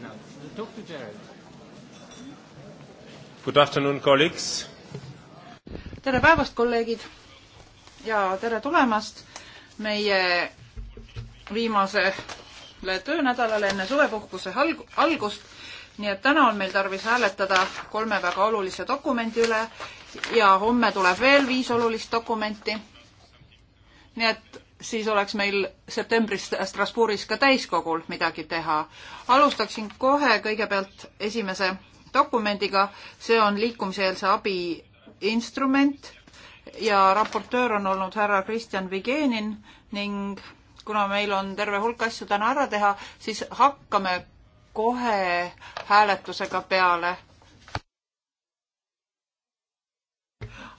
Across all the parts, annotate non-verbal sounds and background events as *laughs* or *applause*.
No. Talk to Jared. Good afternoon, colleagues. tere päevast, kolleegid ja tere tulemast meie viimasele töönädalale enne suvepuhkuse alg algust. nii et täna on meil tarvis hääletada kolme väga olulise dokumendi üle ja homme tuleb veel viis olulist dokumenti. nii et siis oleks meil septembris Strasbourgis ka täiskogul midagi teha. alustaksin kohe kõigepealt esimese dokumendiga, see on liikumiseelse abi instrument ja raportöör on olnud härra Kristjan Vigenin ning kuna meil on terve hulk asju täna ära teha, siis hakkame kohe hääletusega peale.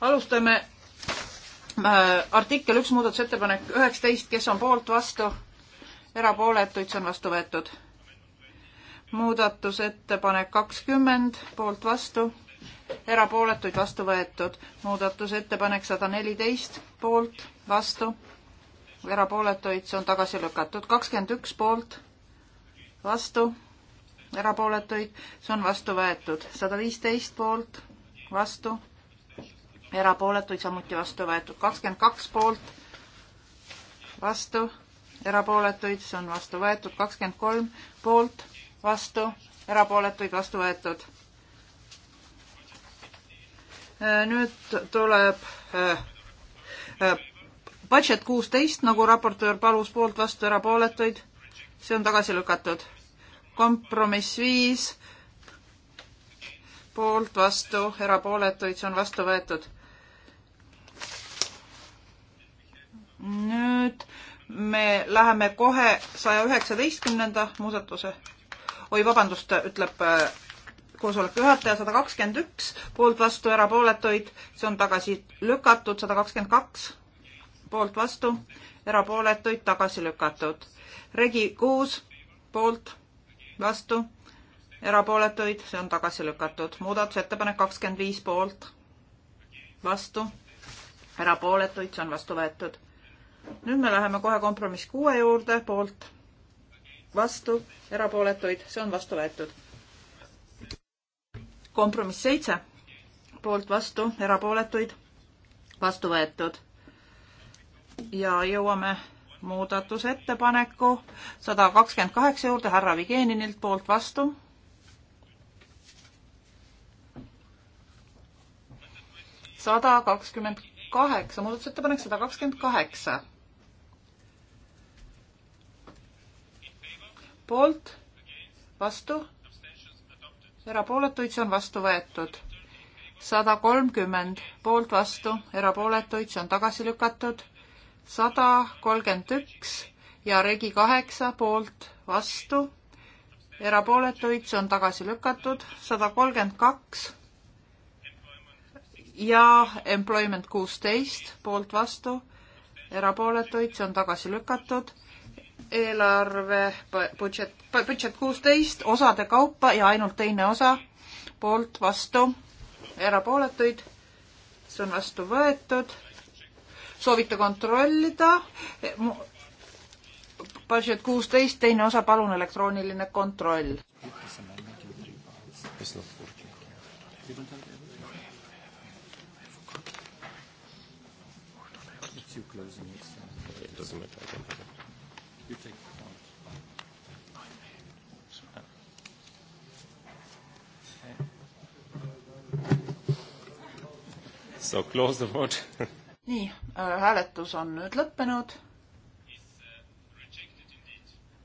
alustame Äh, artikkel üks muudatusettepanek üheksateist, kes on poolt, vastu, erapooletuid, see on vastu võetud. muudatusettepanek kakskümmend, poolt, vastu, erapooletuid, vastu võetud. muudatusettepanek sada neliteist, poolt, vastu, erapooletuid, see on tagasi lükatud. kakskümmend üks poolt, vastu, erapooletuid, see on vastu võetud. sada viisteist poolt, vastu erapooletuid samuti vastu võetud. kakskümmend kaks poolt, vastu, erapooletuid, see on vastu võetud. kakskümmend kolm poolt, vastu, erapooletuid, vastu võetud. nüüd tuleb äh, äh, budget kuusteist, nagu raportöör palus, poolt, vastu, erapooletuid. see on tagasi lükatud. kompromiss viis poolt, vastu, erapooletuid, see on vastu võetud nüüd me läheme kohe saja üheksateistkümnenda muudatuse, oi vabandust, ütleb äh, koosoleku juhataja sada kakskümmend üks, poolt vastu erapooletuid, see on tagasi lükatud, sada kakskümmend kaks poolt vastu, erapooletuid tagasi lükatud. regi kuus poolt vastu, erapooletuid, see on tagasi lükatud. muudatusettepanek kakskümmend viis poolt vastu, erapooletuid, see on vastu võetud nüüd me läheme kohe kompromiss kuue juurde, poolt, vastu, erapooletuid, see on vastu võetud. kompromiss seitse, poolt, vastu, erapooletuid, vastu võetud. ja jõuame muudatusettepaneku sada kakskümmend kaheksa juurde härra Vigeninilt poolt vastu sada kakskümmend kaheksa, muudatusettepanek sada kakskümmend kaheksa. poolt, vastu, erapooletuid, see on vastu võetud. sada kolmkümmend poolt, vastu, erapooletuid, see on tagasi lükatud. sada kolmkümmend üks ja regi kaheksa poolt, vastu, erapooletuid, see on tagasi lükatud. sada kolmkümmend kaks ja employment kuusteist poolt, vastu, erapooletuid, see on tagasi lükatud eelarve budget, budget kuusteist osade kaupa ja ainult teine osa poolt vastu, erapooletuid. see on vastu võetud. soovite kontrollida? budget kuusteist, teine osa, palun elektrooniline kontroll. It doesn't matter. So close the vote. *laughs* nii, äh, hääletus on nüüd lõppenud.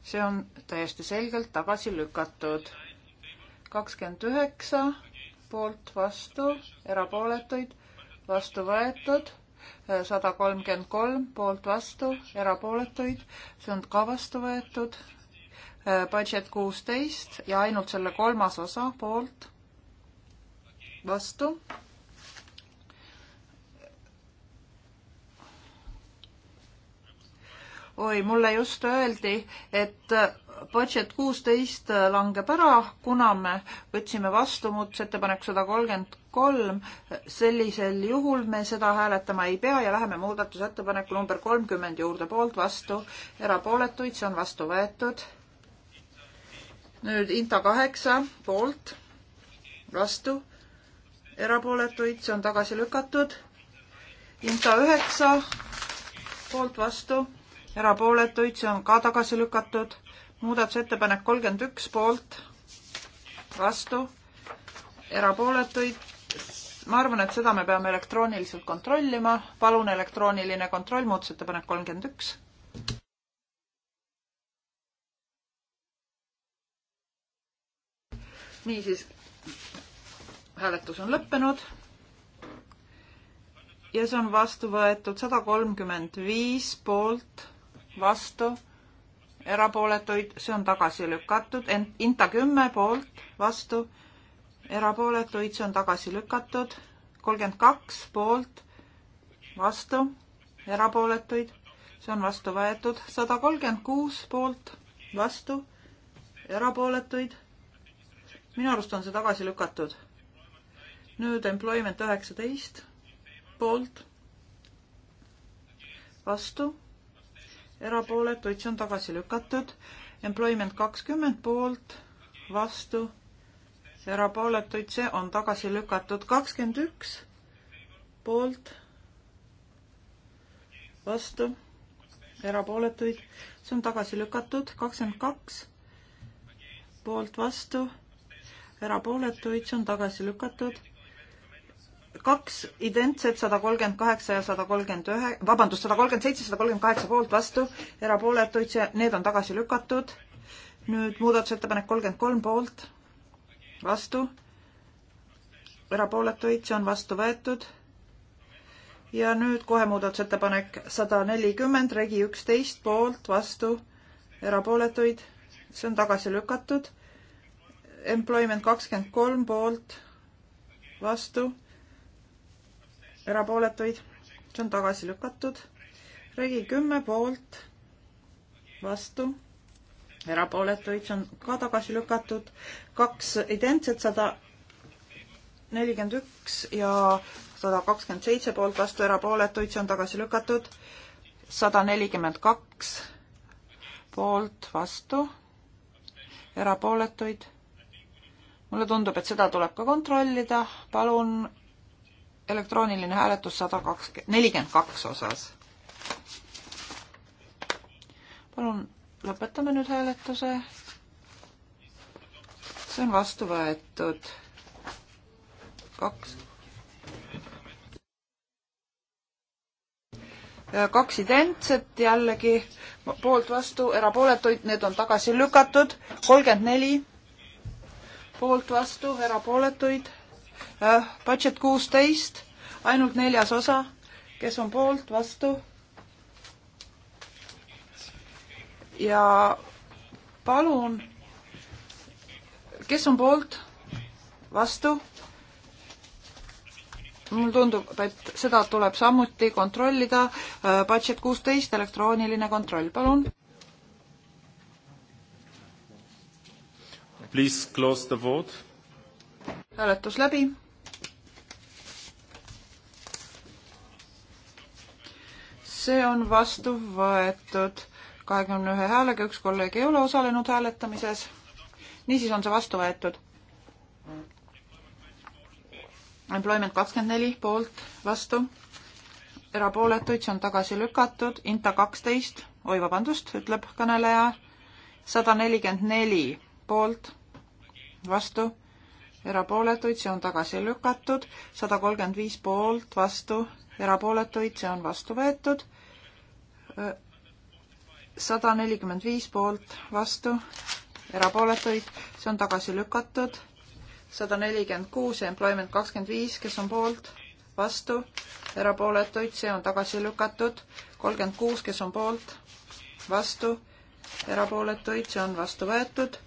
see on täiesti selgelt tagasi lükatud. kakskümmend üheksa poolt vastu, erapooletuid vastu võetud sada kolmkümmend kolm poolt vastu, erapooletuid, see on ka vastu võetud. Budget kuusteist ja ainult selle kolmas osa poolt vastu oi, mulle just öeldi, et budget kuusteist langeb ära, kuna me võtsime vastu muudatusettepanek sada kolmkümmend kolm, sellisel juhul me seda hääletama ei pea ja läheme muudatusettepaneku number kolmkümmend juurde, poolt, vastu, erapooletuid, see on vastu võetud. nüüd Inta kaheksa, poolt, vastu, erapooletuid, see on tagasi lükatud. Inta üheksa, poolt, vastu erapooletuid, see on ka tagasi lükatud. muudatusettepanek kolmkümmend üks poolt, vastu, erapooletuid. ma arvan, et seda me peame elektrooniliselt kontrollima. palun elektrooniline kontroll, muudatusettepanek kolmkümmend üks. niisiis, hääletus on lõppenud ja see on vastu võetud sada kolmkümmend viis poolt vastu, erapooletuid, see on tagasi lükatud, ent Inta kümme poolt, vastu, erapooletuid, see on tagasi lükatud, kolmkümmend kaks poolt, vastu, erapooletuid, see on vastu võetud, sada kolmkümmend kuus poolt, vastu, erapooletuid, minu arust on see tagasi lükatud. nüüd employment üheksateist poolt, vastu erapooletuid, see on tagasi lükatud. Employment kakskümmend poolt, vastu, erapooletuid, see on tagasi lükatud. kakskümmend üks poolt, vastu, erapooletuid, see on tagasi lükatud. kakskümmend kaks poolt, vastu, erapooletuid, see on tagasi lükatud kaks identset, sada kolmkümmend kaheksa ja sada kolmkümmend ühe, vabandust, sada kolmkümmend seitse, sada kolmkümmend kaheksa poolt, vastu, erapooletuid, need on tagasi lükatud. nüüd muudatusettepanek kolmkümmend kolm poolt, vastu, erapooletuid, see on vastu võetud. ja nüüd kohe muudatusettepanek sada nelikümmend, regi üksteist poolt, vastu, erapooletuid, see on tagasi lükatud. Employment kakskümmend kolm poolt vastu, erapooletuid, see on tagasi lükatud. regi kümme poolt, vastu, erapooletuid, see on ka tagasi lükatud. kaks identset, sada nelikümmend üks ja sada kakskümmend seitse poolt, vastu, erapooletuid, see on tagasi lükatud. sada nelikümmend kaks poolt, vastu, erapooletuid mulle tundub, et seda tuleb ka kontrollida, palun elektrooniline hääletus sada kakskümmend, nelikümmend kaks osas. palun lõpetame nüüd hääletuse. see on vastu võetud. kaks. kaks identset jällegi poolt vastu, erapooletuid, need on tagasi lükatud, kolmkümmend neli poolt vastu, erapooletuid Äh, budget kuusteist, ainult neljas osa, kes on poolt, vastu. ja palun, kes on poolt, vastu? mulle tundub, et seda tuleb samuti kontrollida. Äh, budget kuusteist, elektrooniline kontroll, palun. Please close the vote hääletus läbi. see on vastu võetud kahekümne ühe häälega, üks kolleeg ei ole osalenud hääletamises. niisiis on see vastu võetud. Employment kakskümmend neli poolt, vastu, erapooletuid, see on tagasi lükatud, Inta kaksteist, oi vabandust, ütleb kõneleja, sada nelikümmend neli poolt, vastu erapooletuid, see on tagasi lükatud, sada kolmkümmend viis poolt, vastu, erapooletuid, see on vastu võetud, sada nelikümmend viis poolt, vastu, erapooletuid, see on tagasi lükatud, sada nelikümmend kuus, employment kakskümmend viis, kes on poolt, vastu, erapooletuid, see on tagasi lükatud, kolmkümmend kuus, kes on poolt, vastu, erapooletuid, see on vastu võetud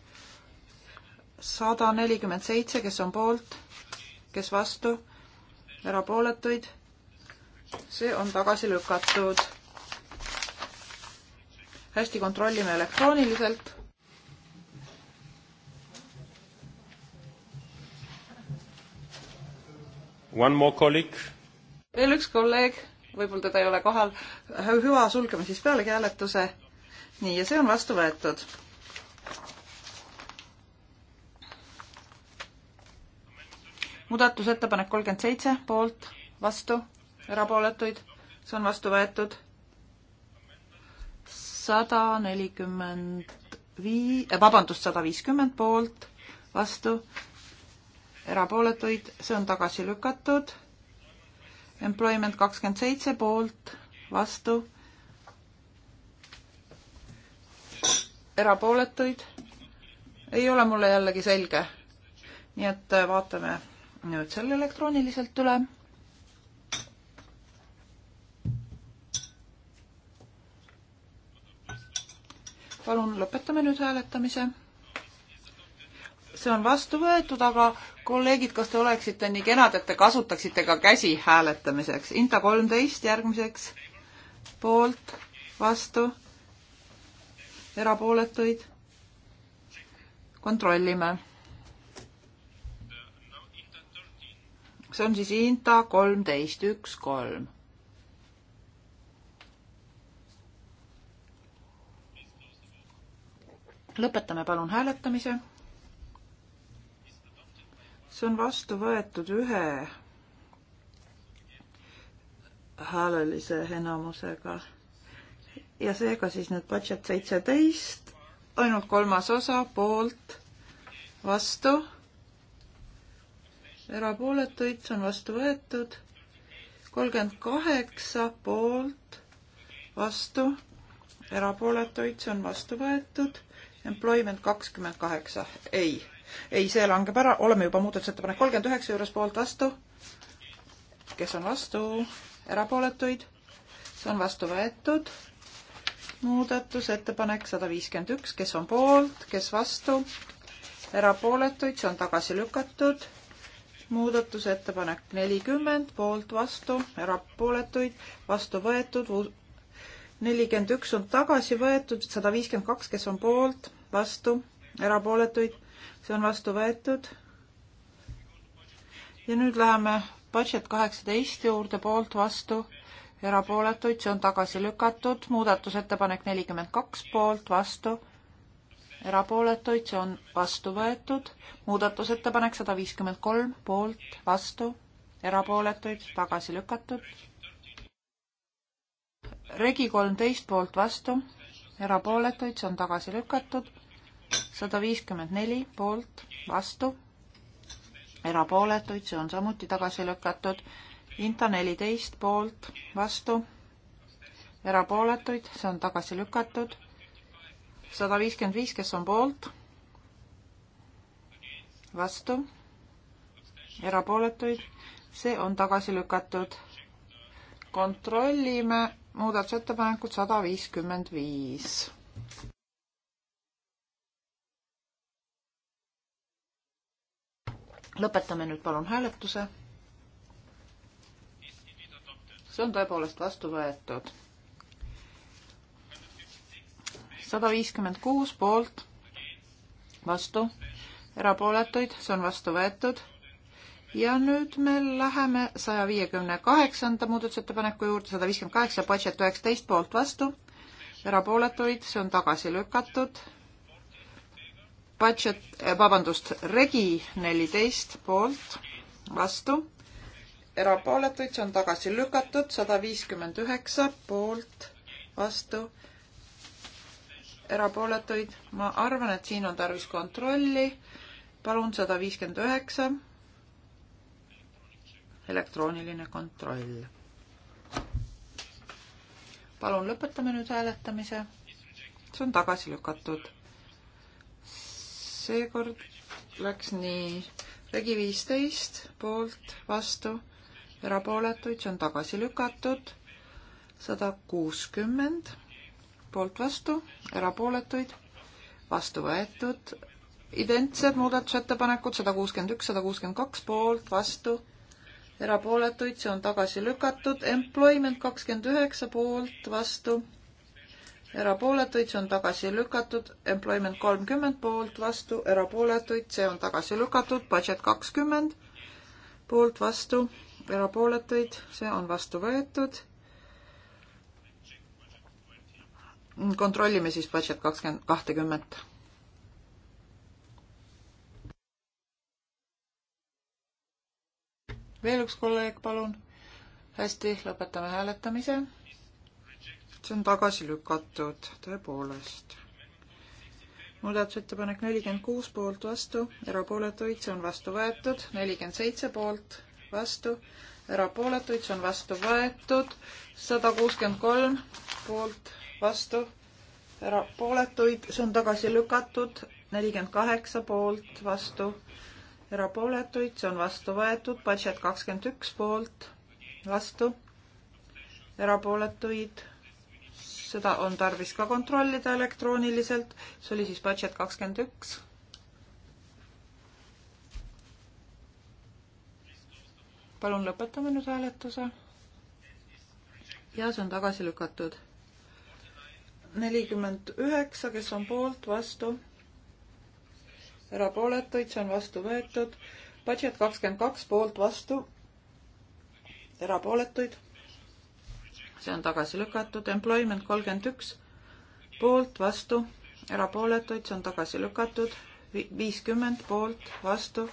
sada nelikümmend seitse, kes on poolt, kes vastu, erapooletuid. see on tagasi lükatud. hästi, kontrollime elektrooniliselt. One more colleague. veel üks kolleeg, võib-olla teda ei ole kohal. hüva, sulgeme siis pealegi hääletuse. nii, ja see on vastu võetud muudatusettepanek kolmkümmend seitse, poolt, vastu, erapooletuid, see on vastu võetud. sada nelikümmend vii-, eh, vabandust, sada viiskümmend poolt, vastu, erapooletuid, see on tagasi lükatud. Employment kakskümmend seitse poolt, vastu, erapooletuid ei ole mulle jällegi selge. nii et eh, vaatame nüüd selle elektrooniliselt üle. palun lõpetame nüüd hääletamise. see on vastu võetud, aga kolleegid, kas te oleksite nii kenad, et te kasutaksite ka käsi hääletamiseks? Inta kolmteist järgmiseks, poolt, vastu, erapooletuid. kontrollime see on siis Inta kolmteist, üks, kolm. lõpetame palun hääletamise. see on vastu võetud ühe häälelise enamusega. ja seega siis nüüd budget seitseteist, ainult kolmas osa poolt, vastu erapooletuid, see on vastu võetud. kolmkümmend kaheksa poolt, vastu, erapooletuid, see on vastu võetud. Employment kakskümmend kaheksa, ei, ei, see langeb ära, oleme juba muudatusettepanek kolmkümmend üheksa juures poolt vastu. kes on vastu, erapooletuid, see on vastu võetud muudatusettepanek sada viiskümmend üks, kes on poolt, kes vastu, erapooletuid, see on tagasi lükatud muudatusettepanek nelikümmend, poolt, vastu, erapooletuid, vastu võetud, nelikümmend üks on tagasi võetud, sada viiskümmend kaks, kes on poolt, vastu, erapooletuid, see on vastu võetud. ja nüüd läheme budget kaheksateist juurde, poolt, vastu, erapooletuid, see on tagasi lükatud, muudatusettepanek nelikümmend kaks, poolt, vastu erapooletuid, see on vastu võetud. muudatusettepanek sada viiskümmend kolm, poolt, vastu, erapooletuid, tagasi lükatud. regi kolmteist poolt vastu, erapooletuid, see on tagasi lükatud. sada viiskümmend neli poolt, vastu, erapooletuid, see on samuti tagasi lükatud. Inta neliteist poolt, vastu, erapooletuid, see on tagasi lükatud sada viiskümmend viis, kes on poolt, vastu, erapooletuid, see on tagasi lükatud. kontrollime muudatusettepanekut sada viiskümmend viis. lõpetame nüüd palun hääletuse. see on tõepoolest vastu võetud sada viiskümmend kuus poolt, vastu, erapooletuid, see on vastu võetud. ja nüüd me läheme saja viiekümne kaheksanda muudatusettepaneku juurde, sada viiskümmend kaheksa, budget üheksateist poolt vastu, erapooletuid, see on tagasi lükatud. Budget, eh, vabandust, regi neliteist poolt vastu, erapooletuid, see on tagasi lükatud, sada viiskümmend üheksa poolt vastu erapooletuid. ma arvan, et siin on tarvis kontrolli. palun sada viiskümmend üheksa. elektrooniline kontroll. palun lõpetame nüüd hääletamise. see on tagasi lükatud. seekord läks nii. Regi viisteist poolt, vastu, erapooletuid, see on tagasi lükatud. sada kuuskümmend poolt vastu, erapooletuid, vastu võetud, identsed muudatusettepanekud sada kuuskümmend üks, sada kuuskümmend kaks, poolt vastu, erapooletuid, see on tagasi lükatud, employment kakskümmend üheksa, poolt vastu, erapooletuid, see on tagasi lükatud, employment kolmkümmend, poolt vastu, erapooletuid, see on tagasi lükatud, budget kakskümmend, poolt vastu, erapooletuid, see on vastu võetud kontrollime siis budget kakskümmend, kahtekümmet. veel üks kolleeg, palun. hästi, lõpetame hääletamise. see on tagasi lükatud, tõepoolest. muudatusettepanek nelikümmend kuus poolt vastu, erapooletuid, see on vastu võetud, nelikümmend seitse poolt vastu, erapooletuid, see on vastu võetud, sada kuuskümmend kolm poolt vastu, erapooletuid, see on tagasi lükatud, nelikümmend kaheksa poolt, vastu, erapooletuid, see on vastu võetud, budget kakskümmend üks poolt, vastu, erapooletuid, seda on tarvis ka kontrollida elektrooniliselt, see oli siis budget kakskümmend üks palun lõpetame nüüd hääletuse. ja see on tagasi lükatud nelikümmend üheksa, kes on poolt, vastu, erapooletuid, see on vastu võetud. Budget kakskümmend kaks, poolt, vastu, erapooletuid, see on tagasi lükatud. Employment kolmkümmend üks, poolt, vastu, erapooletuid, see on tagasi lükatud. viiskümmend poolt, vastu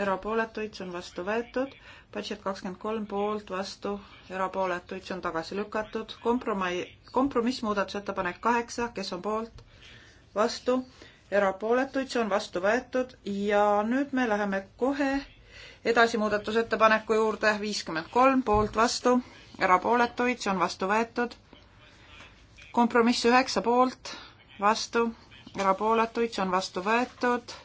erapooletuid, see on vastu võetud. budget kakskümmend kolm poolt, vastu, erapooletuid, see on tagasi lükatud. kompromi-, kompromissmuudatusettepanek kaheksa, kes on poolt, vastu, erapooletuid, see on vastu võetud ja nüüd me läheme kohe edasi muudatusettepaneku juurde, viiskümmend kolm poolt, vastu, erapooletuid, see on vastu võetud. kompromiss üheksa poolt, vastu, erapooletuid, see on vastu võetud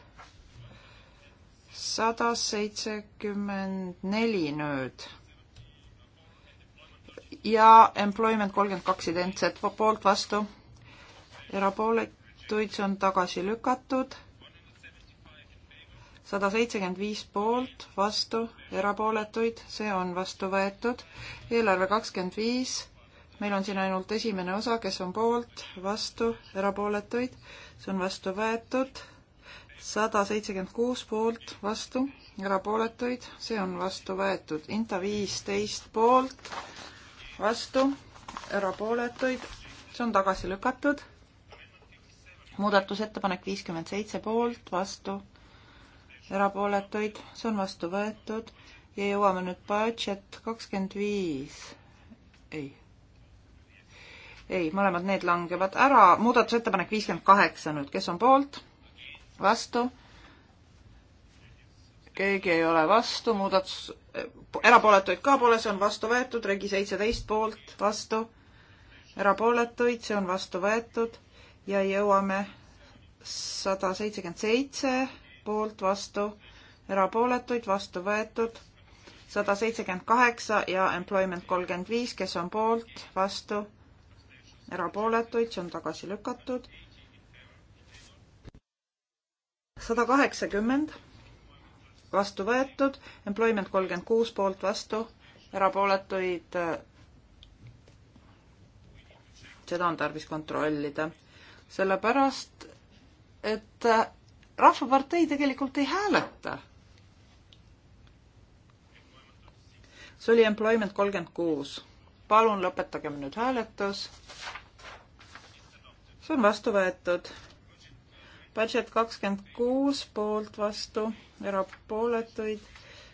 sada seitsekümmend neli nüüd. ja employment kolmkümmend kaks identset poolt vastu. erapooletuid, see on tagasi lükatud. sada seitsekümmend viis poolt vastu, erapooletuid, see on vastu võetud. eelarve kakskümmend viis, meil on siin ainult esimene osa, kes on poolt, vastu, erapooletuid, see on vastu võetud sada seitsekümmend kuus poolt, vastu, erapooletuid, see on vastu võetud. Inta viisteist poolt, vastu, erapooletuid, see on tagasi lükatud. muudatusettepanek viiskümmend seitse poolt, vastu, erapooletuid, see on vastu võetud ja jõuame nüüd budget kakskümmend viis. ei. ei, mõlemad need langevad ära. muudatusettepanek viiskümmend kaheksa nüüd, kes on poolt? vastu. keegi ei ole vastu, muudatus, erapooletuid ka pole, see on vastu võetud, regi seitseteist poolt, vastu. erapooletuid, see on vastu võetud ja jõuame sada seitsekümmend seitse poolt, vastu, erapooletuid, vastu võetud sada seitsekümmend kaheksa ja employment kolmkümmend viis, kes on poolt, vastu, erapooletuid, see on tagasi lükatud sada kaheksakümmend, vastu võetud, employment kolmkümmend kuus poolt vastu, erapooletuid, äh, seda on tarvis kontrollida. sellepärast, et äh, Rahvapartei tegelikult ei hääleta. see oli employment kolmkümmend kuus. palun lõpetagem nüüd hääletus. see on vastu võetud budget kakskümmend kuus poolt vastu, erapooletuid,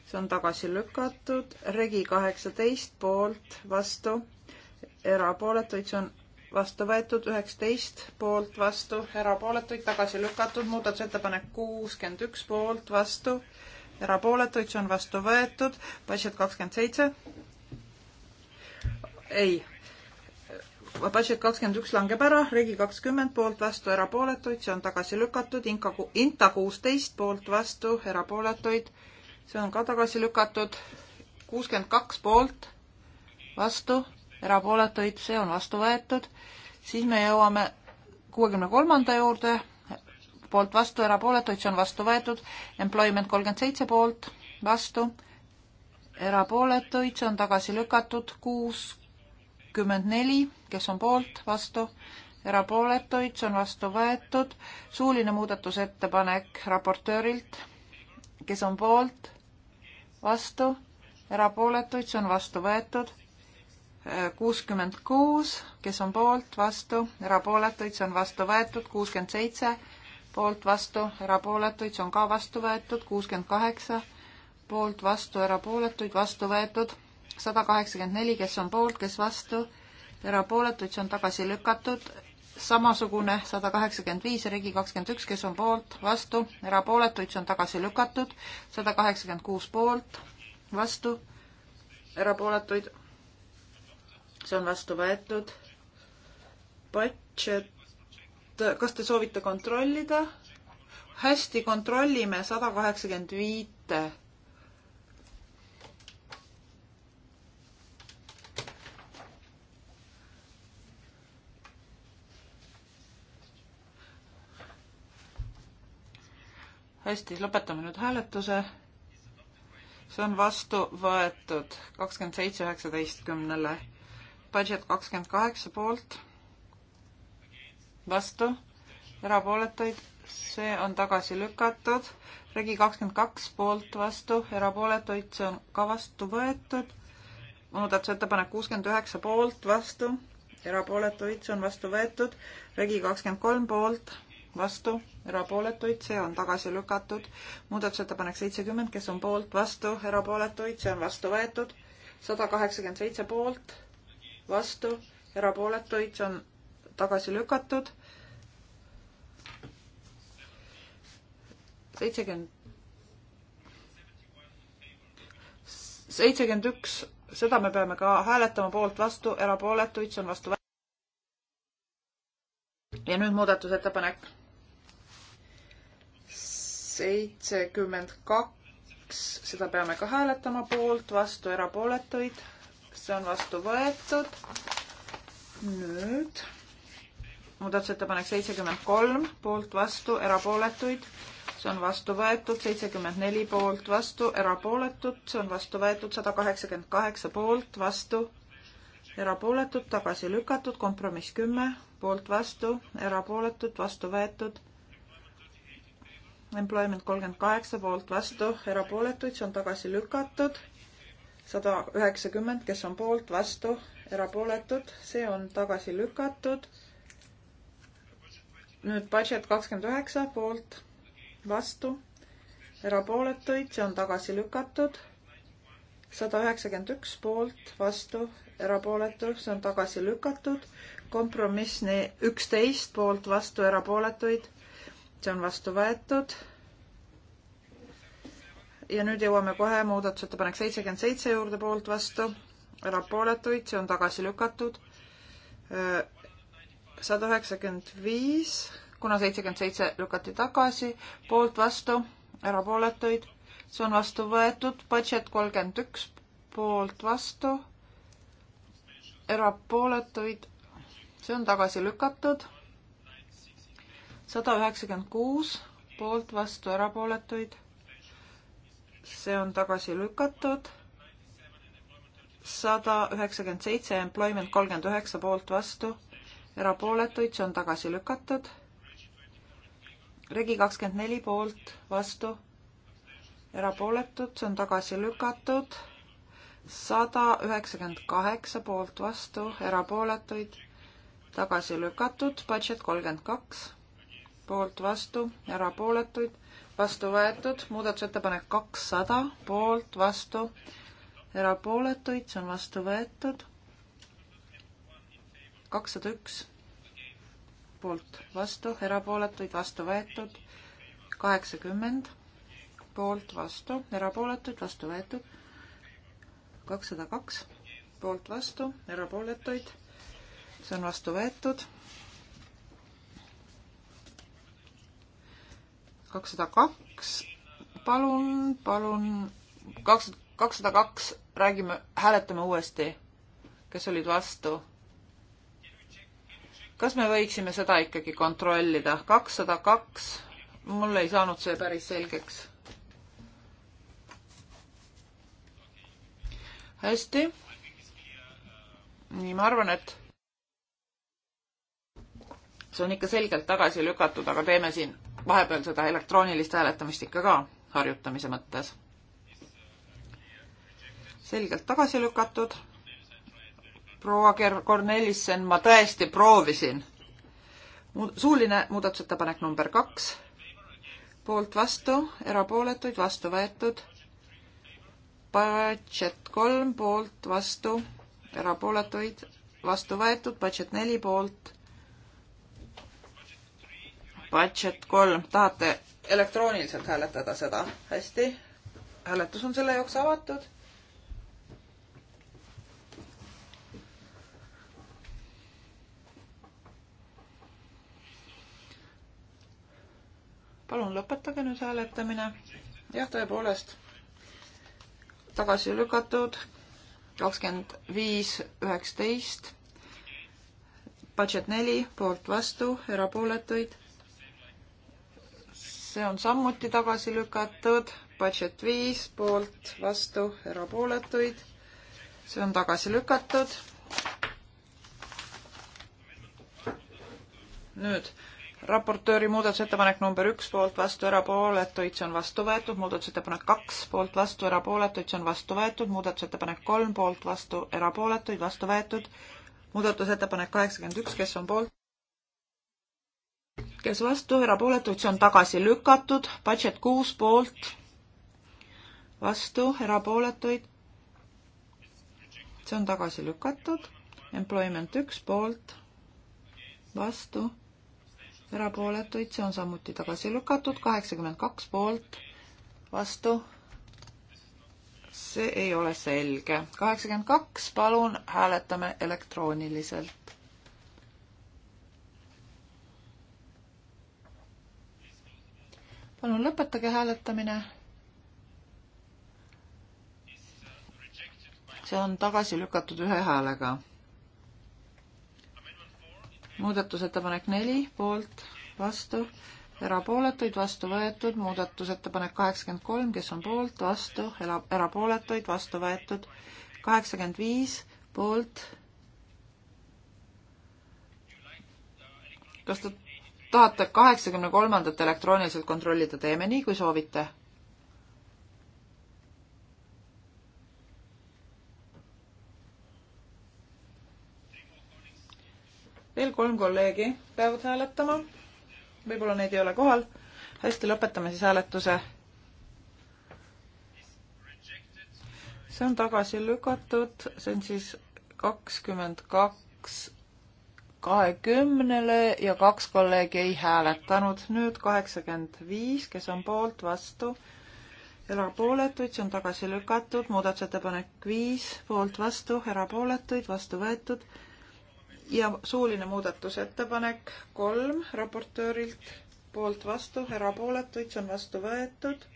see on tagasi lükatud, regi kaheksateist poolt vastu, erapooletuid, see on vastu võetud, üheksateist poolt vastu, erapooletuid tagasi lükatud, muudatusettepanek kuuskümmend üks poolt vastu, erapooletuid, see on vastu võetud, budget kakskümmend seitse, ei, budget kakskümmend üks langeb ära, regi kakskümmend poolt vastu, erapooletuid, see on tagasi lükatud, Inka, Inta kuusteist poolt vastu, erapooletuid, see on ka tagasi lükatud, kuuskümmend kaks poolt vastu, erapooletuid, see on vastu võetud, siis me jõuame kuuekümne kolmanda juurde, poolt vastu, erapooletuid, see on vastu võetud, employment kolmkümmend seitse poolt vastu, erapooletuid, see on tagasi lükatud, kuuskümmend neli kes on poolt, vastu, erapooletuid, see on vastu võetud. suuline muudatusettepanek raportöörilt, kes on poolt, vastu, erapooletuid, see on vastu võetud. kuuskümmend kuus, kes on poolt, vastu, erapooletuid, see on vastu võetud. kuuskümmend seitse, poolt, vastu, erapooletuid, see on ka vastu võetud. kuuskümmend kaheksa, poolt, vastu, erapooletuid, vastu võetud. sada kaheksakümmend neli, kes on poolt, kes vastu erapooletuid, see on tagasi lükatud, samasugune sada kaheksakümmend viis ja Regi kakskümmend üks, kes on poolt, vastu, erapooletuid, see on tagasi lükatud, sada kaheksakümmend kuus poolt, vastu, erapooletuid, see on vastu võetud, budget, kas te soovite kontrollida? hästi, kontrollime sada kaheksakümmend viite hästi, lõpetame nüüd hääletuse. see on vastu võetud kakskümmend seitse üheksateistkümnele. Budget kakskümmend kaheksa poolt, vastu, erapooletuid, see on tagasi lükatud. Regi kakskümmend kaks poolt, vastu, erapooletuid, see on ka vastu võetud. muudatusettepanek kuuskümmend üheksa poolt, vastu, erapooletuid, see on vastu võetud. Regi kakskümmend kolm poolt vastu, erapooletuid, see on tagasi lükatud. muudatusettepanek seitsekümmend, kes on poolt, vastu, erapooletuid, see on vastu võetud. sada kaheksakümmend seitse poolt, vastu, erapooletuid, see on tagasi lükatud. seitsekümmend, seitsekümmend üks, seda me peame ka hääletama poolt, vastu, erapooletuid, see on vastu võetud ja nüüd muudatusettepanek seitsekümmend kaks, seda peame ka hääletama, poolt, vastu, erapooletuid. see on vastu võetud. nüüd muudatusettepanek seitsekümmend kolm, poolt, vastu, erapooletuid. see on vastu võetud, seitsekümmend neli poolt, vastu, erapooletud, see on vastu võetud, sada kaheksakümmend kaheksa poolt, vastu, erapooletud, tagasi lükatud, kompromiss kümme, poolt, vastu, erapooletud, vastu võetud employment kolmkümmend kaheksa poolt vastu, erapooletuid, see on tagasi lükatud. sada üheksakümmend, kes on poolt, vastu, erapooletud, see on tagasi lükatud. nüüd budget kakskümmend üheksa poolt, vastu, erapooletuid, see on tagasi lükatud. sada üheksakümmend üks poolt, vastu, erapooletu, see on tagasi lükatud. kompromiss üksteist poolt, vastu, erapooletuid see on vastu võetud. ja nüüd jõuame kohe muudatusettepanek seitsekümmend seitse juurde poolt vastu, erapooletuid, see on tagasi lükatud. sada üheksakümmend viis, kuna seitsekümmend seitse lükati tagasi, poolt vastu, erapooletuid, see on vastu võetud, budget kolmkümmend üks, poolt vastu, erapooletuid, see on tagasi lükatud sada üheksakümmend kuus poolt, vastu, erapooletuid. see on tagasi lükatud. sada üheksakümmend seitse, employment kolmkümmend üheksa poolt, vastu, erapooletuid, see on tagasi lükatud. regi kakskümmend neli poolt, vastu, erapooletud, see on tagasi lükatud sada üheksakümmend kaheksa poolt vastu, erapooletuid tagasi lükatud, budget kolmkümmend kaks poolt vastu, erapooletuid, vastu võetud, muudatusettepanek kakssada, poolt vastu, erapooletuid, see on vastu võetud. kakssada üks, poolt vastu, erapooletuid, vastu võetud, kaheksakümmend, poolt vastu, erapooletuid, vastu võetud, kakssada kaks, poolt vastu, erapooletuid, see on vastu võetud kakssada kaks, palun, palun, kaks, kakssada kaks, räägime, hääletame uuesti. kes olid vastu? kas me võiksime seda ikkagi kontrollida? kakssada kaks, mul ei saanud see päris selgeks. hästi. nii, ma arvan, et see on ikka selgelt tagasi lükatud, aga teeme siin vahepeal seda elektroonilist hääletamist ikka ka harjutamise mõttes. selgelt tagasi lükatud. proua Kornelissen, ma tõesti proovisin. suuline muudatusettepanek number kaks. poolt vastu, erapooletuid vastu võetud. Budget kolm poolt vastu, erapooletuid vastu võetud, budget neli poolt budget kolm, tahate elektrooniliselt hääletada seda? hästi, hääletus on selle jaoks avatud. palun lõpetage nüüd hääletamine. jah, tõepoolest tagasi lükatud, kakskümmend viis, üheksateist, budget neli, poolt vastu, erapooletuid, see on samuti tagasi lükatud, budget viis poolt, vastu, erapooletuid. see on tagasi lükatud. nüüd raportööri muudatusettepanek number üks poolt vastu erapooletuid, see on vastu võetud, muudatusettepanek kaks poolt vastu erapooletuid, see on vastu võetud, muudatusettepanek kolm poolt vastu erapooletuid, vastu võetud, muudatusettepanek kaheksakümmend üks, kes on poolt, kes vastu, erapooletuid, see on tagasi lükatud, budget kuus poolt, vastu, erapooletuid, see on tagasi lükatud, employment üks poolt, vastu, erapooletuid, see on samuti tagasi lükatud, kaheksakümmend kaks poolt, vastu, see ei ole selge, kaheksakümmend kaks, palun hääletame elektrooniliselt palun lõpetage hääletamine. see on tagasi lükatud ühe häälega. muudatusettepanek neli poolt, vastu, erapooletuid, vastu võetud, muudatusettepanek kaheksakümmend kolm, kes on poolt, vastu, elab, erapooletuid, vastu võetud, kaheksakümmend viis poolt. kas te tahate kaheksakümne kolmandat elektrooniliselt kontrollida, teeme nii, kui soovite. veel kolm kolleegi peavad hääletama. võib-olla neid ei ole kohal. hästi, lõpetame siis hääletuse. see on tagasi lükatud, see on siis kakskümmend kaks kahekümnele ja kaks kolleegi ei hääletanud. nüüd kaheksakümmend viis, kes on poolt, vastu, erapooletuid, see on tagasi lükatud. muudatusettepanek viis, poolt, vastu, erapooletuid, vastu võetud. ja suuline muudatusettepanek kolm raportöörilt, poolt, vastu, erapooletuid, see on vastu võetud.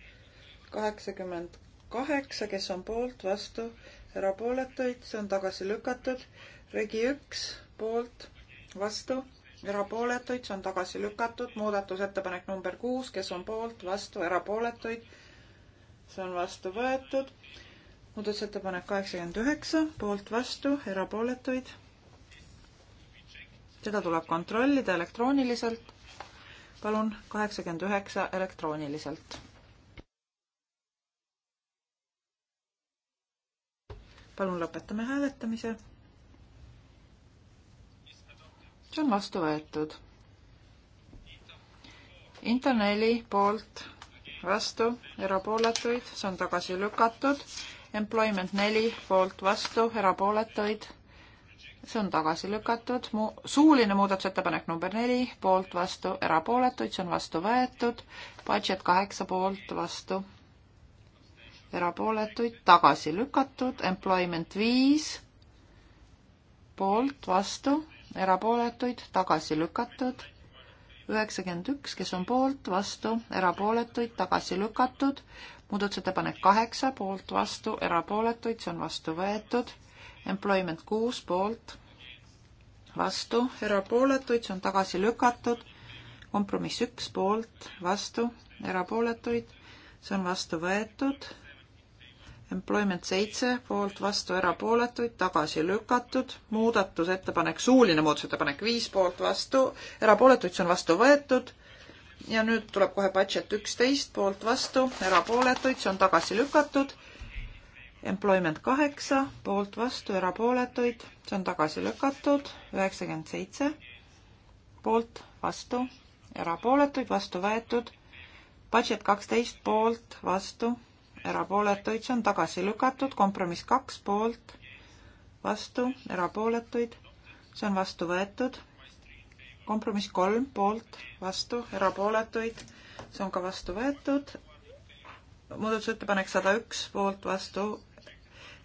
kaheksakümmend kaheksa, kes on poolt, vastu, erapooletuid, see on tagasi lükatud. regi üks, poolt vastu, erapooletuid, see on tagasi lükatud, muudatusettepanek number kuus, kes on poolt, vastu, erapooletuid, see on vastu võetud. muudatusettepanek kaheksakümmend üheksa, poolt, vastu, erapooletuid. seda tuleb kontrollida elektrooniliselt. palun, kaheksakümmend üheksa elektrooniliselt. palun lõpetame hääletamise see on vastu võetud. Inter neli poolt, vastu, erapooletuid, see on tagasi lükatud. Employment neli poolt, vastu, erapooletuid, see on tagasi lükatud. Mu-, suuline muudatusettepanek number neli, poolt, vastu, erapooletuid, see on vastu võetud. Budget kaheksa poolt, vastu, erapooletuid, tagasi lükatud. Employment viis poolt, vastu, erapooletuid, tagasi lükatud. üheksakümmend üks, kes on poolt, vastu, erapooletuid, tagasi lükatud. muudatusettepanek kaheksa, poolt, vastu, erapooletuid, see on vastu võetud. Employment kuus, poolt, vastu, erapooletuid, see on tagasi lükatud. kompromiss üks, poolt, vastu, erapooletuid, see on vastu võetud Employment seitse poolt vastu erapooletuid, tagasi lükatud, muudatusettepanek, suuline muudatusettepanek viis poolt vastu, erapooletuid, see on vastu võetud ja nüüd tuleb kohe budget üksteist poolt vastu, erapooletuid, see on tagasi lükatud. Employment kaheksa poolt vastu, erapooletuid, see on tagasi lükatud, üheksakümmend seitse poolt vastu, erapooletuid, vastu võetud. Budget kaksteist poolt vastu erapooletuid, see on tagasi lükatud, kompromiss kaks poolt, vastu, erapooletuid, see on vastu võetud, kompromiss kolm poolt, vastu, erapooletuid, see on ka vastu võetud, muudatusettepanek sada üks poolt, vastu,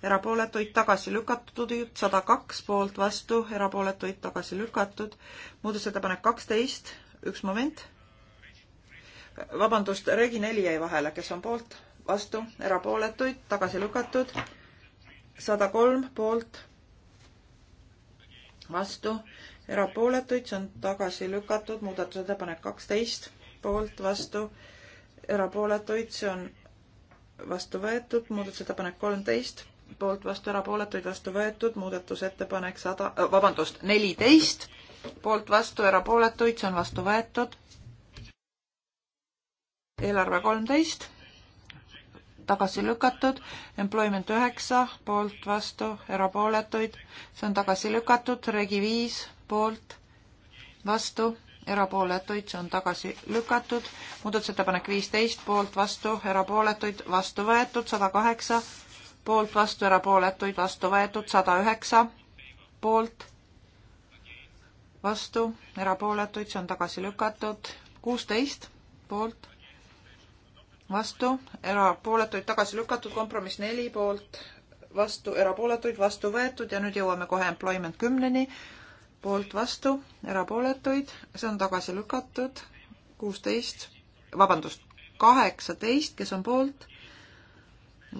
erapooletuid tagasi lükatud, sada kaks poolt vastu, erapooletuid tagasi lükatud. muudatusettepanek kaksteist, üks moment. vabandust, Regi neli jäi vahele, kes on poolt? vastu, erapooletuid, tagasi lükatud. sada kolm poolt, vastu, erapooletuid, see on tagasi lükatud, muudatusettepanek kaksteist poolt, vastu, erapooletuid, see on vastu võetud, muudatusettepanek kolmteist poolt, vastu, erapooletuid, vastu võetud, muudatusettepanek sada, äh, vabandust, neliteist poolt, vastu, erapooletuid, see on vastu võetud eelarve kolmteist tagasi lükatud, employment üheksa, poolt, vastu, erapooletuid, see on tagasi lükatud, regi viis, poolt, vastu, erapooletuid, see on tagasi lükatud, muudatusettepanek viisteist, poolt, vastu, erapooletuid, vastu võetud, sada kaheksa, poolt, vastu, erapooletuid, vastu võetud, sada üheksa, poolt, vastu, erapooletuid, see on tagasi lükatud, kuusteist, poolt vastu, erapooletuid tagasi lükatud, kompromiss neli poolt, vastu, erapooletuid vastu võetud ja nüüd jõuame kohe employment kümneni, poolt vastu, erapooletuid, see on tagasi lükatud, kuusteist, vabandust, kaheksateist, kes on poolt,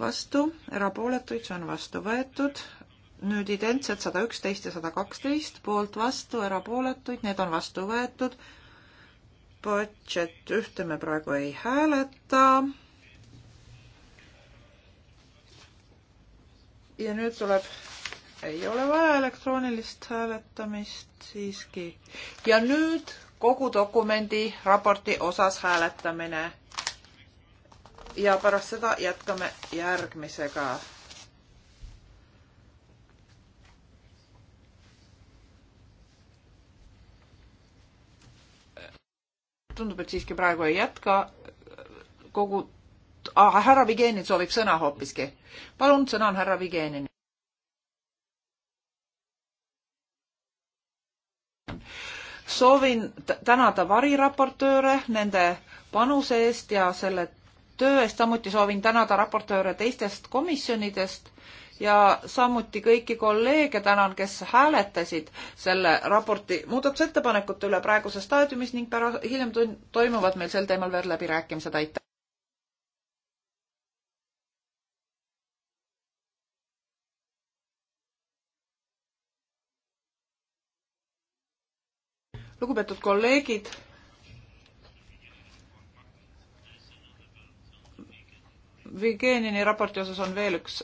vastu, erapooletuid, see on vastu võetud, nüüd identsed sada üksteist ja sada kaksteist, poolt vastu, erapooletuid, need on vastu võetud budget ühte me praegu ei hääleta. ja nüüd tuleb, ei ole vaja elektroonilist hääletamist siiski. ja nüüd kogu dokumendi raporti osas hääletamine. ja pärast seda jätkame järgmisega tundub, et siiski praegu ei jätka kogu ah,, härra Vigenin soovib sõna hoopiski. palun, sõna on härra Vigenin. soovin tänada variraportööre nende panuse eest ja selle töö eest, samuti soovin tänada raportööre teistest komisjonidest ja samuti kõiki kolleege tänan, kes hääletasid selle raporti muudatusettepanekute üle praeguses staadiumis ning pärast, hiljem toimuvad meil sel teemal veel läbirääkimised, aitäh! lugupeetud kolleegid, Vigenini raporti osas on veel üks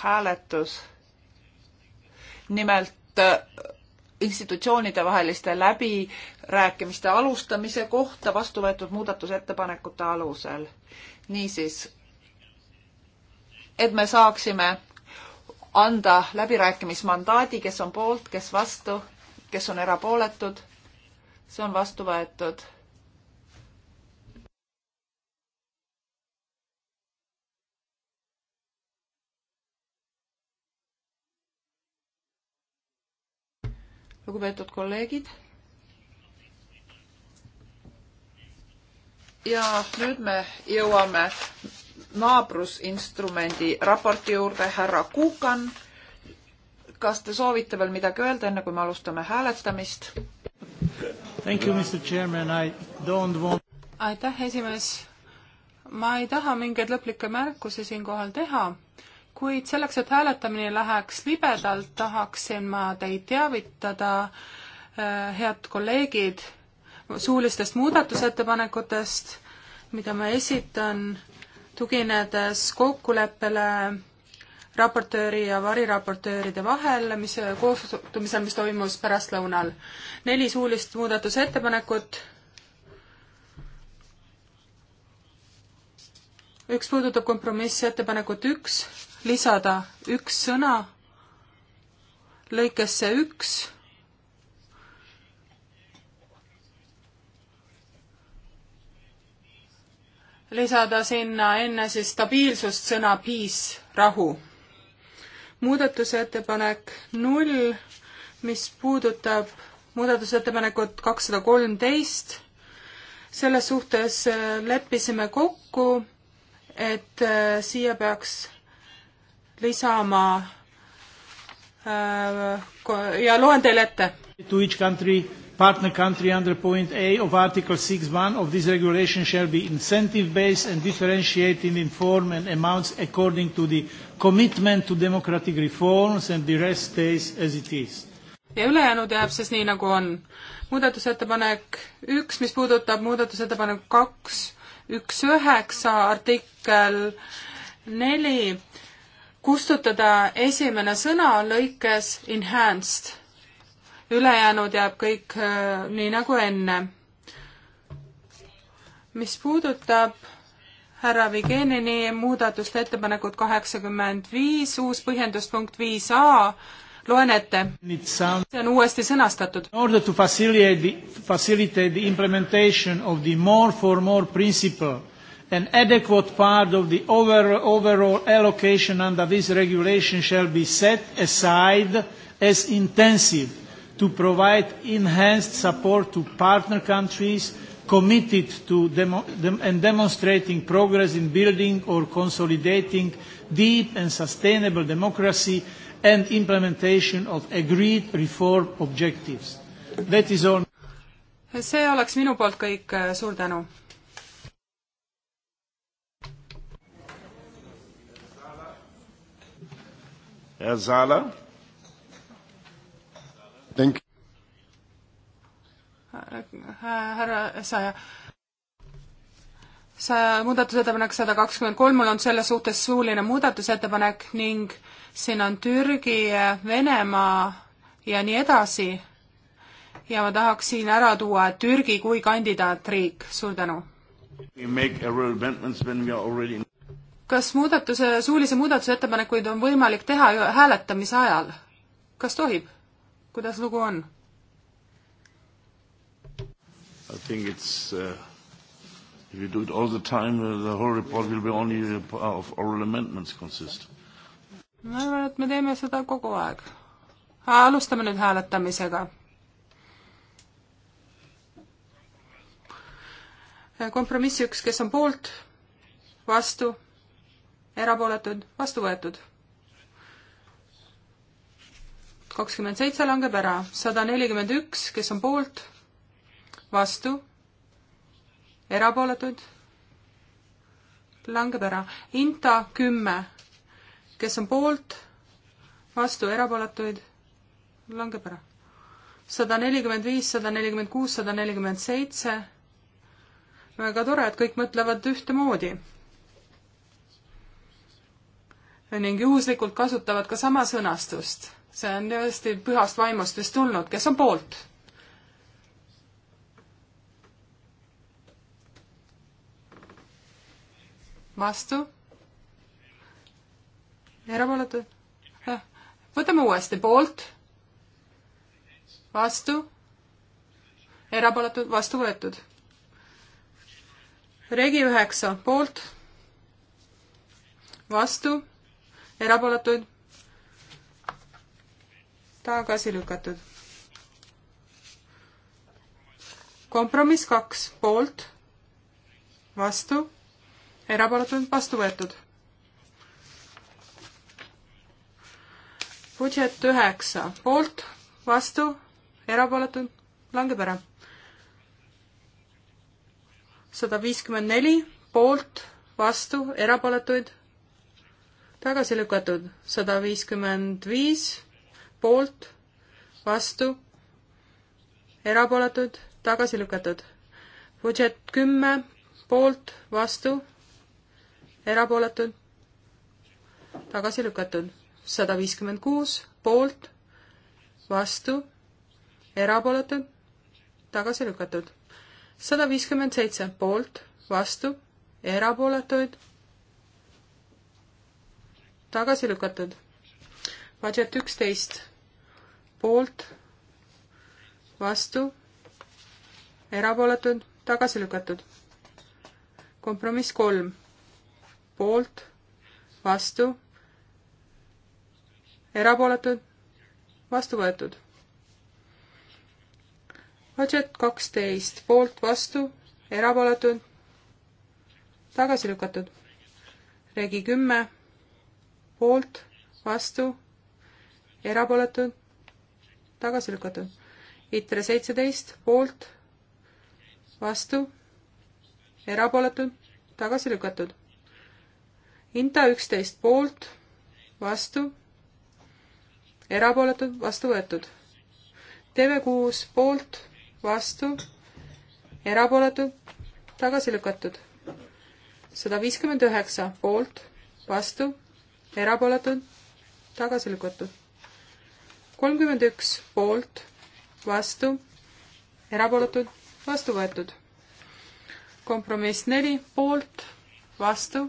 hääletus. nimelt äh, institutsioonide vaheliste läbirääkimiste alustamise kohta vastu võetud muudatusettepanekute alusel. niisiis, et me saaksime anda läbirääkimismandaadi, kes on poolt, kes vastu, kes on erapooletud, see on vastu võetud lugupeetud kolleegid. ja nüüd me jõuame naabrusinstrumendi raporti juurde, härra Kuukan. kas te soovite veel midagi öelda, enne kui me alustame hääletamist? aitäh, esimees. ma ei taha mingeid lõplikke märkusi siinkohal teha kuid selleks, et hääletamine läheks libedalt, tahaksin ma teid teavitada, eh, head kolleegid, suulistest muudatusettepanekutest, mida ma esitan, tuginedes kokkuleppele raportööri ja variraportööride vahel, mis kohtumisel, mis toimus pärastlõunal. neli suulist muudatusettepanekut, üks puudutab kompromissettepanekut üks, lisada üks sõna lõikesse üks lisada sinna enne siis stabiilsust sõna peace, rahu. muudatusettepanek null, mis puudutab muudatusettepanekut kakssada kolmteist, selles suhtes äh, leppisime kokku, et äh, siia peaks lisama äh, ja loen teile ette. To each country partner country under point A of Article 6.1 of this regulation shall be incentive-based and differentiated in form and amounts according to the commitment to democratic reforms and the rest stays as it is. ja ülejäänud jääb siis nii, nagu on. muudatusettepanek üks, mis puudutab muudatusettepanek kaks, üks üheksa, artikkel neli kustutada esimene sõna lõikes enhanced. ülejäänud jääb kõik äh, nii nagu enne. mis puudutab härra Vigenini muudatuste ettepanekut kaheksakümmend viis, uus põhjenduspunkt viis A, loen ette. see on uuesti sõnastatud. In order to facilitate the, facilitate the implementation of the more for more principle An adequate part of the over, overall allocation under this regulation shall be set aside as intensive to provide enhanced support to partner countries committed to demo, dem, and demonstrating progress in building or consolidating deep and sustainable democracy and implementation of agreed reform objectives. That is all. see oleks minu poolt kõik, suur tänu! Herr Sala. Denk. härra Saja, see muudatusettepanek sada kakskümmend kolm, mul on selle suhtes suuline muudatusettepanek ning siin on Türgi, Venemaa ja nii edasi. ja ma tahaks siin ära tuua Türgi kui kandidaatriik, suur tänu. Already kas muudatuse, suulisi muudatusettepanekuid on võimalik teha hääletamise ajal? kas tohib? kuidas lugu on? I think it's uh, if you do it all the time, uh, the whole report will be only uh, of oral amendments consist. ma arvan, et me teeme seda kogu aeg. alustame nüüd hääletamisega. kompromiss üks, kes on poolt, vastu erapooletud, vastu võetud. kakskümmend seitse langeb ära, sada nelikümmend üks, kes on poolt, vastu, erapooletud, langeb ära. Inta kümme, kes on poolt, vastu, erapooletuid, langeb ära. sada nelikümmend viis, sada nelikümmend kuus, sada nelikümmend seitse, väga tore, et kõik mõtlevad ühtemoodi ning juhuslikult kasutavad ka sama sõnastust. see on tõesti pühast vaimust vist tulnud, kes on poolt? vastu? erapooletud? võtame uuesti, poolt, vastu, erapooletud, vastu võetud. regi üheksa, poolt, vastu erapooletuid, tagasi lükatud. kompromiss kaks, poolt, vastu, erapooletuid, vastu võetud. budžet üheksa, poolt, vastu, erapooletuid, langeb ära sada viiskümmend neli, poolt, vastu, erapooletuid, tagasi lükatud sada viiskümmend viis poolt, vastu, erapooletud, tagasi lükatud. Budget kümme poolt, vastu, erapooletud, tagasi lükatud. sada viiskümmend kuus poolt, vastu, erapooletud, tagasi lükatud. sada viiskümmend seitse poolt, vastu, erapooletuid tagasi lükatud. Budget üksteist, poolt, vastu, erapooletud, tagasi lükatud. kompromiss kolm, poolt, vastu, erapooletud, vastu võetud. Budget kaksteist, poolt, vastu, erapooletud, tagasi lükatud. regi kümme poolt, vastu, erapooletud, tagasi lükatud. ITRE seitseteist, poolt, vastu, erapooletud, tagasi lükatud. INTA üksteist, poolt, vastu, erapooletud, vastu võetud. TV6 poolt, vastu, erapooletud, tagasi lükatud. sada viiskümmend üheksa poolt, vastu erapooletud, tagasi lükatud. kolmkümmend üks poolt, vastu, erapooletud, vastu võetud. kompromiss neli poolt, vastu,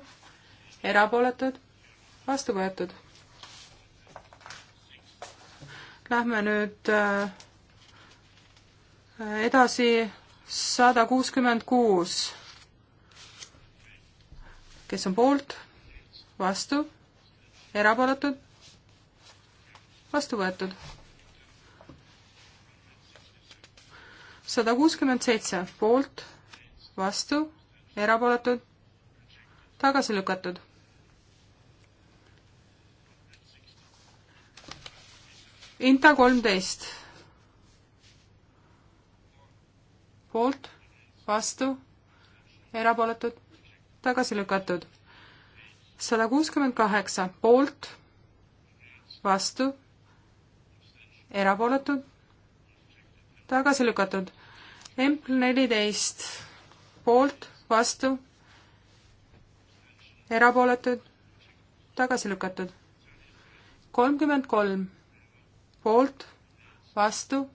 erapooletud, vastu võetud. Lähme nüüd äh, edasi sada kuuskümmend kuus. kes on poolt, vastu erapooletud, vastu võetud. sada kuuskümmend seitse poolt, vastu, erapooletud, tagasi lükatud. Inta kolmteist poolt, vastu, erapooletud, tagasi lükatud sada kuuskümmend kaheksa poolt, vastu, erapooletud, tagasi lükatud. Empl neliteist poolt, vastu, erapooletud, tagasi lükatud. kolmkümmend kolm poolt, vastu,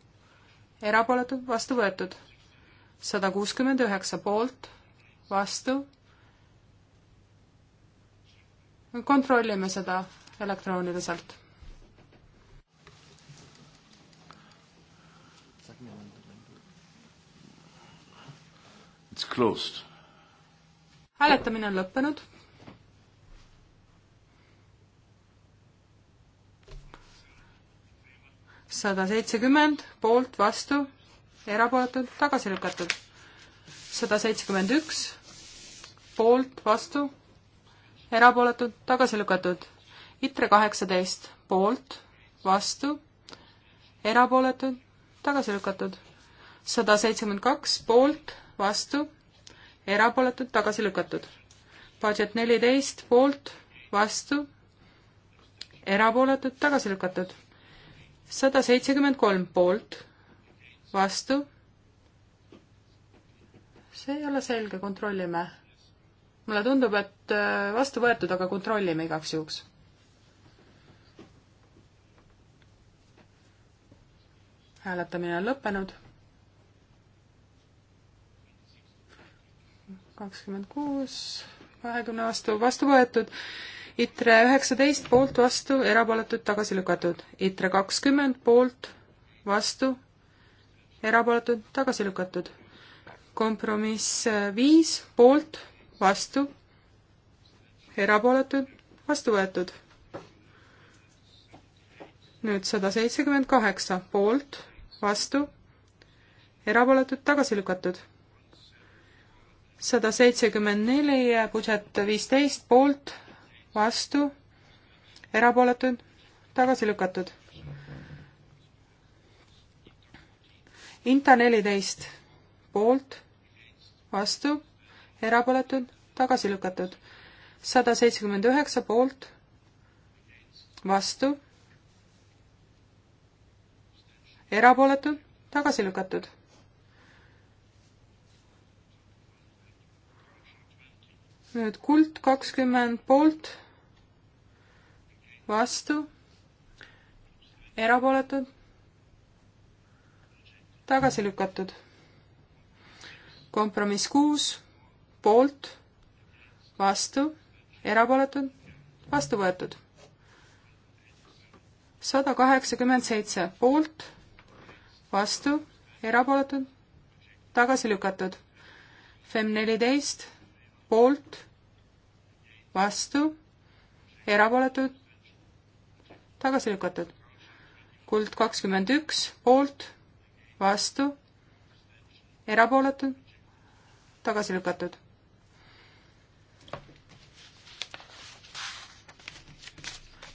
erapooletud, vastu võetud. sada kuuskümmend üheksa poolt, vastu kontrollime seda elektrooniliselt. It's closed. hääletamine on lõppenud. sada seitsekümmend poolt, vastu, erapooletud, tagasi lükatud. sada seitsekümmend üks poolt, vastu erapooletud, tagasi lükatud. ITRE kaheksateist, poolt, vastu, erapooletud, tagasi lükatud. sada seitsekümmend kaks, poolt, vastu, erapooletud, tagasi lükatud. Budget neliteist, poolt, vastu, erapooletud, tagasi lükatud. sada seitsekümmend kolm, poolt, vastu, see ei ole selge, kontrollime mulle tundub, et äh, vastu võetud, aga kontrollime igaks juhuks. hääletamine on lõppenud. kakskümmend kuus, kahekümne vastu, vastu võetud. ITRE üheksateist poolt vastu, erapooletud tagasi lükatud. ITRE kakskümmend poolt vastu, erapooletud tagasi lükatud. kompromiss äh, viis poolt vastu, erapooletud, vastu võetud. nüüd sada seitsekümmend kaheksa poolt, vastu, erapooletud, tagasi lükatud. sada seitsekümmend neli, budžet viisteist poolt, vastu, erapooletud, tagasi lükatud. Inta neliteist poolt, vastu erapooletud, tagasi lükatud. sada seitsekümmend üheksa poolt, vastu, erapooletud, tagasi lükatud. nüüd kuld kakskümmend poolt, vastu, erapooletud, tagasi lükatud. kompromiss kuus poolt, vastu, erapooletud, vastu võetud. sada kaheksakümmend seitse poolt, vastu, erapooletud, tagasi lükatud. FEM neliteist poolt, vastu, erapooletud, tagasi lükatud. kuld kakskümmend üks poolt, vastu, erapooletud, tagasi lükatud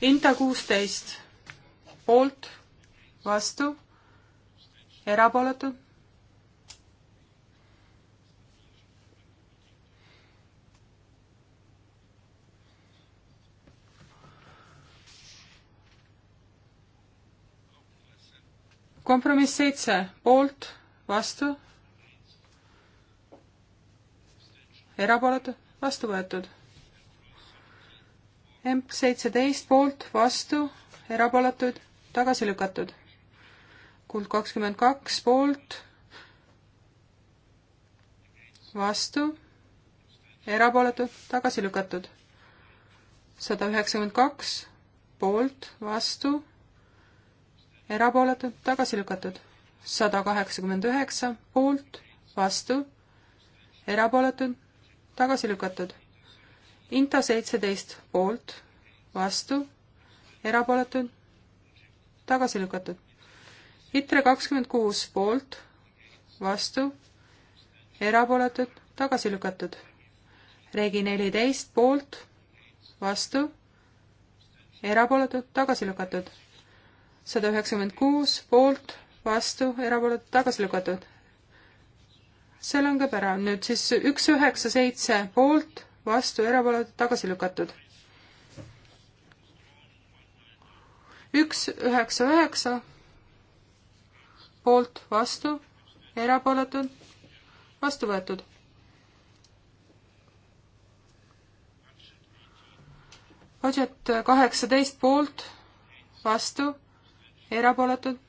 Inta kuusteist, poolt, vastu, erapooletu. kompromiss seitse, poolt, vastu, erapooletu, vastu võetud emp seitseteist poolt, vastu, erapooletuid, tagasi lükatud. kuld kakskümmend kaks poolt, vastu, erapooletud, tagasi lükatud. sada üheksakümmend kaks poolt, vastu, erapooletud, tagasi lükatud. sada kaheksakümmend üheksa poolt, vastu, erapooletud, tagasi lükatud Inta seitseteist poolt, vastu, erapooletud, tagasi lükatud. ITRE kakskümmend kuus poolt, vastu, erapooletud, tagasi lükatud. Regi neliteist poolt, vastu, erapooletud, tagasi lükatud. sada üheksakümmend kuus poolt, vastu, erapooletud, tagasi lükatud. see langeb ära, nüüd siis üks üheksa seitse poolt vastu, erapooletud, tagasi lükatud. üks, üheksa, üheksa, poolt, vastu, erapooletud, vastu võetud Budget kaheksateist poolt, vastu, erapooletud,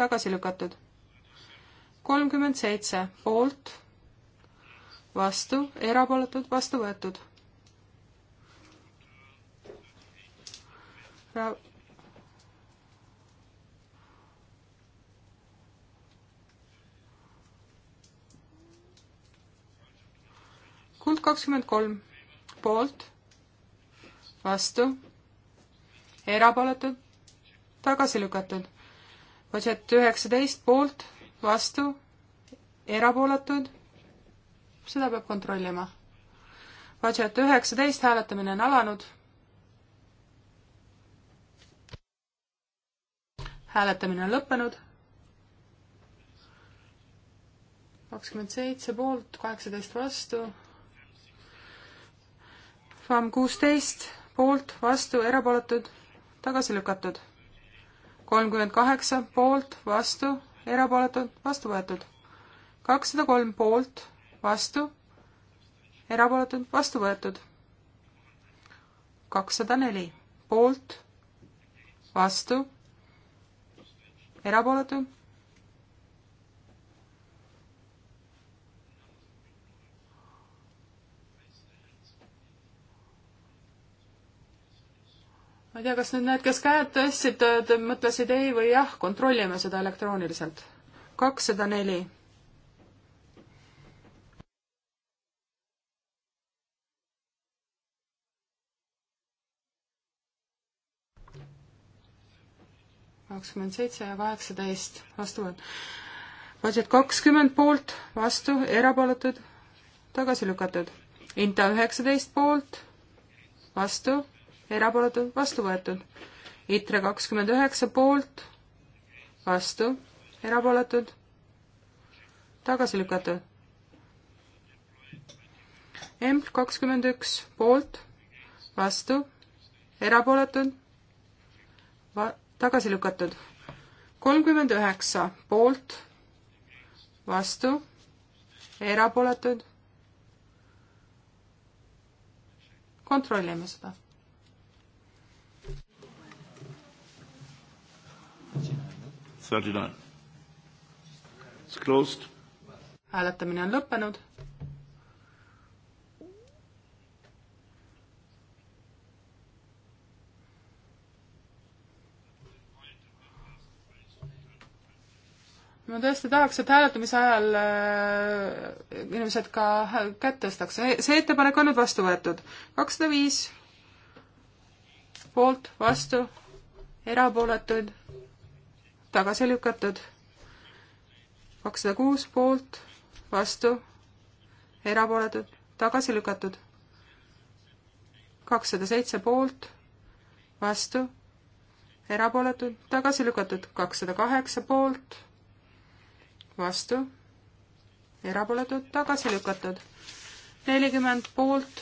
tagasi lükatud. kolmkümmend seitse poolt, vastu, erapooletud, vastu võetud. kuld kakskümmend kolm, poolt, vastu, erapooletud, tagasi lükatud. budžett üheksateist, poolt, vastu, erapooletud seda peab kontrollima. Budget üheksateist, hääletamine on alanud. hääletamine on lõppenud. kakskümmend seitse poolt, kaheksateist vastu. FAM kuusteist poolt, vastu, erapooletud, tagasi lükatud. kolmkümmend kaheksa poolt, vastu, erapooletud, vastu võetud. kakssada kolm poolt vastu, erapooletud, vastu võetud. kakssada neli, poolt, vastu, erapooletu. ma ei tea, kas nüüd need, kes käed tõstsid, mõtlesid ei või jah, kontrollime seda elektrooniliselt. kakssada neli kakskümmend seitse ja kaheksateist vastu võetud. budget kakskümmend poolt, vastu, erapooletud, tagasi lükatud. Inta üheksateist poolt, vastu, erapooletud, vastu võetud. ITRE kakskümmend üheksa poolt, vastu, erapooletud, tagasi lükatud. EMP kakskümmend üks poolt, vastu, erapooletud, va-, tagasi lükatud. kolmkümmend üheksa poolt, vastu, erapooletud. kontrollime seda. hääletamine on lõppenud ma tõesti tahaks, et hääletamise ajal äh, inimesed ka kätt tõstaks. E-, see ettepanek on nüüd vastu võetud. kakssada viis poolt, vastu, erapooletuid, tagasi lükatud. kakssada kuus poolt, vastu, erapooletud, tagasi lükatud. kakssada seitse poolt, vastu, erapooletud, tagasi lükatud. kakssada kaheksa poolt vastu, erapooletud, tagasi lükatud. nelikümmend poolt,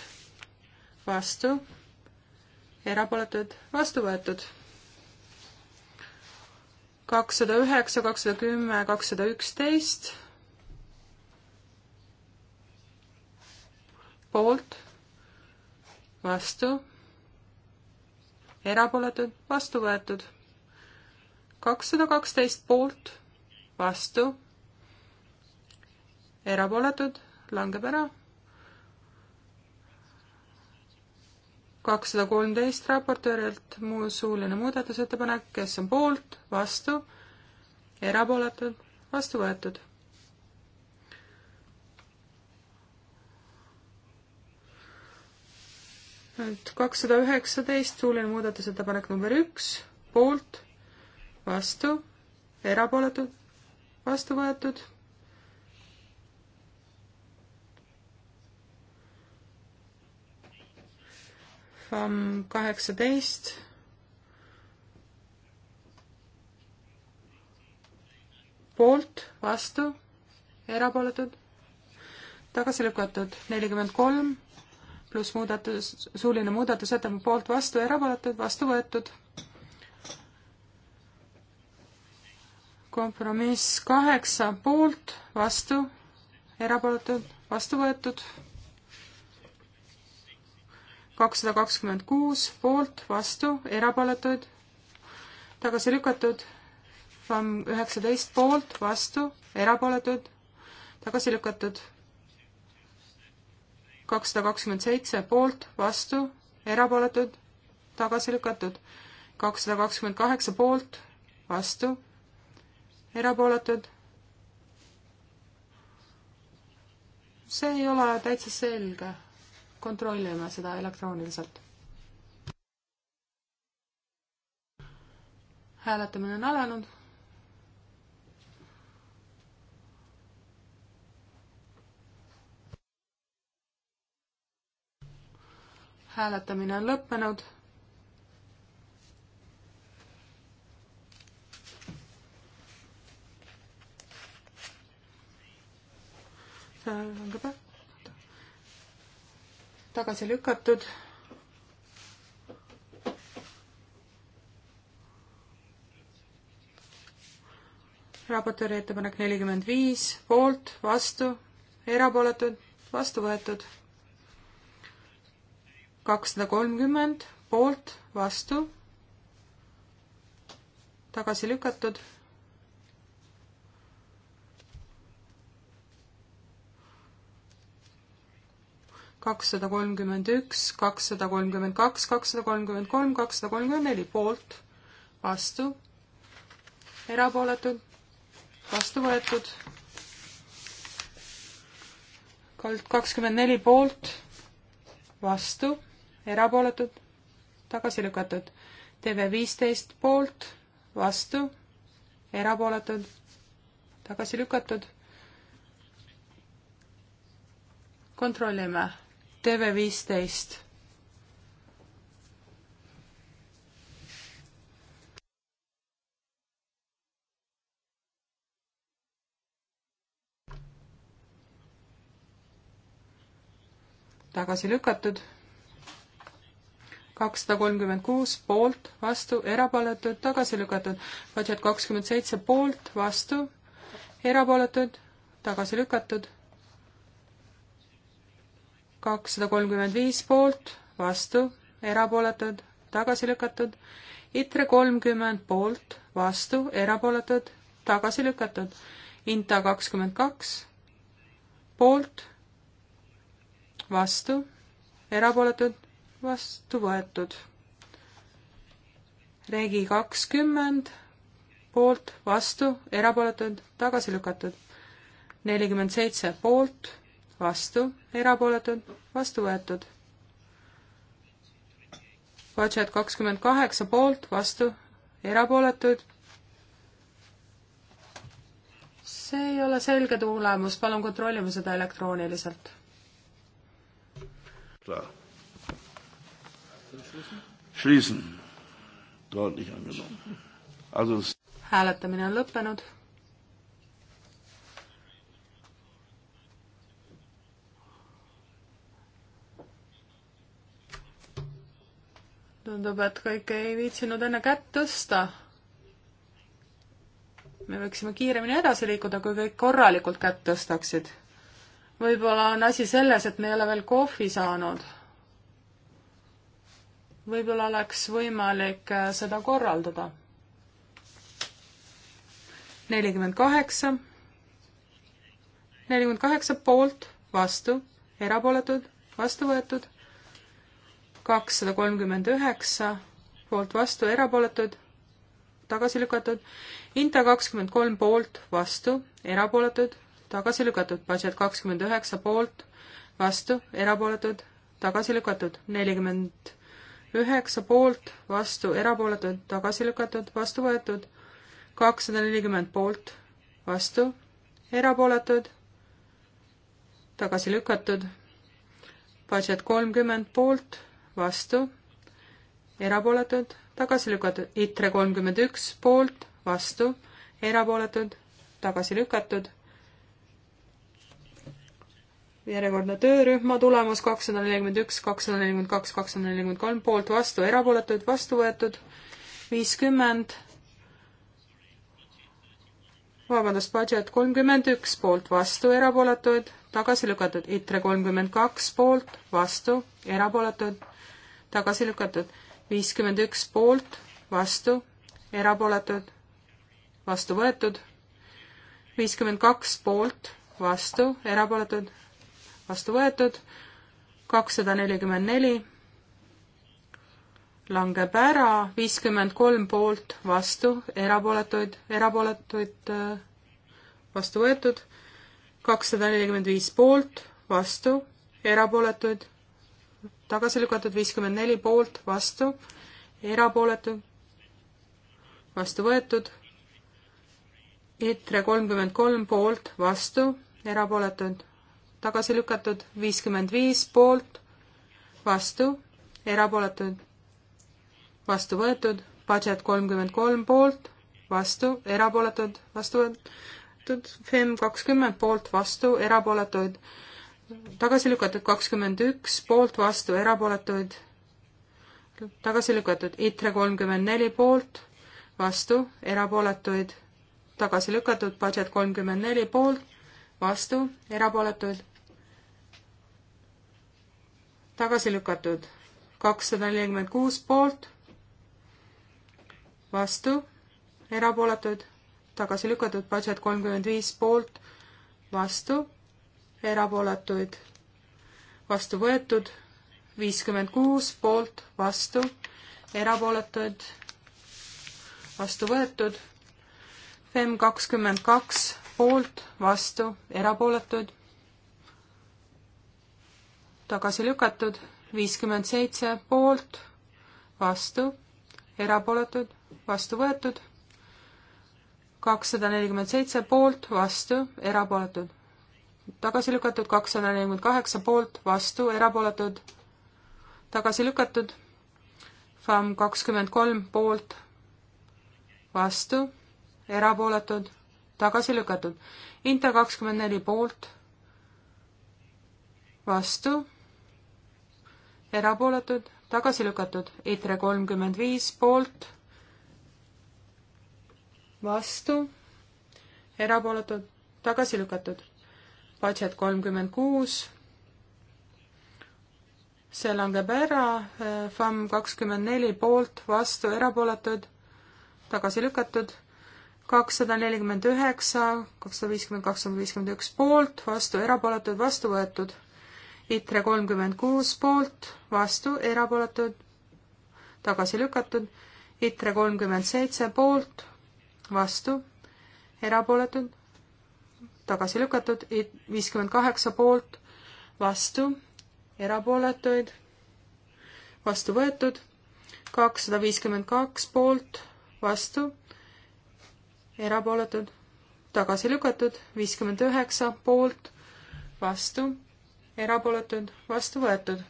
vastu, erapooletud, vastu võetud. kakssada üheksa, kakssada kümme, kakssada üksteist poolt, vastu, erapooletud, vastu võetud. kakssada kaksteist poolt, vastu, erapooletud, langeb ära. kakssada kolmteist raportöörilt muu suuline muudatusettepanek, kes on poolt, vastu, erapooletud, vastu võetud. nüüd kakssada üheksateist suuline muudatusettepanek number üks, poolt, vastu, erapooletud, vastu võetud FAM kaheksateist. poolt, vastu, erapooletud, tagasi lükatud, nelikümmend kolm pluss muudatus, suuline muudatusettepanek poolt, vastu, erapooletud, vastu võetud. kompromiss kaheksa poolt, vastu, erapooletud, vastu võetud kakssada kakskümmend kuus poolt, vastu, erapooletuid, tagasi lükatud, FAM üheksateist poolt, vastu, erapooletuid, tagasi lükatud, kakssada kakskümmend seitse poolt, vastu, erapooletuid, tagasi lükatud, kakssada kakskümmend kaheksa poolt, vastu, erapooletud. see ei ole täitsa selge kontrollime seda elektrooniliselt. hääletamine on alanud. hääletamine on lõppenud. see langeb ära tagasi lükatud. raportööri ettepanek nelikümmend viis, poolt, vastu, erapooletud, vastu võetud. kakssada kolmkümmend, poolt, vastu, tagasi lükatud kakssada kolmkümmend üks, kakssada kolmkümmend kaks, kakssada kolmkümmend kolm, kakssada kolmkümmend neli poolt, vastu, erapooletud, vastu võetud, kald kakskümmend neli poolt, vastu, erapooletud, tagasi lükatud, TV viisteist poolt, vastu, erapooletud, tagasi lükatud, kontrollime TV15. tagasi lükatud. kakssada kolmkümmend kuus poolt, vastu, erapooletud, tagasi lükatud. budget kakskümmend seitse poolt, vastu, erapooletud, tagasi lükatud kakssada kolmkümmend viis poolt, vastu, erapooletud, tagasi lükatud. ITRE kolmkümmend poolt, vastu, erapooletud, tagasi lükatud. INTA kakskümmend kaks poolt, vastu, erapooletud, vastu võetud. Regi kakskümmend poolt, vastu, erapooletud, tagasi lükatud. nelikümmend seitse poolt vastu, erapooletud, vastu võetud. Budget kakskümmend kaheksa poolt, vastu, erapooletud. see ei ole selge tulemus, palun kontrollime seda elektrooniliselt. klar. Schließen. Deutlich angenommen. Also hääletamine on lõppenud tundub, et kõik ei viitsinud enne kätt tõsta. me võiksime kiiremini edasi liikuda, kui kõik korralikult kätt tõstaksid. võib-olla on asi selles, et me ei ole veel kohvi saanud. võib-olla oleks võimalik äh, seda korraldada. nelikümmend kaheksa, nelikümmend kaheksa poolt, vastu, erapooletud, vastu võetud, kakssada kolmkümmend üheksa, poolt vastu, erapooletud, tagasi lükatud. Inta kakskümmend kolm poolt, vastu, erapooletud, tagasi lükatud. Budget kakskümmend üheksa poolt, vastu, erapooletud, tagasi lükatud. nelikümmend üheksa poolt, vastu, erapooletud, tagasi lükatud, vastu võetud. kakssada nelikümmend poolt, vastu, erapooletud, tagasi lükatud. Budget kolmkümmend poolt vastu, erapooletud, tagasi lükatud. ITRE kolmkümmend üks poolt, vastu, erapooletud, tagasi lükatud. järjekordne töörühma tulemus kakssada nelikümmend üks, kakssada nelikümmend kaks, kakssada nelikümmend kolm poolt, vastu, erapooletud, vastu võetud, viiskümmend, vabandust, budget kolmkümmend üks poolt, vastu, erapooletuid, tagasi lükatud, ITRE kolmkümmend kaks poolt, vastu, erapooletuid, tagasi lükatud, viiskümmend üks poolt, vastu, erapooletud, vastu võetud, viiskümmend kaks poolt, vastu, erapooletud, vastu võetud, kakssada nelikümmend neli langeb ära, viiskümmend kolm poolt, vastu, erapooletuid, erapooletuid äh, vastu võetud, kakssada nelikümmend viis poolt, vastu, erapooletuid tagasi lükatud, viiskümmend neli poolt, vastu, erapooletu, vastu võetud. ITRE kolmkümmend kolm poolt, vastu, erapooletud, tagasi lükatud, viiskümmend viis poolt, vastu, erapooletud, vastu võetud, budget kolmkümmend kolm poolt, vastu, erapooletud, vastu võetud, FEM kakskümmend poolt, vastu, erapooletuid tagasi lükatud kakskümmend üks, poolt, vastu, erapooletuid, tagasi lükatud ITRE kolmkümmend neli poolt, vastu, erapooletuid, tagasi lükatud budget kolmkümmend neli poolt, vastu, erapooletuid, tagasi lükatud kakssada nelikümmend kuus poolt, vastu, erapooletuid, tagasi lükatud budget kolmkümmend viis poolt, vastu, erapooletuid vastu võetud, viiskümmend kuus poolt, vastu, erapooletuid vastu võetud, FEM kakskümmend kaks poolt, vastu, erapooletuid tagasi lükatud, viiskümmend seitse poolt, vastu, erapooletud, vastu võetud, kakssada nelikümmend seitse poolt, vastu, erapooletud tagasi lükatud, kakssada nelikümmend kaheksa poolt, vastu, erapooletud, tagasi lükatud, FAM kakskümmend kolm poolt, vastu, erapooletud, tagasi lükatud, Inta kakskümmend neli poolt, vastu, erapooletud, tagasi lükatud, ITRE kolmkümmend viis poolt, vastu, erapooletud, tagasi lükatud budget kolmkümmend kuus, see langeb ära, äh, FAM kakskümmend neli poolt, vastu, erapooletud, tagasi lükatud, kakssada nelikümmend üheksa, kakssada viiskümmend, kakssada viiskümmend üks poolt, vastu, erapooletud, vastu võetud. ITRE kolmkümmend kuus poolt, vastu, erapooletud, tagasi lükatud. ITRE kolmkümmend seitse poolt, vastu, erapooletud tagasi lükatud, viiskümmend kaheksa poolt, vastu, erapooletuid, vastu võetud, kakssada viiskümmend kaks poolt, vastu, erapooletud, tagasi lükatud, viiskümmend üheksa poolt, vastu, erapooletud, vastu võetud.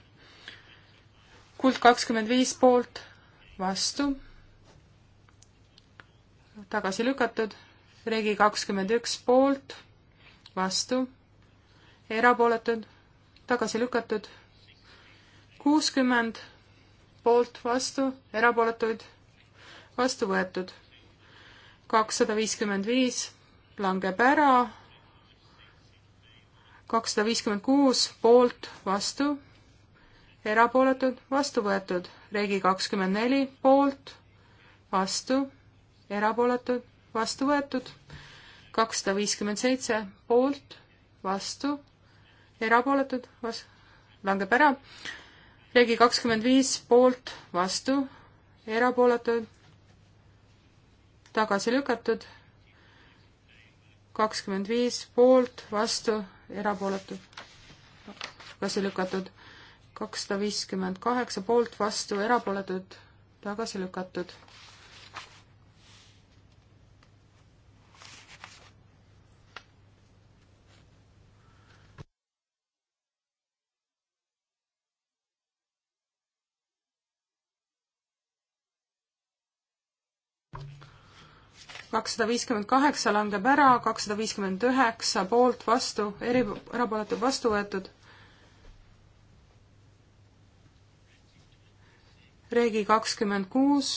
kuld kakskümmend viis poolt, vastu, tagasi lükatud, regi kakskümmend üks poolt vastu, erapooletud, tagasi lükatud, kuuskümmend poolt, vastu, erapooletuid, vastu võetud. kakssada viiskümmend viis langeb ära, kakssada viiskümmend kuus poolt, vastu, erapooletud, vastu võetud, regi kakskümmend neli poolt, vastu, erapooletud, vastu võetud kakssada viiskümmend seitse poolt, vastu, erapooletud, vas-, langeb ära. Regi kakskümmend viis poolt, vastu, erapooletud, tagasi lükatud, kakskümmend viis poolt, vastu, erapooletud, tagasi lükatud, kakssada viiskümmend kaheksa poolt, vastu, erapooletud, tagasi lükatud kakssada viiskümmend kaheksa langeb ära, kakssada viiskümmend üheksa poolt vastu, eri, erapooletud vastu võetud. Reegi kakskümmend kuus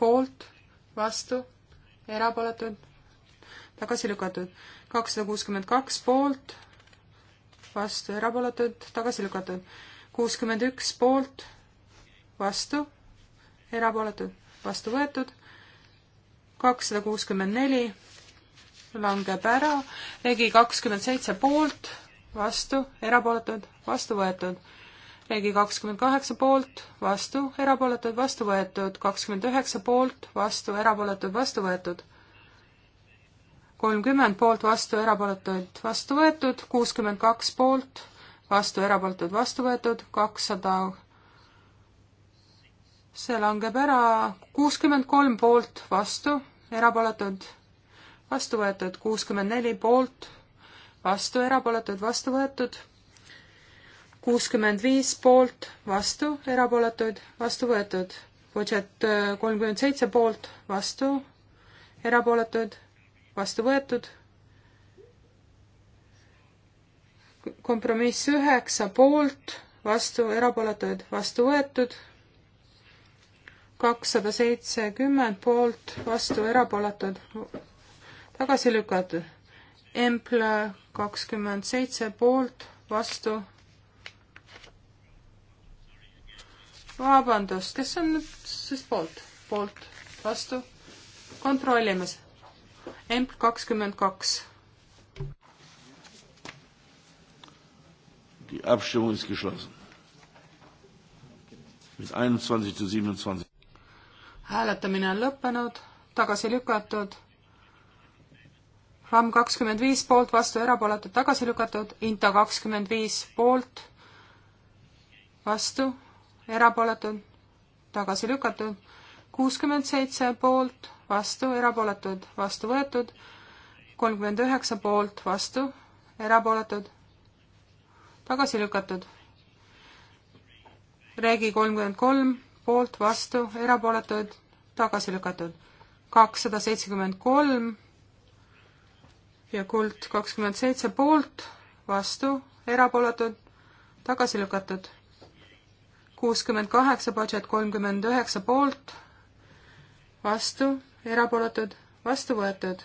poolt, vastu, erapooletud, tagasi lükatud. kakssada kuuskümmend kaks poolt, vastu, erapooletud, tagasi lükatud. kuuskümmend üks poolt, vastu erapooletud, vastu võetud, kakssada kuuskümmend neli langeb ära, ligi kakskümmend seitse poolt, vastu, erapooletud, vastu võetud, ligi kakskümmend kaheksa poolt, vastu, erapooletud, vastu võetud, kakskümmend üheksa poolt, vastu, erapooletud, vastu võetud kolmkümmend poolt, vastu, erapooletuid vastu võetud, kuuskümmend kaks poolt, vastu, erapooletuid vastu võetud, kakssada see langeb ära, kuuskümmend kolm poolt, vastu, erapooletud, vastu võetud, kuuskümmend neli poolt, vastu, erapooletud, vastu võetud, kuuskümmend viis poolt, vastu, erapooletuid, vastu võetud. budžet äh, kolmkümmend seitse poolt, vastu, erapooletuid, vastu võetud. kompromiss üheksa poolt, vastu, erapooletuid, vastu võetud kakssada seitsekümmend poolt, vastu erapooletud, tagasi lükatud. Empl kakskümmend seitse poolt, vastu. vabandust, kes on nüüd siis poolt? poolt, vastu. kontrollime. Empl kakskümmend kaks. Die Abstimmung ist geschlossen. Mit 21 zu 27 hääletamine on lõppenud, tagasi lükatud. RAM kakskümmend viis poolt, vastu erapooletud, tagasi lükatud, Inta kakskümmend viis poolt, vastu erapooletud, tagasi lükatud, kuuskümmend seitse poolt, vastu erapooletud, vastu võetud, kolmkümmend üheksa poolt, vastu erapooletud, tagasi lükatud. Regi kolmkümmend kolm poolt, vastu, erapooletuid, tagasi lükatud. kakssada seitsekümmend kolm ja kuld kakskümmend seitse poolt, vastu, erapooletud, tagasi lükatud. kuuskümmend kaheksa, budget kolmkümmend üheksa poolt, vastu, erapooletud, vastu võetud.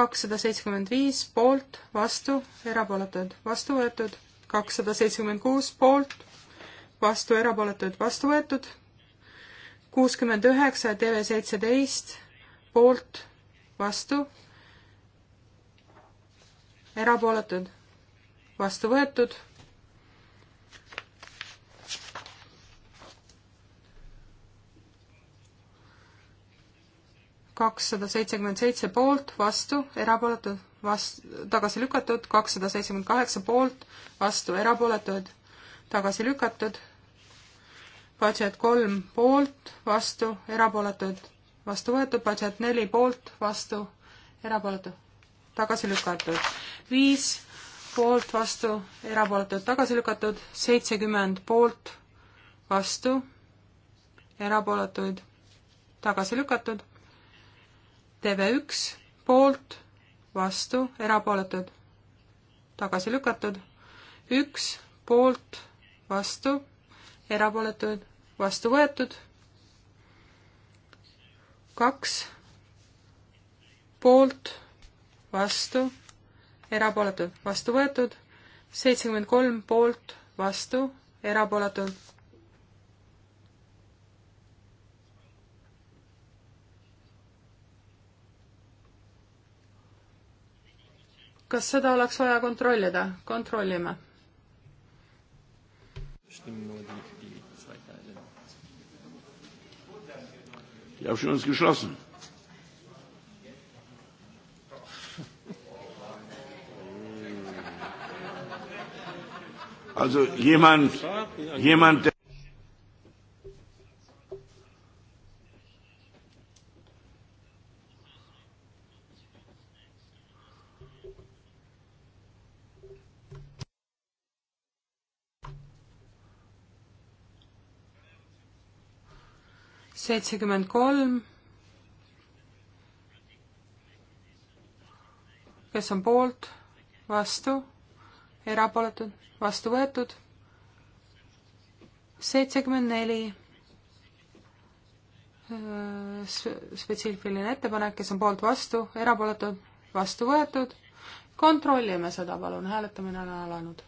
kakssada seitsekümmend viis poolt, vastu, erapooletud, vastu võetud. kakssada seitsekümmend kuus poolt vastu erapooletuid vastu võetud, kuuskümmend üheksa ja TV seitseteist poolt vastu, erapooletud vastu võetud kakssada seitsekümmend seitse poolt, vastu, erapooletud, vast-, tagasi lükatud, kakssada seitsekümmend kaheksa poolt, vastu, erapooletud, tagasi lükatud, budget kolm poolt, vastu, erapooletud, vastu võetud, budget neli poolt, vastu, erapooletud, tagasi lükatud. viis poolt, vastu, erapooletud, tagasi lükatud, seitsekümmend poolt, vastu, erapooletuid, tagasi lükatud. TV1 poolt, vastu, erapooletud, tagasi lükatud. üks poolt, vastu, erapooletuid vastu võetud. kaks poolt, vastu, erapooletud, vastu võetud. seitsekümmend kolm poolt, vastu, erapooletud. kas seda oleks vaja kontrollida? kontrollime. Stimmen nur die Die Abstimmung ist geschlossen. Also jemand, jemand, der seitsekümmend kolm, kes on poolt, vastu, erapooletud, vastu võetud, seitsekümmend neli, äh, spetsiifiline ettepanek, kes on poolt, vastu, erapooletud, vastu võetud, kontrollime seda, palun, hääletamine on alanud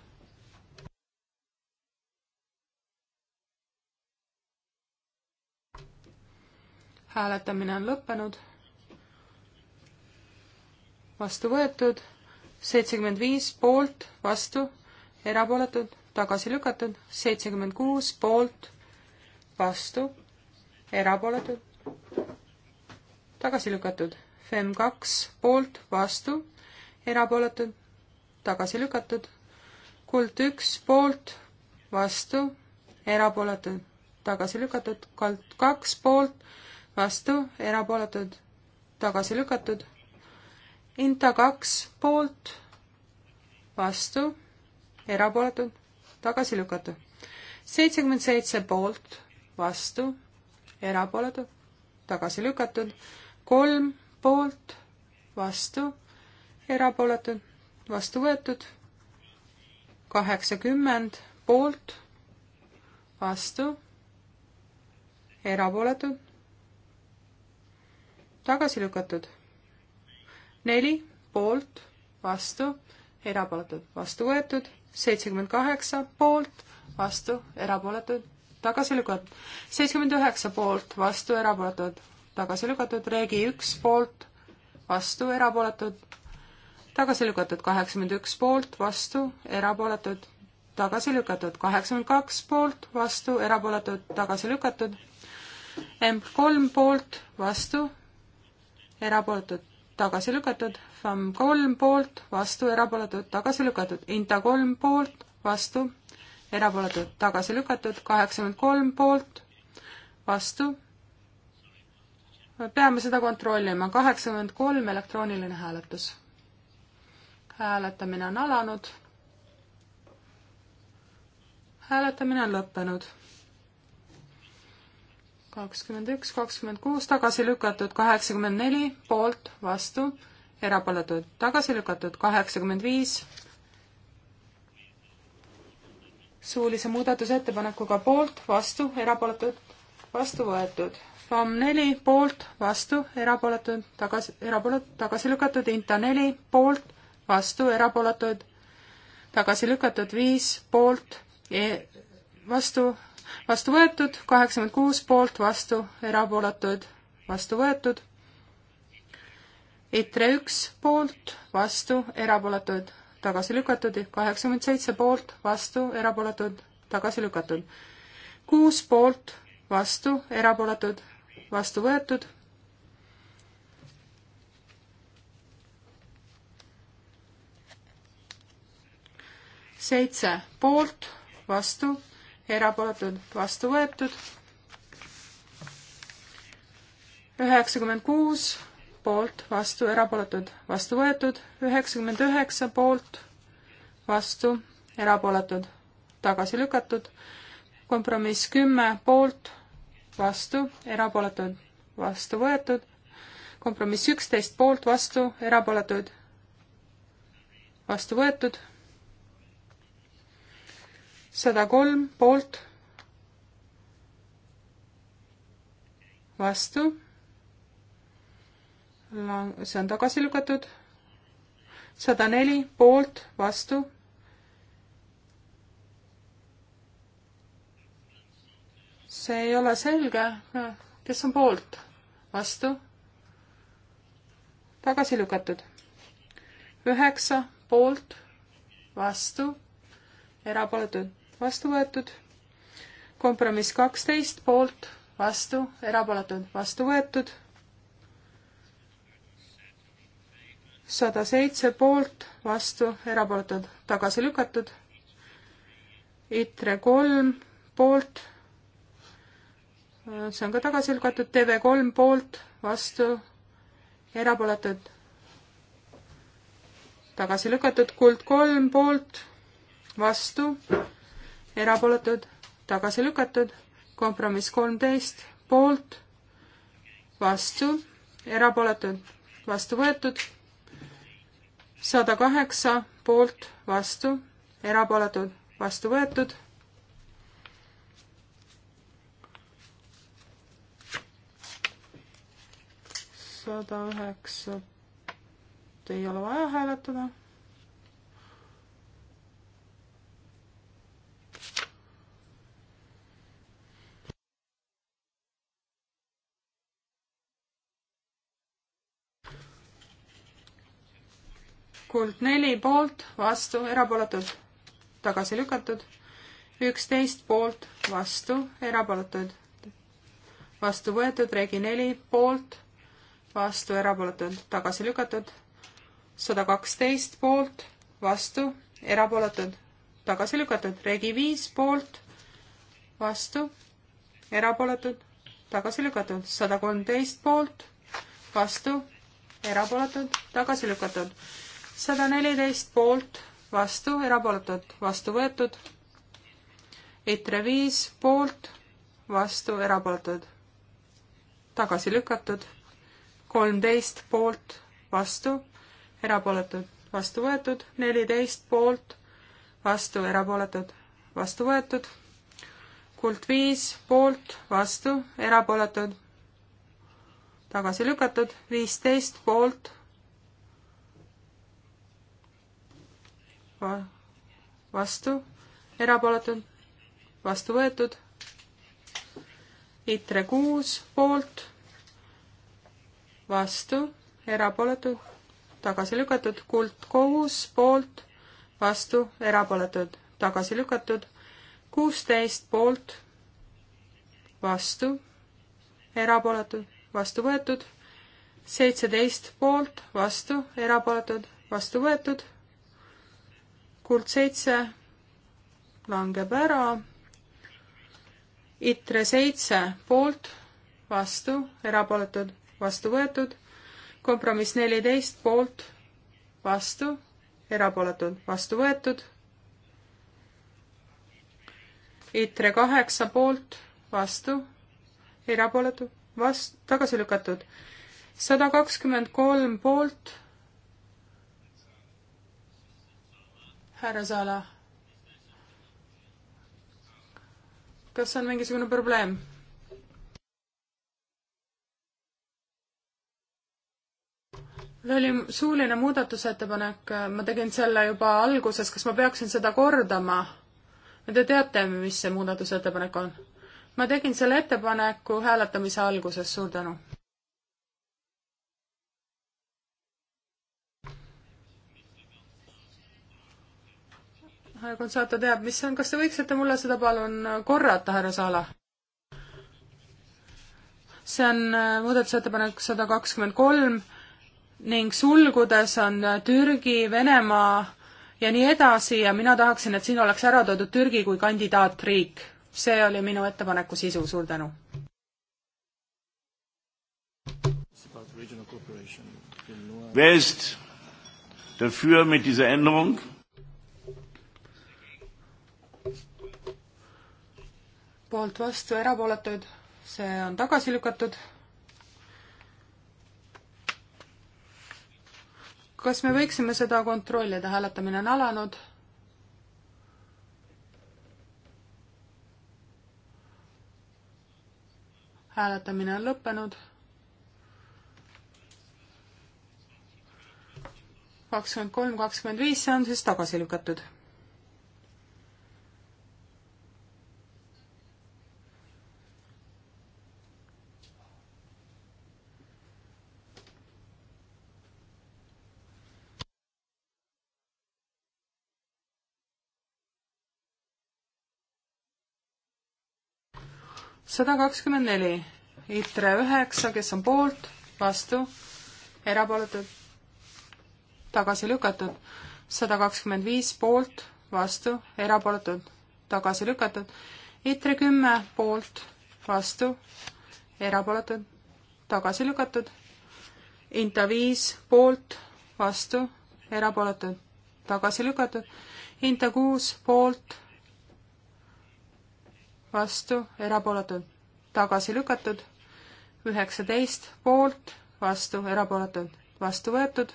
hääletamine on lõppenud. vastu võetud, seitsekümmend viis poolt, vastu, erapooletud, tagasi lükatud, seitsekümmend kuus poolt, vastu, erapooletud, tagasi lükatud, FEM kaks poolt, vastu, erapooletud, tagasi lükatud, kuld üks poolt, vastu, erapooletud, tagasi lükatud, kald kaks poolt, vastu, erapooletud, tagasi lükatud. Inta kaks poolt, vastu, erapooletud, tagasi lükatud. seitsekümmend seitse poolt, vastu, erapooletud, tagasi lükatud. kolm poolt, vastu, erapooletud, vastu võetud. kaheksakümmend poolt, vastu, erapooletud tagasi lükatud. neli poolt, vastu, erapooletud, vastu võetud, seitsekümmend kaheksa poolt, vastu, erapooletud, tagasi lükatud. seitsekümmend üheksa poolt, vastu, erapooletud, tagasi lükatud, Regi üks poolt, vastu, erapooletud, tagasi lükatud, kaheksakümmend üks poolt, vastu, erapooletud, tagasi lükatud, kaheksakümmend kaks poolt, vastu, erapooletud, tagasi lükatud, M kolm poolt, vastu, erapooletud, tagasi lükatud, FAM kolm poolt, vastu, erapooletud, tagasi lükatud, INTA kolm poolt, vastu, erapooletud, tagasi lükatud, kaheksakümmend kolm poolt, vastu, me peame seda kontrollima, kaheksakümmend kolm elektrooniline hääletus. hääletamine on alanud. hääletamine on lõppenud kakskümmend üks, kakskümmend kuus tagasi lükatud, kaheksakümmend neli poolt, vastu, erapooletud tagasi lükatud, kaheksakümmend viis suulise muudatusettepanekuga poolt, vastu, erapooletud, vastu võetud. FAM neli poolt, vastu, erapooletud, tagasi, erapooletud, tagasi lükatud, Inta neli poolt, vastu, erapooletud, tagasi lükatud, viis poolt e, vastu, vastu võetud, kaheksakümmend kuus poolt, vastu, erapooletuid, vastu võetud. ITRE üks poolt, vastu, erapooletuid, tagasi lükatud, kaheksakümmend seitse poolt, vastu, erapooletuid, tagasi lükatud. kuus poolt, vastu, erapooletuid, vastu võetud. seitse poolt, vastu erapooletud, vastu võetud. üheksakümmend kuus poolt, vastu, erapooletud, vastu võetud, üheksakümmend üheksa poolt, vastu, erapooletud, tagasi lükatud, kompromiss kümme poolt, vastu, erapooletud, vastu võetud, kompromiss üksteist poolt, vastu, erapooletud, vastu võetud sada kolm poolt, vastu, see on tagasi lükatud, sada neli poolt, vastu, see ei ole selge, noh, kes on poolt, vastu, tagasi lükatud, üheksa poolt, vastu, erapooletud vastu võetud. kompromiss kaksteist poolt, vastu, erapooletud, vastu võetud. sada seitse poolt, vastu, erapooletud, tagasi lükatud. ITRE kolm poolt, see on ka tagasi lükatud, TV kolm poolt, vastu, erapooletud, tagasi lükatud, Kuld kolm poolt, vastu, erapooletud, tagasi lükatud, kompromiss kolmteist, poolt, vastu, erapooletud, vastu võetud, sada kaheksa, poolt, vastu, erapooletud, vastu võetud, sada üheksa, ei ole vaja hääletada kuld neli poolt, vastu, erapooletud, tagasi lükatud. üksteist poolt, vastu, erapooletud, vastu võetud, regi neli poolt, vastu, erapooletud, tagasi lükatud. sada kaksteist poolt, vastu, erapooletud, tagasi lükatud, regi viis poolt, vastu, erapooletud, tagasi lükatud, sada kolmteist poolt, vastu, erapooletud, tagasi lükatud sada neliteist poolt, vastu, erapooletud, vastu võetud. ITRE viis poolt, vastu, erapooletud, tagasi lükatud. kolmteist poolt, vastu, erapooletud, vastu võetud. neliteist poolt, vastu, erapooletud, vastu võetud. kuld viis poolt, vastu, erapooletud, tagasi lükatud. viisteist poolt, va-, vastu, erapooletud, vastu võetud. ITRE kuus poolt, vastu, erapooletud, tagasi lükatud, kuld kuus poolt, vastu, erapooletud, tagasi lükatud, kuusteist poolt, vastu, erapooletud, vastu võetud, seitseteist poolt, vastu, erapooletud, vastu võetud kuld seitse langeb ära. ITRE seitse poolt, vastu, erapooletud, vastu võetud. kompromiss neliteist poolt, vastu, erapooletud, vastu võetud. ITRE kaheksa poolt, vastu, erapooletu, vastu, tagasi lükatud. sada kakskümmend kolm poolt härra Saala. kas on mingisugune probleem? see oli suuline muudatusettepanek, ma tegin selle juba alguses, kas ma peaksin seda kordama? Te teate, mis see muudatusettepanek on? ma tegin selle ettepaneku hääletamise alguses, suur tänu Gonzato teab, mis see on, kas te võiksite mulle seda palun korrata, härra Saala? see on äh, muudatusettepanek sada kakskümmend kolm ning sulgudes on äh, Türgi, Venemaa ja nii edasi ja mina tahaksin, et siin oleks ära toodud Türgi kui kandidaatriik. see oli minu ettepaneku sisu, suur tänu. Wer ist dafür mit dieser Änderung? poolt vastu, erapooletuid, see on tagasi lükatud. kas me võiksime seda kontrollida, hääletamine on alanud hääletamine on lõppenud. kakskümmend kolm, kakskümmend viis, see on siis tagasi lükatud sada kakskümmend neli, ITRE üheksa, kes on poolt, vastu, erapooletud, tagasi lükatud, sada kakskümmend viis poolt, vastu, erapooletud, tagasi lükatud, ITRE kümme poolt, vastu, erapooletud, tagasi lükatud, INTA viis poolt, vastu, erapooletud, tagasi lükatud, INTA kuus poolt, vastu, erapooletud, tagasi lükatud, üheksateist poolt, vastu, erapooletud, vastu võetud,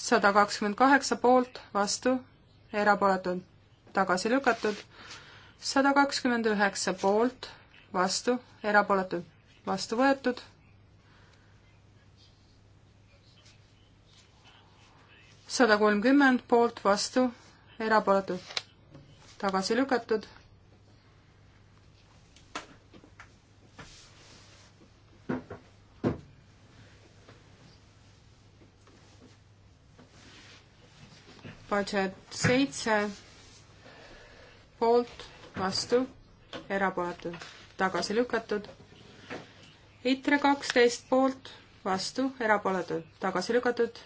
sada kakskümmend kaheksa poolt, vastu, erapooletud, tagasi lükatud, sada kakskümmend üheksa poolt, vastu, erapooletud, vastu võetud, sada kolmkümmend poolt, vastu, erapooletud, tagasi lükatud budget seitse poolt, vastu, erapooletud, tagasi lükatud. ITRE kaksteist poolt, vastu, erapooletud, tagasi lükatud.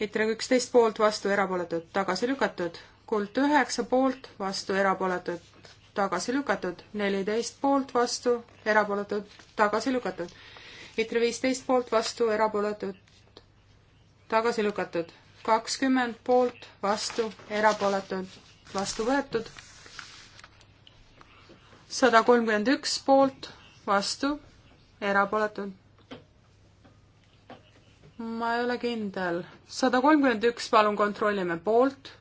ITRE üksteist poolt, vastu, erapooletud, tagasi lükatud. kuld üheksa poolt, vastu, erapooletud, tagasi lükatud. neliteist poolt, vastu, erapooletud, tagasi lükatud. ITRE viisteist poolt, vastu, erapooletud, tagasi lükatud kakskümmend poolt, vastu, erapooletud, vastu võetud. sada kolmkümmend üks poolt, vastu, erapooletud. ma ei ole kindel. sada kolmkümmend üks, palun kontrollime poolt,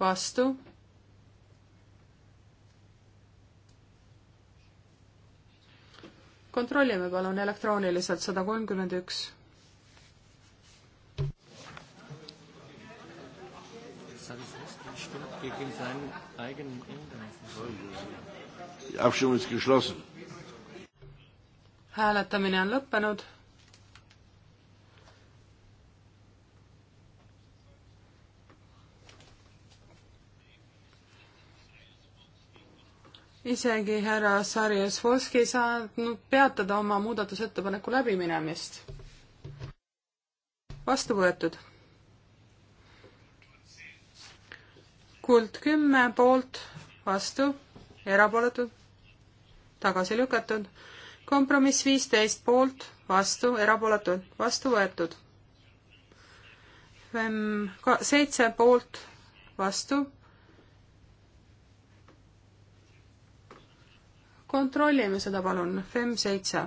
vastu. kontrollime palun elektrooniliselt sada kolmkümmend üks gegen seinen eigenen Hinweis. hääletamine on lõppenud. isegi härra Sarjas Voski ei saanud peatada oma muudatusettepaneku läbiminemist. vastu võetud kuld kümme poolt, vastu, erapooletud, tagasi lükatud. kompromiss viisteist poolt, vastu, erapooletud, vastu võetud. seitse poolt, vastu. kontrollime seda palun, FEM seitse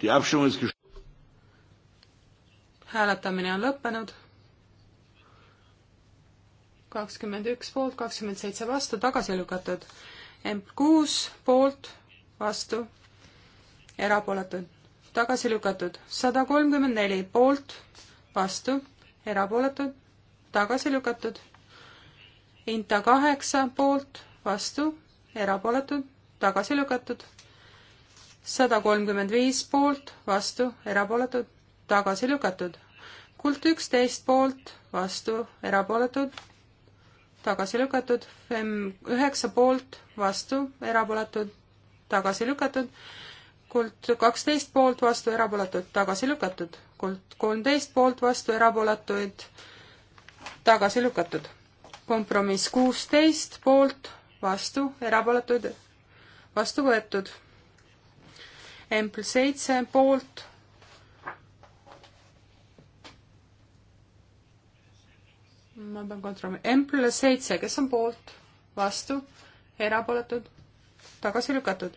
Die Abstimmung ist hääletamine on lõppenud. kakskümmend üks poolt, kakskümmend seitse vastu, tagasi lükatud. kuus poolt, vastu, erapooletud, tagasi lükatud. sada kolmkümmend neli poolt, vastu, erapooletud, tagasi lükatud. Inta kaheksa poolt, vastu, erapooletud, tagasi lükatud. sada kolmkümmend viis poolt, vastu, erapooletud, tagasi lükatud. kuld üksteist poolt, vastu, erapooletud, tagasi lükatud. Fem üheksa poolt, vastu, erapooletud, tagasi lükatud. kuld kaksteist poolt, vastu, erapooletud, tagasi lükatud. kuld kolmteist poolt, vastu, erapooletuid, tagasi lükatud. kompromiss kuusteist poolt, vastu, erapooletuid, vastu võetud Empl seitse poolt, ma pean kontrollima, M pluss seitse, kes on poolt, vastu, erapooletud, tagasi lükatud.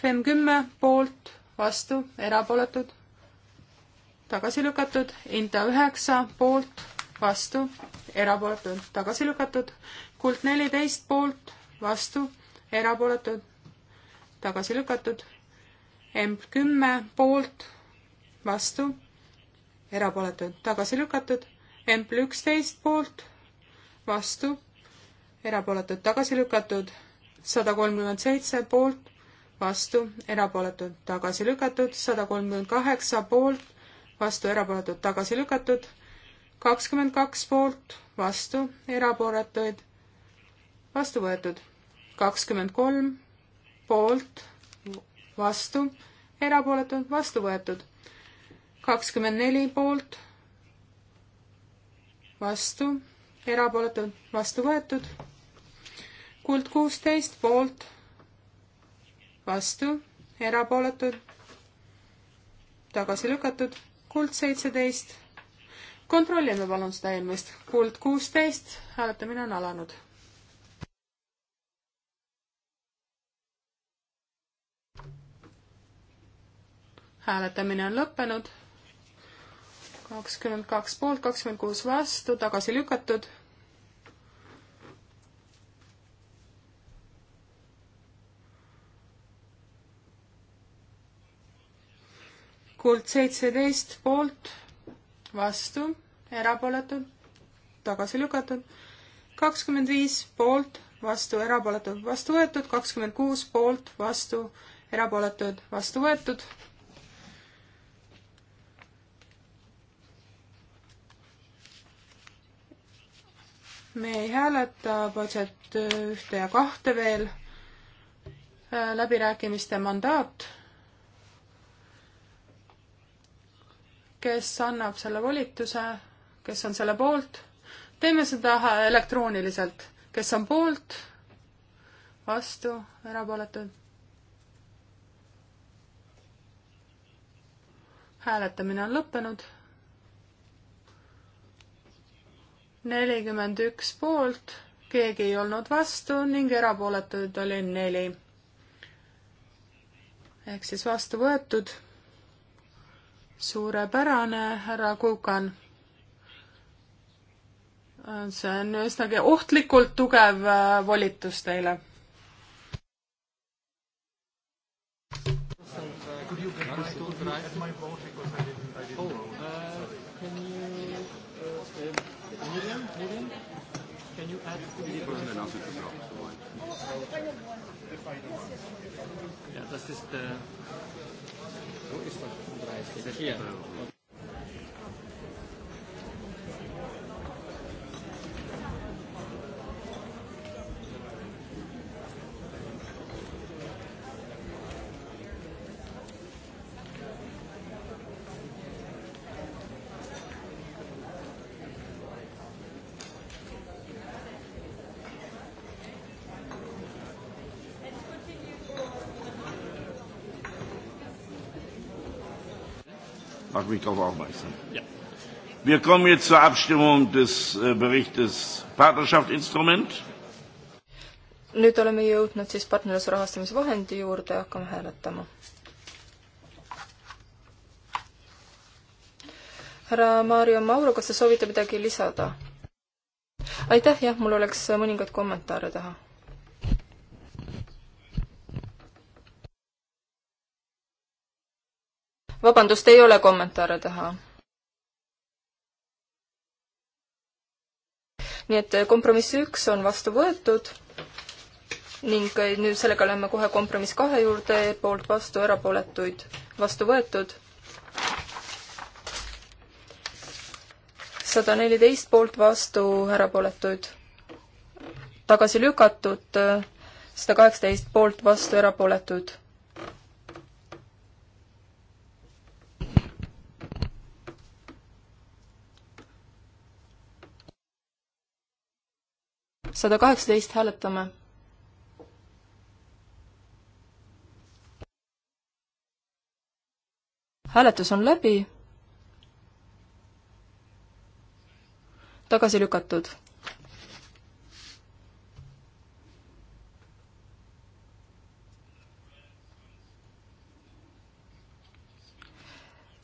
FEM kümme poolt, vastu, erapooletud, tagasi lükatud. Inta üheksa poolt, vastu, erapooletud, tagasi lükatud. Kuld neliteist poolt, vastu, erapooletud, tagasi lükatud. M kümme poolt, vastu, erapooletud, tagasi lükatud Empl üksteist poolt, vastu, erapooletud tagasi lükatud, sada kolmkümmend seitse poolt, vastu, erapooletud tagasi lükatud, sada kolmkümmend kaheksa poolt, vastu, erapooletud tagasi lükatud, kakskümmend kaks poolt, vastu, erapooletuid, vastu võetud, kakskümmend kolm poolt, vastu, erapooletud, vastu võetud, kakskümmend neli poolt, vastu, erapooletud, vastu võetud. kuld kuusteist poolt, vastu, erapooletud, tagasi lükatud. kuld seitseteist. kontrollime palun seda eelmist. kuld kuusteist, hääletamine on alanud. hääletamine on lõppenud kakskümmend kaks poolt, kakskümmend kuus vastu, tagasi lükatud. kuld seitseteist poolt, vastu, erapooletud, tagasi lükatud. kakskümmend viis poolt, vastu, erapooletud, vastu võetud, kakskümmend kuus poolt, vastu, erapooletud, vastu võetud me ei hääleta budget ühte ja kahte veel, läbirääkimiste mandaat, kes annab selle volituse, kes on selle poolt, teeme seda elektrooniliselt, kes on poolt, vastu, erapooletud. hääletamine on lõppenud nelikümmend üks poolt, keegi ei olnud vastu ning erapooletuid oli neli. ehk siis vastu võetud. suurepärane, härra Kukan. see on üsnagi ohtlikult tugev äh, volitus teile Ja, das ist, äh, wo ist das? 30. Hier. Ja. Wir kommen jetzt zur Abstimmung des äh, Berichtes Partnerschaftsinstrument. Nüüd oleme jõudnud siis partnerluse rahastamise vahendi juurde ja hakkame hääletama. härra Maarja Mauro, kas te soovite midagi lisada? aitäh, jah, mul oleks mõningad kommentaare taha vabandust, ei ole kommentaare taha. nii et eh, kompromiss üks on vastu võetud ning eh, nüüd sellega läheme kohe kompromiss kahe juurde, poolt vastu, erapooletuid vastu võetud. sada neliteist poolt vastu, erapooletuid tagasi lükatud, eh, sada kaheksateist poolt vastu, erapooletuid sada kaheksateist hääletame. hääletus on läbi. tagasi lükatud.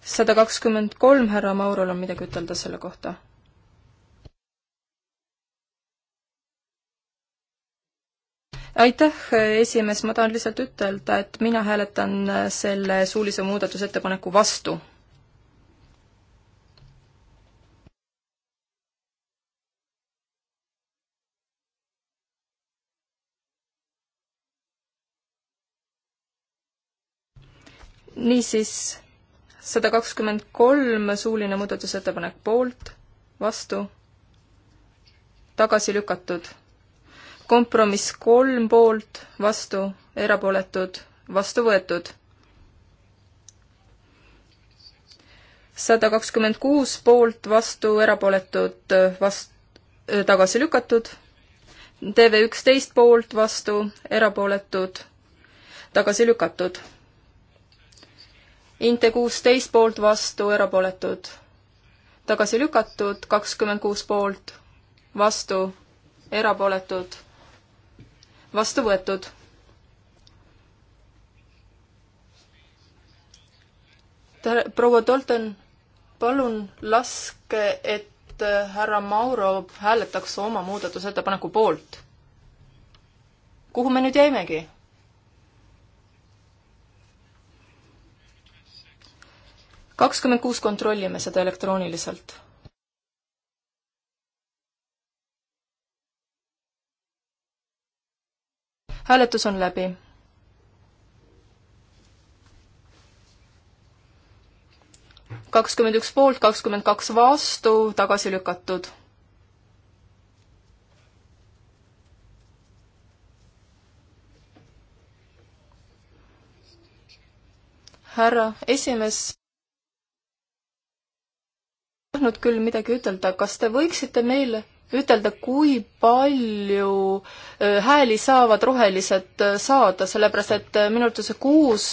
sada kakskümmend kolm, härra Maurol on midagi ütelda selle kohta aitäh, esimees, ma tahan lihtsalt ütelda, et mina hääletan selle suulise muudatusettepaneku vastu. niisiis, sada kakskümmend kolm suuline muudatusettepanek poolt, vastu, tagasi lükatud kompromiss kolm poolt, vastu, erapooletud, vastu võetud. sada kakskümmend kuus poolt, vastu, erapooletud, vast-, tagasi lükatud. TV üksteist poolt, vastu, erapooletud, tagasi lükatud. Inte kuusteist poolt, vastu, erapooletud, tagasi lükatud, kakskümmend kuus poolt, vastu, erapooletud vastu võetud. proua Tolten, palun laske, et äh, härra Mauro hääletaks oma muudatusettepaneku poolt. kuhu me nüüd jäimegi? kakskümmend kuus kontrollime seda elektrooniliselt hääletus on läbi. kakskümmend üks poolt, kakskümmend kaks vastu, tagasi lükatud härra esimees, tahtnud küll midagi ütelda, kas te võiksite meile ütelda, kui palju äh, hääli saavad rohelised äh, saada, sellepärast et äh, minu arvates kuus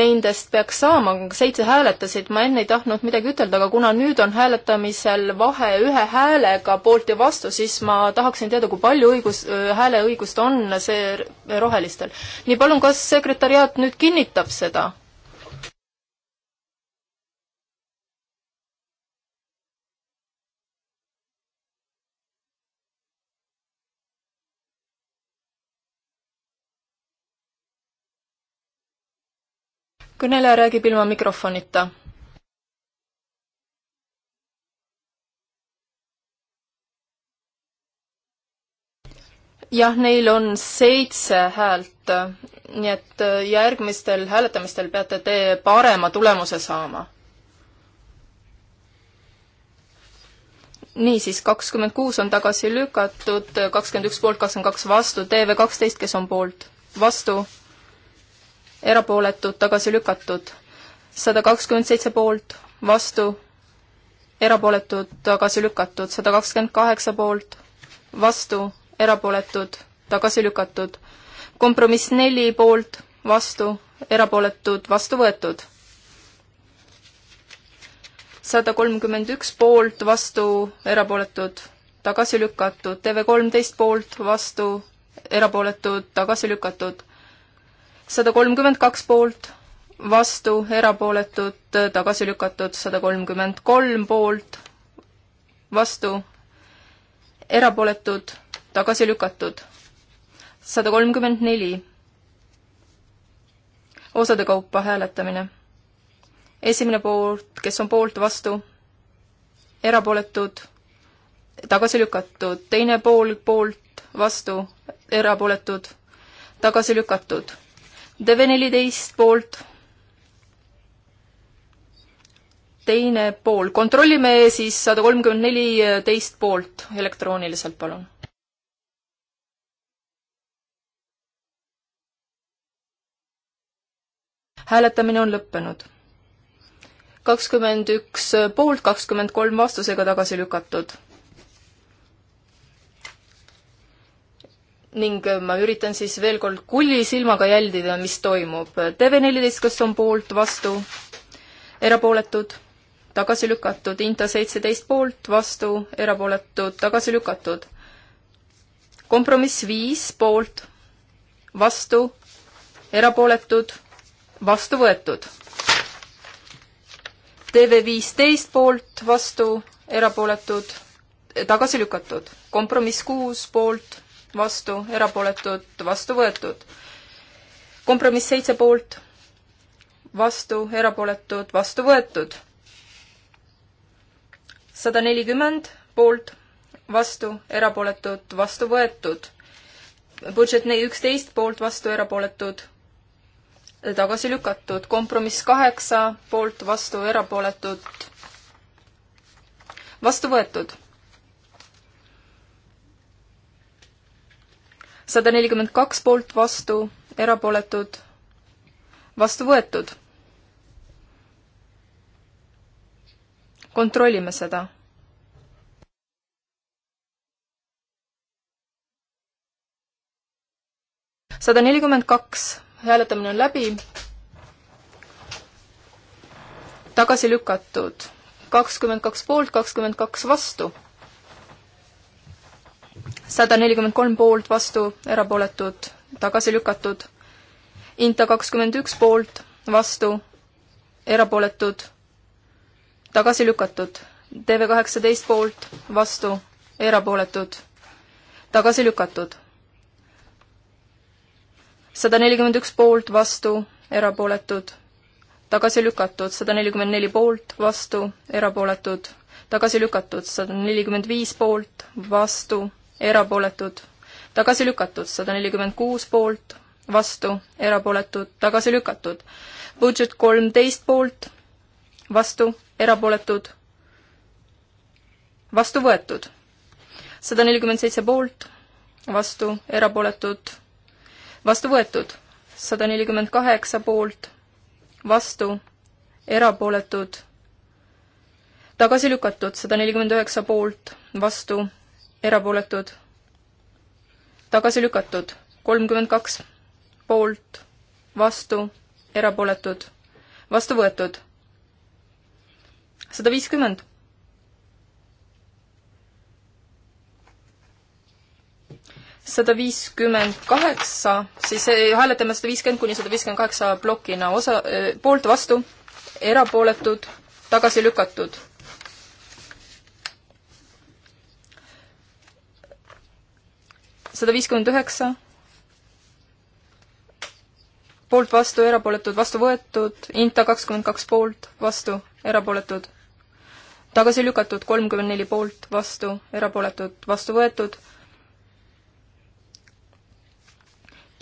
nendest peaks saama, seitse hääletasid, ma enne ei tahtnud midagi ütelda, aga kuna nüüd on hääletamisel vahe ühe häälega poolt ja vastu, siis ma tahaksin teada, kui palju õigus, hääleõigust on see rohelistel. nii palun, kas sekretäriaat nüüd kinnitab seda? kõneleja räägib ilma mikrofonita. jah, neil on seitse häält, nii et järgmistel hääletamistel peate te parema tulemuse saama. niisiis, kakskümmend kuus on tagasi lükatud, kakskümmend üks poolt, kakskümmend kaks vastu, TV kaksteist, kes on poolt, vastu erapooletud, tagasi lükatud. sada kakskümmend seitse poolt, vastu, erapooletud, tagasi lükatud. sada kakskümmend kaheksa poolt, vastu, erapooletud, tagasi lükatud. kompromiss neli poolt, vastu, erapooletud, vastu võetud. sada kolmkümmend üks poolt, vastu, erapooletud, tagasi lükatud. TV kolmteist poolt, vastu, erapooletud, tagasi lükatud sada kolmkümmend kaks poolt, vastu, erapooletud, tagasi lükatud, sada kolmkümmend kolm poolt, vastu, erapooletud, tagasi lükatud, sada kolmkümmend neli. osade kaupa hääletamine. esimene poolt, kes on poolt, vastu, erapooletud, tagasi lükatud, teine pool poolt, vastu, erapooletud, tagasi lükatud DV neliteist poolt. teine pool, kontrollime siis sada kolmkümmend neli eh, teist poolt elektrooniliselt, palun. hääletamine on lõppenud. kakskümmend üks eh, poolt, kakskümmend kolm vastusega tagasi lükatud ning ma üritan siis veel kord kullisilmaga jälgida, mis toimub. TV14, kas on poolt, vastu, erapooletud, tagasi lükatud, Inta seitseteist poolt, vastu, erapooletud, tagasi lükatud. kompromiss viis poolt, vastu, erapooletud, vastu võetud. TV15 poolt, vastu, erapooletud, tagasi lükatud. kompromiss kuus poolt vastu, erapooletud, vastu võetud. kompromiss seitse poolt, vastu, erapooletud, vastu võetud. sada nelikümmend poolt, vastu, erapooletud, vastu võetud. Budget neli üksteist poolt, vastu, erapooletud, tagasi lükatud. kompromiss kaheksa poolt, vastu, erapooletud, vastu võetud sada nelikümmend kaks poolt, vastu, erapooletud, vastu võetud. kontrollime seda sada nelikümmend kaks, hääletamine on läbi. tagasi lükatud, kakskümmend kaks poolt, kakskümmend kaks vastu sada nelikümmend kolm poolt, vastu, erapooletud, tagasi lükatud. Inta kakskümmend üks poolt, vastu, erapooletud, tagasi lükatud. TV kaheksateist poolt, vastu, erapooletud, tagasi lükatud. sada nelikümmend üks poolt, vastu, erapooletud, tagasi lükatud, sada nelikümmend neli poolt, vastu, erapooletud, tagasi lükatud, sada nelikümmend viis poolt, vastu, erapooletud, tagasi lükatud, sada nelikümmend kuus poolt, vastu, erapooletud, tagasi lükatud. Budget kolmteist poolt, vastu, erapooletud, vastu võetud. sada nelikümmend seitse poolt, vastu, erapooletud, vastu võetud. sada nelikümmend kaheksa poolt, vastu, erapooletud, tagasi lükatud, sada nelikümmend üheksa poolt, vastu, erapooletud, tagasi lükatud, kolmkümmend kaks poolt, vastu, erapooletud, vastu võetud, sada viiskümmend. sada viiskümmend kaheksa, siis eh, hääletame sada viiskümmend kuni sada viiskümmend kaheksa plokina osa, eh, poolt, vastu, erapooletud, tagasi lükatud sada viiskümmend üheksa, poolt, vastu, erapooletud, vastu võetud, Inta kakskümmend kaks poolt, vastu, erapooletud, tagasi lükatud, kolmkümmend neli poolt, vastu, erapooletud, vastu võetud,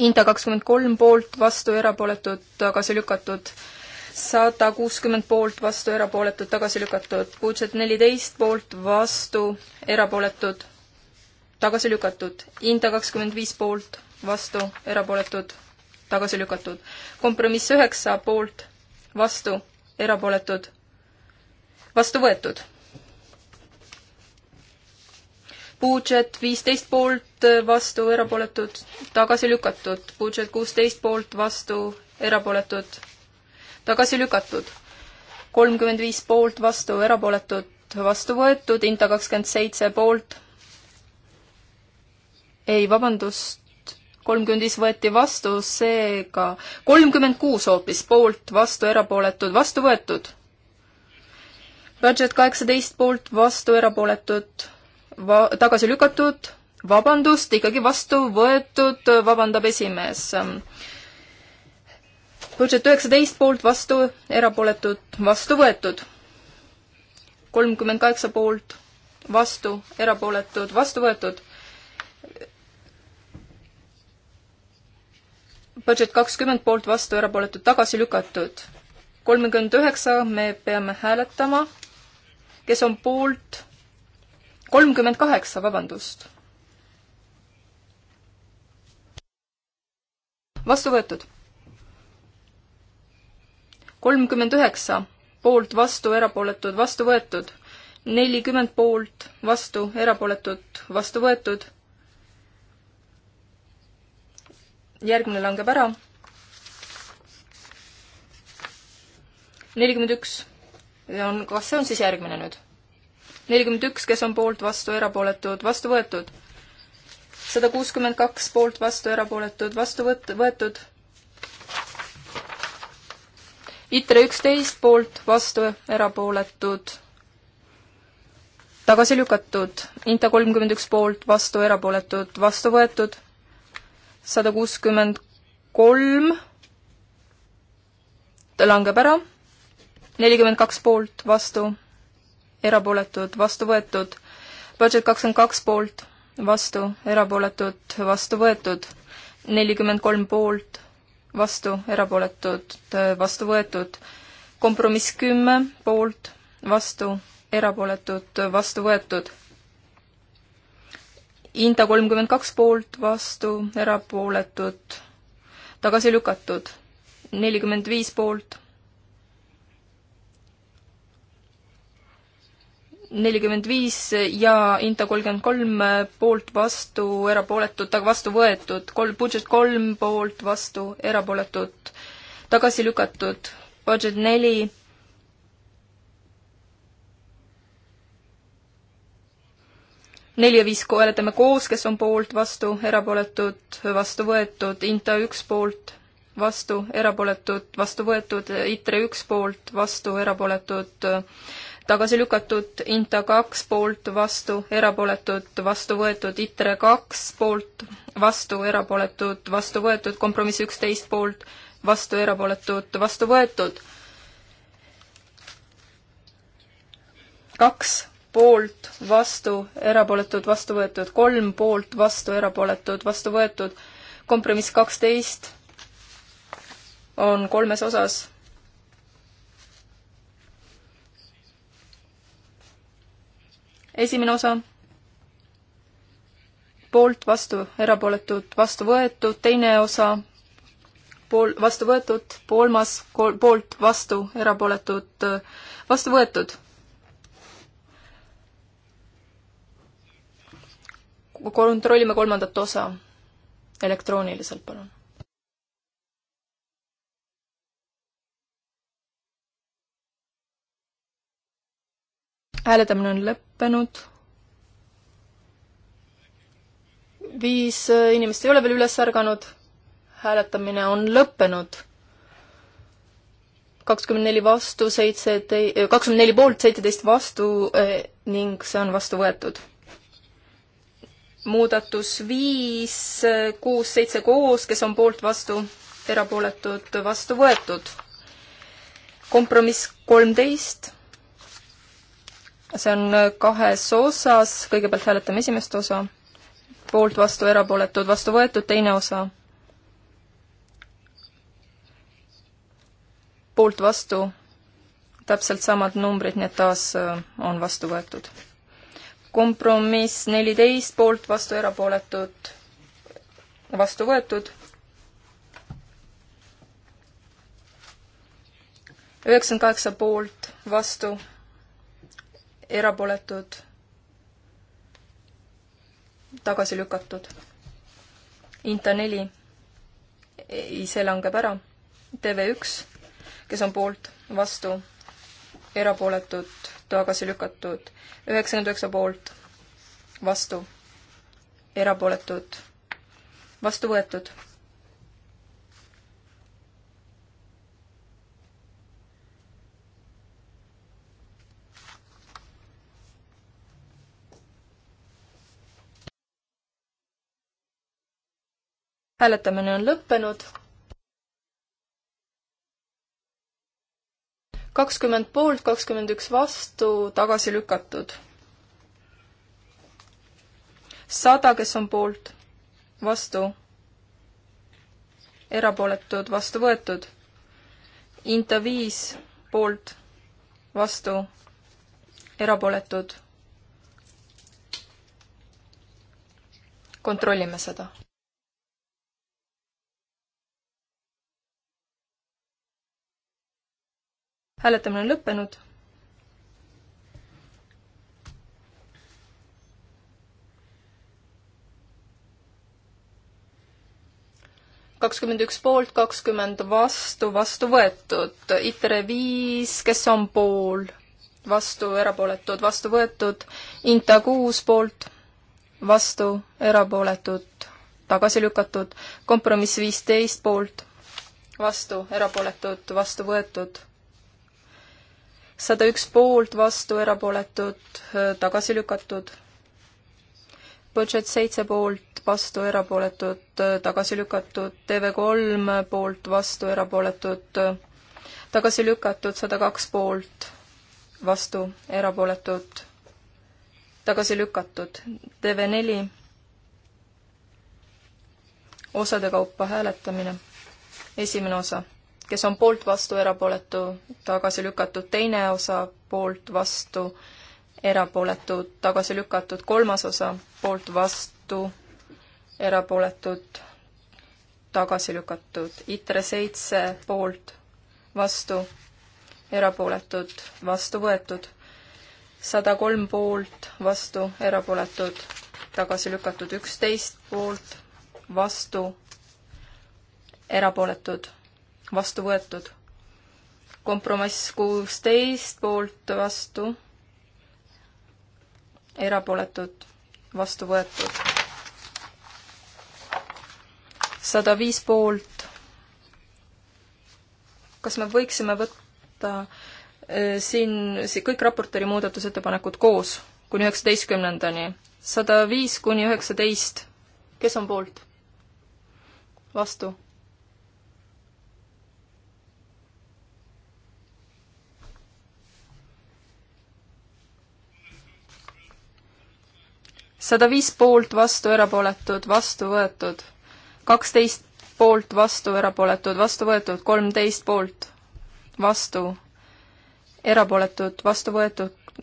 Inta kakskümmend kolm poolt, vastu, erapooletud, tagasi lükatud, sada kuuskümmend poolt, vastu, erapooletud, tagasi lükatud, kuutsed neliteist poolt, vastu, erapooletud tagasi lükatud. Inta kakskümmend viis poolt, vastu, erapooletud, tagasi lükatud. kompromiss üheksa poolt, vastu, erapooletud, vastu võetud. Budget viisteist poolt, vastu, erapooletud, tagasi lükatud. Budget kuusteist poolt, vastu, erapooletud, tagasi lükatud. kolmkümmend viis poolt, vastu, erapooletud, vastu võetud. Inta kakskümmend seitse poolt, ei, vabandust, kolmkümmend viis võeti vastu, seega kolmkümmend kuus hoopis poolt, vastu, erapooletud, vastu võetud. Budget kaheksateist poolt, vastu, erapooletud, va-, tagasi lükatud, vabandust, ikkagi vastu võetud, vabandab esimees. Budget üheksateist poolt, vastu, erapooletud, vastu võetud. kolmkümmend kaheksa poolt, vastu, erapooletud, vastu võetud budget kakskümmend poolt vastu, erapooletud tagasi lükatud. kolmkümmend üheksa me peame hääletama, kes on poolt, kolmkümmend kaheksa, vabandust. vastu võetud. kolmkümmend üheksa poolt, vastu, erapooletud, vastu võetud. nelikümmend poolt, vastu, erapooletud, vastu võetud järgmine langeb ära. nelikümmend üks on, kas see on siis järgmine nüüd? nelikümmend üks, kes on poolt, vastu, erapooletud, vastu võetud. sada kuuskümmend kaks poolt, vastu, erapooletud, vastu võt-, võetud. ITRE üksteist poolt, vastu, erapooletud, tagasi lükatud. INTA kolmkümmend üks poolt, vastu, erapooletud, vastu võetud sada kuuskümmend kolm langeb ära, nelikümmend kaks poolt, vastu, erapooletud, vastu võetud, budget kakskümmend kaks poolt, vastu, erapooletud, vastu võetud, nelikümmend kolm poolt, vastu, erapooletud, vastu võetud, kompromiss kümme poolt, vastu, erapooletud, vastu võetud Inta kolmkümmend kaks poolt, vastu, erapooletud, tagasi lükatud. nelikümmend viis poolt. nelikümmend viis ja Inta kolmkümmend kolm poolt, vastu, erapooletud, vastu võetud. kolm, budget kolm poolt, vastu, erapooletud, tagasi lükatud. Budget neli neli ja viis hääletame koos, kes on poolt, vastu, erapooletud, vastu võetud, Inta üks poolt, vastu, erapooletud, vastu võetud, ITRE üks poolt, vastu, erapooletud, tagasi lükatud, Inta kaks poolt, vastu, erapooletud, vastu võetud, ITRE kaks poolt, vastu, erapooletud, vastu võetud, kompromiss üksteist poolt, vastu, erapooletud, vastu võetud. kaks poolt, vastu, erapooletud, vastu võetud, kolm poolt, vastu, erapooletud, vastu võetud. kompromiss kaksteist on kolmes osas. esimene osa, poolt, vastu, erapooletud, vastu võetud, teine osa, pool, vastu võetud, kolmas, poolt, vastu, erapooletud, vastu võetud kontrollime kolmandat osa elektrooniliselt, palun. hääletamine on lõppenud. viis inimest ei ole veel üles ärganud. hääletamine on lõppenud kakskümmend neli vastu, seitse, eh, kakskümmend neli poolt, seitseteist vastu eh, ning see on vastu võetud muudatus viis, kuus, seitse koos, kes on poolt, vastu, erapooletud, vastu võetud. kompromiss kolmteist, see on kahes osas, kõigepealt hääletame esimest osa, poolt, vastu, erapooletud, vastu võetud, teine osa, poolt, vastu, täpselt samad numbrid, nii et taas äh, on vastu võetud kompromiss neliteist poolt, vastu erapooletud, vastu võetud. üheksakümmend kaheksa poolt, vastu, erapooletud, tagasi lükatud. Inta neli, ei, see langeb ära. TV1, kes on poolt, vastu, erapooletud tagasi lükatud. üheksakümmend üheksa poolt, vastu, erapooletud, vastu võetud. hääletamine on lõppenud kakskümmend poolt, kakskümmend üks vastu, tagasi lükatud. sada, kes on poolt, vastu, erapooletud, vastu võetud. Inta viis poolt, vastu, erapooletud. kontrollime seda hääletamine on lõppenud. kakskümmend üks poolt, kakskümmend vastu, vastu võetud. ITRE viis, kes on pool, vastu, erapooletud, vastu võetud. INTA kuus poolt, vastu, erapooletud, tagasi lükatud. kompromiss viisteist poolt, vastu, erapooletud, vastu võetud sada üks poolt, vastu, erapooletud, tagasi lükatud. Budget seitse poolt, vastu, erapooletud, tagasi lükatud. TV3 poolt, vastu, erapooletud, tagasi lükatud. sada kaks poolt, vastu, erapooletud, tagasi lükatud. TV4 osade kaupa hääletamine. esimene osa kes on poolt, vastu, erapooletu, tagasi lükatud, teine osa poolt, vastu, erapooletud, tagasi lükatud, kolmas osa poolt, vastu, erapooletud, tagasi lükatud, ITRE seitse poolt, vastu, erapooletud, vastu võetud, sada kolm poolt, vastu, erapooletud, tagasi lükatud, üksteist poolt, vastu, erapooletud vastu võetud. kompromiss kuusteist poolt vastu, erapooletud vastu võetud. sada viis poolt. kas me võiksime võtta äh, siin kõik raportööri muudatusettepanekud koos kuni üheksateistkümnendani? sada viis kuni üheksateist, kes on poolt? vastu sada viis poolt, vastu, erapooletud, vastu võetud. kaksteist poolt, vastu, erapooletud, vastu võetud, kolmteist poolt, vastu, erapooletud, vastu võetud,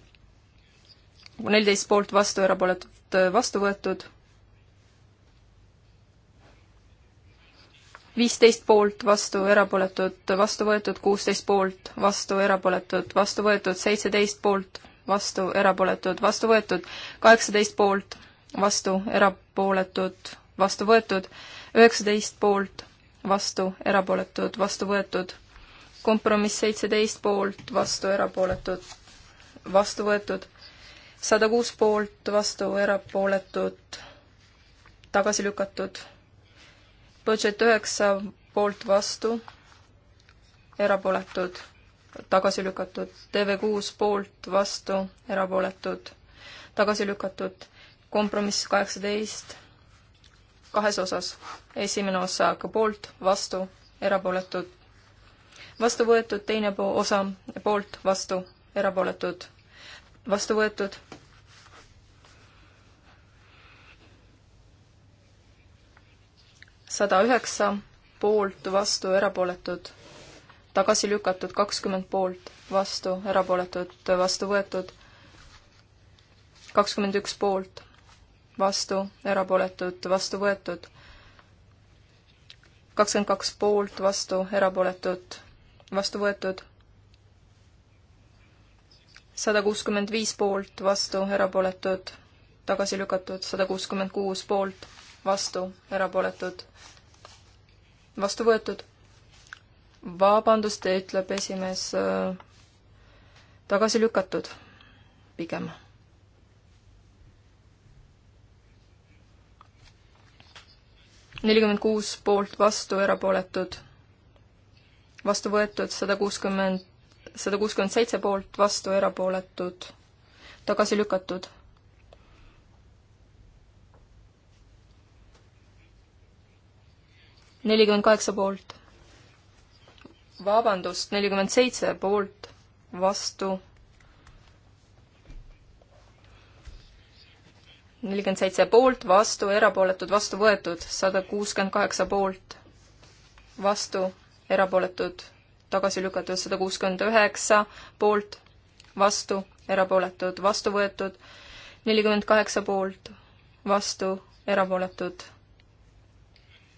neliteist poolt, vastu, erapooletud, vastu võetud, viisteist poolt, vastu, erapooletud, vastu võetud, kuusteist poolt, vastu, erapooletud, vastu võetud, seitseteist poolt, vastu, erapooletud, vastu võetud, kaheksateist poolt, vastu, erapooletud, vastu võetud, üheksateist poolt, vastu, erapooletud, vastu võetud, kompromiss seitseteist poolt, vastu, erapooletud, vastu võetud, sada kuus poolt, vastu, erapooletud, tagasi lükatud, budget üheksa poolt, vastu, erapooletud tagasi lükatud, TV6 poolt, vastu, erapooletud, tagasi lükatud, kompromiss kaheksateist, kahes osas. esimene osa ka poolt, vastu, erapooletud, vastu võetud, teine po-, osa poolt, vastu, erapooletud, vastu võetud, sada üheksa, poolt, vastu, erapooletud tagasi lükatud, kakskümmend poolt, vastu, erapooletud, vastu võetud, kakskümmend üks poolt, vastu, erapooletud, vastu võetud, kakskümmend kaks poolt, vastu, erapooletud, vastu võetud, sada kuuskümmend viis poolt, vastu, erapooletud, tagasi lükatud, sada kuuskümmend kuus poolt, vastu, erapooletud, vastu võetud vabandust, ütleb esimees, äh, tagasi lükatud pigem. nelikümmend kuus poolt vastu, erapooletud, vastu võetud sada kuuskümmend, sada kuuskümmend seitse poolt vastu, erapooletud, tagasi lükatud nelikümmend kaheksa poolt, vabandust, nelikümmend seitse poolt, vastu. nelikümmend seitse poolt, vastu, erapooletud, vastu võetud, sada kuuskümmend kaheksa poolt, vastu, erapooletud, tagasi lükatud, sada kuuskümmend üheksa poolt, vastu, erapooletud, vastu võetud, nelikümmend kaheksa poolt, vastu, erapooletud,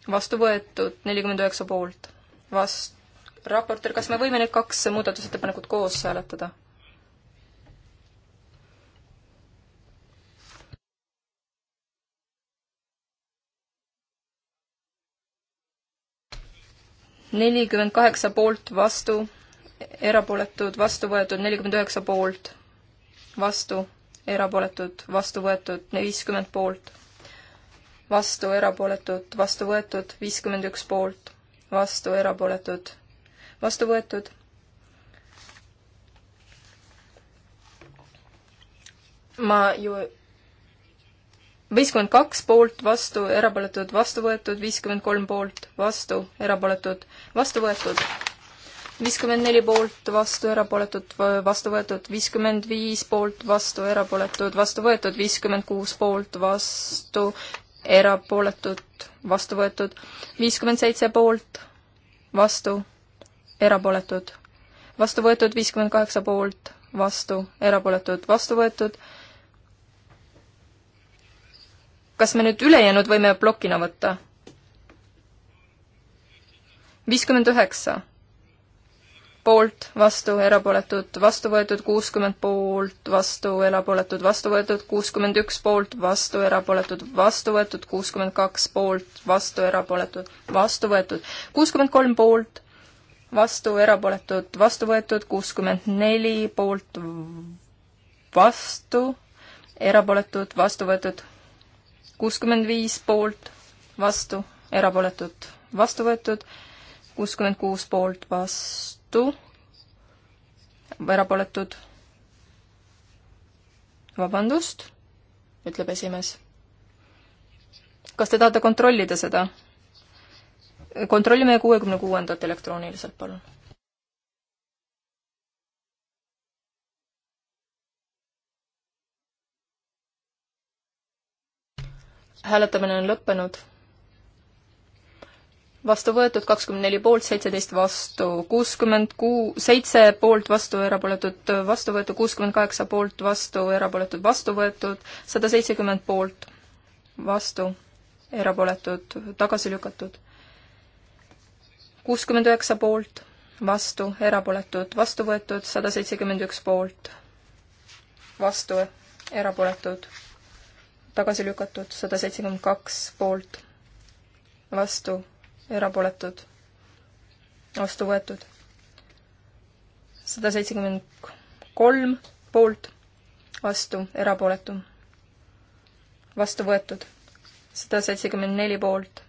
vastu võetud, nelikümmend üheksa poolt, vastu raportöör, kas me võime need kaks muudatusettepanekut koos hääletada? nelikümmend kaheksa poolt, vastu, erapooletud, vastu võetud nelikümmend üheksa poolt, vastu, erapooletud, vastu võetud viiskümmend poolt, vastu, erapooletud, vastu võetud viiskümmend üks poolt, vastu, erapooletud, vastu võetud. ma ju viiskümmend kaks poolt, vastu, erapooletud, vastu võetud, viiskümmend kolm poolt, vastu, erapooletud, vastu võetud. viiskümmend neli poolt, vastu, erapooletud, vastu võetud, viiskümmend viis poolt, vastu, erapooletud, vastu võetud, viiskümmend kuus poolt, vastu, erapooletud, vastu võetud, viiskümmend seitse poolt, vastu, erapooletud, vastu võetud viiskümmend kaheksa poolt, vastu, erapooletud, vastu võetud. kas me nüüd ülejäänud võime plokina võtta? viiskümmend üheksa poolt, vastu, erapooletud, vastu võetud kuuskümmend poolt, vastu, erapooletud, vastu võetud kuuskümmend üks poolt, vastu, erapooletud, vastu võetud kuuskümmend kaks poolt, vastu, erapooletud, vastu võetud kuuskümmend kolm poolt, vastu, erapooletud vastu võetud, kuuskümmend neli poolt vastu, erapooletud vastu võetud, kuuskümmend viis poolt vastu, erapooletud vastu võetud, kuuskümmend kuus poolt vastu, erapooletud, vabandust, ütleb esimees. kas te tahate kontrollida seda? kontrollime kuuekümne kuuendat elektrooniliselt, palun. hääletamine on lõppenud. vastu võetud kakskümmend neli poolt, seitseteist vastu, kuuskümmend kuu-, seitse poolt vastu, erapooletud vastu võetud, kuuskümmend kaheksa poolt vastu, erapooletud vastu võetud, sada seitsekümmend poolt vastu, erapooletud tagasi lükatud kuuskümmend üheksa poolt, vastu, erapooletud, vastu võetud, sada seitsekümmend üks poolt, vastu, erapooletud, tagasi lükatud, sada seitsekümmend kaks poolt, vastu, erapooletud, vastu võetud, sada seitsekümmend kolm poolt, vastu, erapooletu, vastu võetud, sada seitsekümmend neli poolt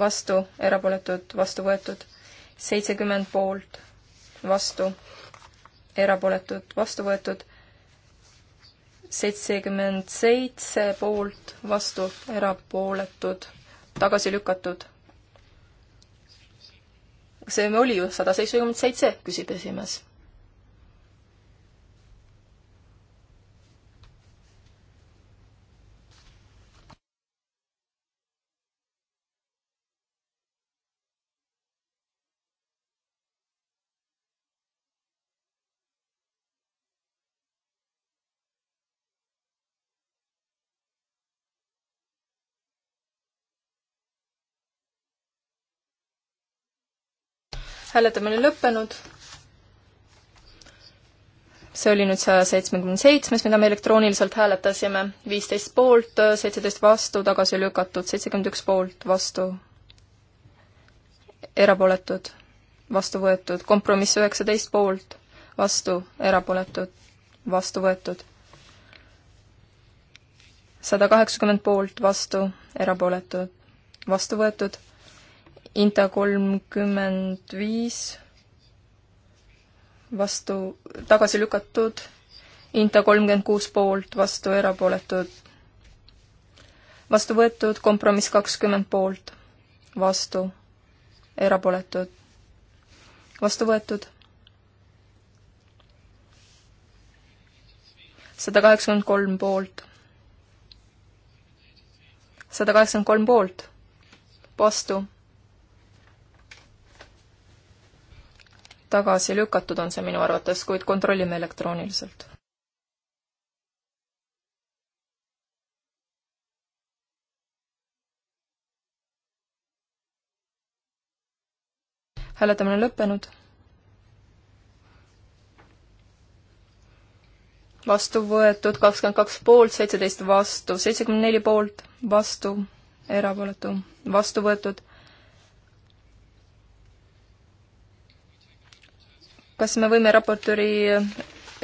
vastu, erapooletud, vastu võetud. seitsekümmend poolt, vastu, erapooletud, vastu võetud. seitsekümmend seitse poolt, vastu, erapooletud, tagasi lükatud. see oli ju sada seitsekümmend seitse, küsib esimees hääletamine lõppenud. see oli nüüd saja seitsmekümne seitsmes, mida me elektrooniliselt hääletasime, viisteist poolt, seitseteist vastu, tagasi lükatud, seitsekümmend üks poolt, vastu, erapooletud, vastu võetud, kompromiss üheksateist poolt, vastu, erapooletud, vastu võetud sada kaheksakümmend poolt, vastu, erapooletud, vastu võetud, Inta kolmkümmend viis vastu, tagasi lükatud, Inta kolmkümmend kuus poolt, vastu erapooletud, vastu võetud, kompromiss kakskümmend poolt, vastu erapooletud, vastu võetud. sada kaheksakümmend kolm poolt, sada kaheksakümmend kolm poolt, vastu tagasi lükatud on see minu arvates, kuid kontrollime elektrooniliselt. hääletamine on lõppenud. vastu võetud kakskümmend kaks poolt, seitseteist vastu, seitsekümmend neli poolt, vastu, erapooletu, vastu võetud kas me võime raportööri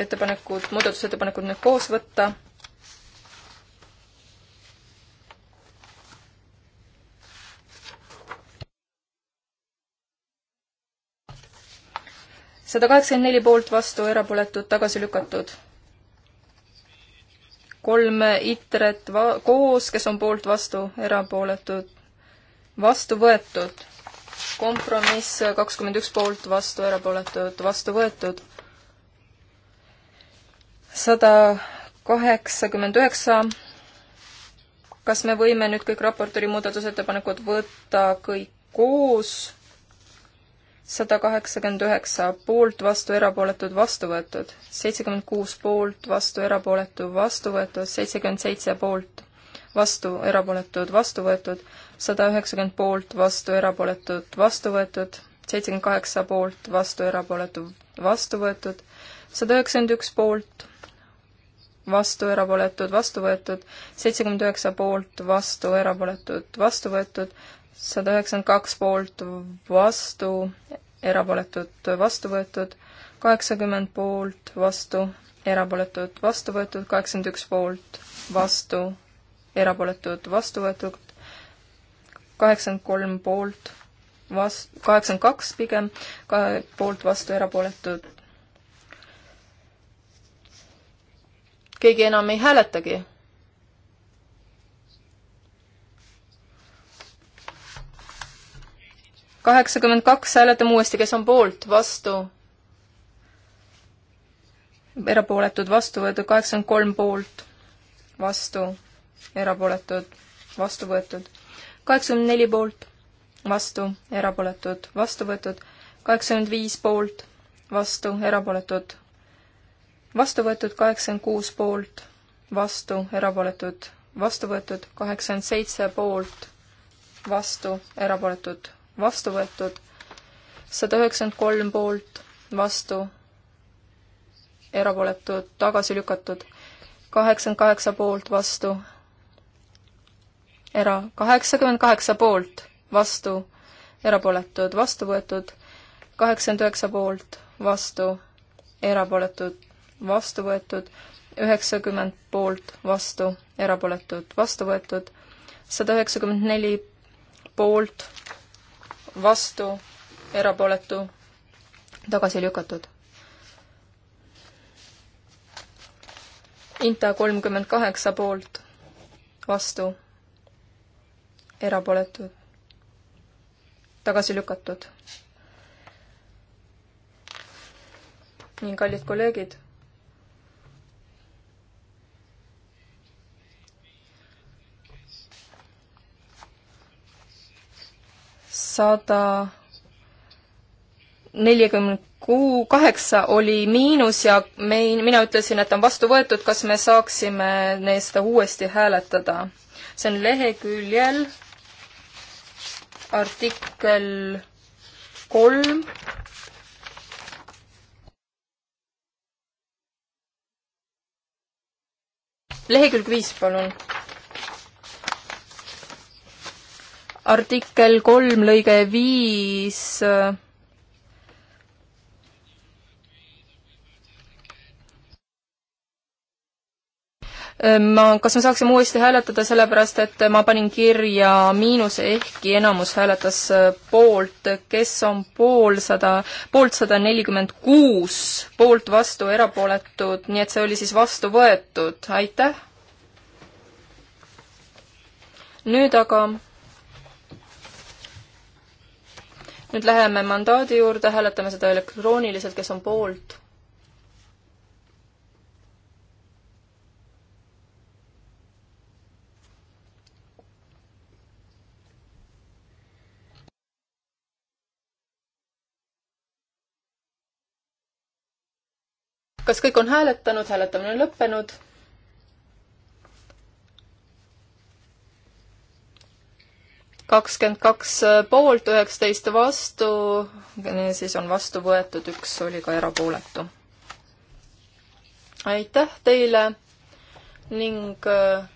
ettepanekud, muudatusettepanekud nüüd koos võtta? sada kaheksakümmend neli poolt, vastu, erapooletud, tagasi lükatud. kolm ITRE-t va-, koos, kes on poolt, vastu, erapooletud, vastu võetud kompromiss äh, kakskümmend üks poolt, vastu, erapooletud, vastu võetud. sada kaheksakümmend üheksa. kas me võime nüüd kõik raportööri muudatusettepanekud võtta kõik koos? sada kaheksakümmend üheksa poolt, vastu, erapooletud, vastu võetud. seitsekümmend kuus poolt, vastu, erapooletu, vastu võetud. seitsekümmend seitse poolt, vastu, erapooletud, vastu võetud sada üheksakümmend poolt, vastu, erapooletud, vastu võetud, seitsekümmend kaheksa poolt, vastu, erapooletu, vastu võetud, sada üheksakümmend üks poolt, vastu, erapooletud, vastu võetud, seitsekümmend üheksa poolt, vastu, erapooletud, vastu võetud, sada üheksakümmend kaks poolt, vastu, erapooletud, vastu võetud, kaheksakümmend poolt, vastu, erapooletud, vastu võetud, kaheksakümmend üks poolt, vastu, erapooletud, vastu võetud, kaheksakümmend kolm poolt, vas-, kaheksakümmend kaks pigem, ka poolt, vastu, erapooletud. keegi enam ei hääletagi kaheksakümmend kaks, hääletame uuesti, kes on poolt, vastu? erapooletud, vastu võetud, kaheksakümmend kolm poolt, vastu, erapooletud, vastu võetud kaheksakümmend neli poolt, vastu, erapooletud, vastu võetud, kaheksakümmend viis poolt, vastu, erapooletud, vastu võetud, kaheksakümmend kuus poolt, vastu, erapooletud, vastu võetud, kaheksakümmend seitse poolt, vastu, erapooletud, vastu võetud, sada üheksakümmend kolm poolt, vastu, erapooletud, tagasi lükatud, kaheksakümmend kaheksa poolt, vastu, era-, kaheksakümmend kaheksa poolt, vastu, erapooletud, vastu võetud, kaheksakümmend üheksa poolt, vastu, erapooletud, vastu võetud, üheksakümmend poolt, vastu, erapooletud, vastu võetud, sada üheksakümmend neli poolt, vastu, erapooletu, tagasi lükatud. Inta kolmkümmend kaheksa poolt, vastu, erapooletud, tagasi lükatud. ning kallid kolleegid, sada nelikümmend kuu kaheksa oli miinus ja me, mina ütlesin, et on vastu võetud, kas me saaksime neist uuesti hääletada. see on leheküljel artikkel kolm. lehekülg viis, palun. artikkel kolm lõige viis Ehm, ma, kas me saaksime uuesti hääletada, sellepärast et ma panin kirja miinuse, ehkki enamus hääletas äh, poolt, kes on poolsada, poolt sada nelikümmend kuus, poolt vastu erapooletud, nii et see oli siis vastu võetud, aitäh! nüüd aga nüüd läheme mandaadi juurde, hääletame seda elektrooniliselt, kes on poolt kas kõik on hääletanud, hääletamine on lõppenud? kakskümmend kaks äh, poolt, üheksateist vastu, siis on vastu võetud, üks oli ka erapooletu. aitäh teile ning äh,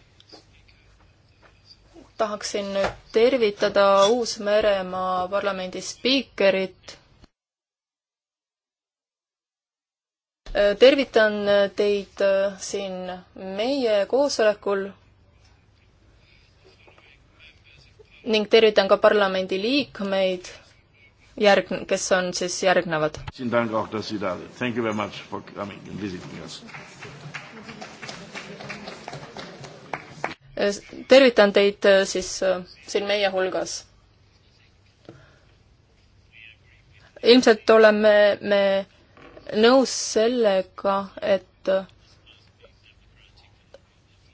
tahaksin nüüd tervitada Uus-Meremaa parlamendi spiikerit Äh, tervitan äh, teid äh, siin meie koosolekul ning tervitan ka parlamendi liikmeid, järg-, kes on siis järgnevad. tervitan teid siis siin meie hulgas. ilmselt oleme me nõus sellega, et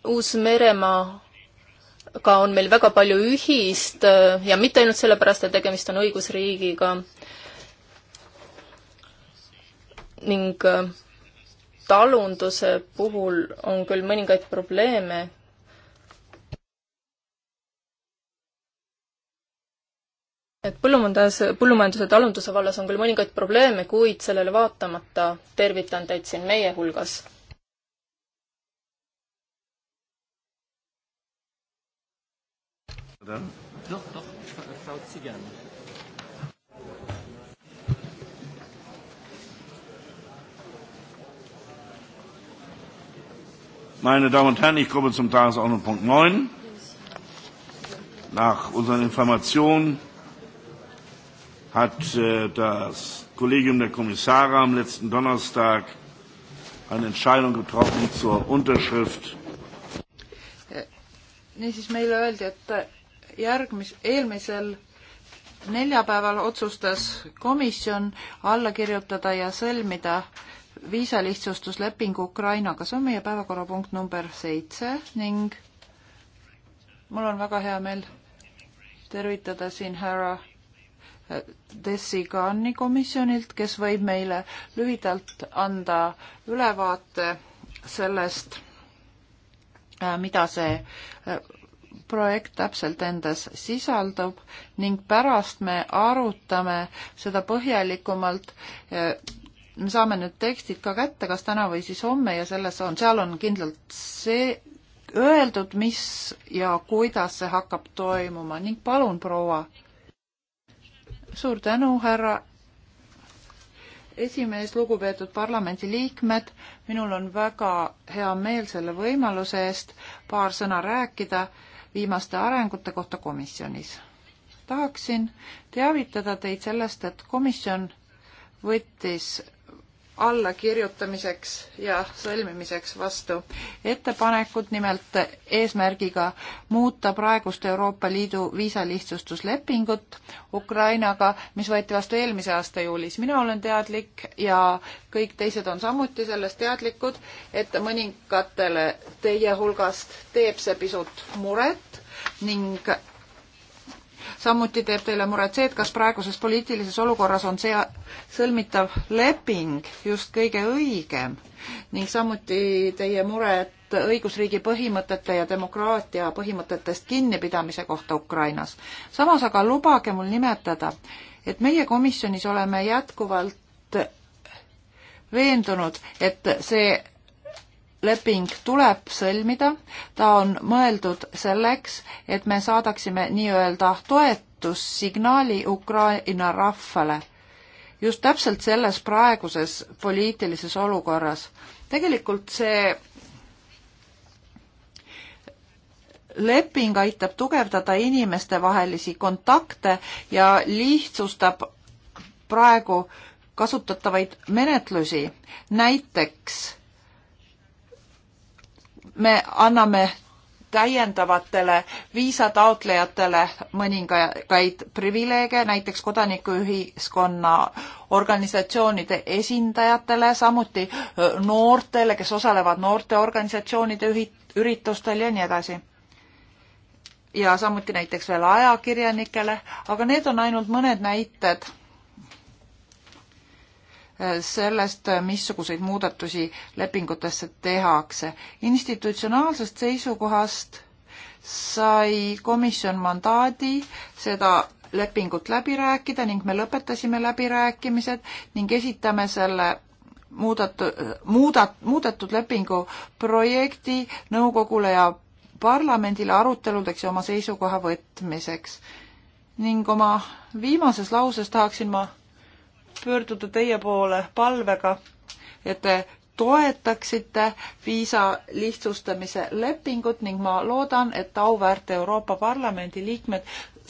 Uus-Meremaaga on meil väga palju ühist ja mitte ainult sellepärast, et tegemist on õigusriigiga ning äh, talunduse puhul on küll mõningaid probleeme, et põllumajandus, põllumajanduse talunduse vallas on küll mõningaid probleeme, kuid sellele vaatamata tervitan teid siin meie hulgas. Doch, doch, Frau Zigan. Meine Damen und Herren, ich komme zum Tagesordnungspunkt 9. Nach unseren Informationen hat äh, das Kollegium der Kommissare am letzten Donnerstag eine Entscheidung getroffen zur Unterschrift. Äh, niisiis meile öeldi, et äh, järgmis-, eelmisel neljapäeval otsustas komisjon alla kirjutada ja sõlmida viisalihtsustusleping Ukrainaga, see on meie päevakorrapunkt number seitse ning mul on väga hea meel tervitada siin härra Dessi Kaani komisjonilt, kes võib meile lühidalt anda ülevaate sellest, äh, mida see äh, projekt täpselt endas sisaldub ning pärast me arutame seda põhjalikumalt. Äh, me saame need tekstid ka kätte, kas täna või siis homme ja selles on, seal on kindlalt see öeldud, mis ja kuidas see hakkab toimuma ning palun, proua suur tänu, härra esimees, lugupeetud parlamendi liikmed, minul on väga hea meel selle võimaluse eest paar sõna rääkida viimaste arengute kohta komisjonis. tahaksin teavitada teid sellest, et komisjon võttis allakirjutamiseks ja sõlmimiseks vastu ettepanekud nimelt eesmärgiga muuta praegust Euroopa Liidu viisalihtsustuslepingut Ukrainaga, mis võeti vastu eelmise aasta juulis. mina olen teadlik ja kõik teised on samuti sellest teadlikud, et mõningatele teie hulgast teeb see pisut muret ning samuti teeb teile muret see, et kas praeguses poliitilises olukorras on see sõlmitav leping just kõige õigem ning samuti teie muret õigusriigi põhimõtete ja demokraatia põhimõtetest kinnipidamise kohta Ukrainas. samas aga lubage mul nimetada, et meie komisjonis oleme jätkuvalt veendunud, et see leping tuleb sõlmida, ta on mõeldud selleks, et me saadaksime nii-öelda toetussignaali Ukraina rahvale. just täpselt selles praeguses poliitilises olukorras. tegelikult see leping aitab tugevdada inimestevahelisi kontakte ja lihtsustab praegu kasutatavaid menetlusi, näiteks me anname täiendavatele viisataotlejatele mõningaid privileege, näiteks kodanikuühiskonna organisatsioonide esindajatele, samuti noortele, kes osalevad noorteorganisatsioonide üritustel ja nii edasi. ja samuti näiteks veel ajakirjanikele, aga need on ainult mõned näited sellest, missuguseid muudatusi lepingutesse tehakse. institutsionaalsest seisukohast sai komisjon mandaadi seda lepingut läbi rääkida ning me lõpetasime läbirääkimised ning esitame selle muudatu-, muudat-, muudetud lepingu projekti nõukogule ja parlamendile aruteludeks ja oma seisukoha võtmiseks. ning oma viimases lauses tahaksin ma pöörduda teie poole palvega, et te toetaksite viisa lihtsustamise lepingut ning ma loodan, et auväärt Euroopa Parlamendi liikmed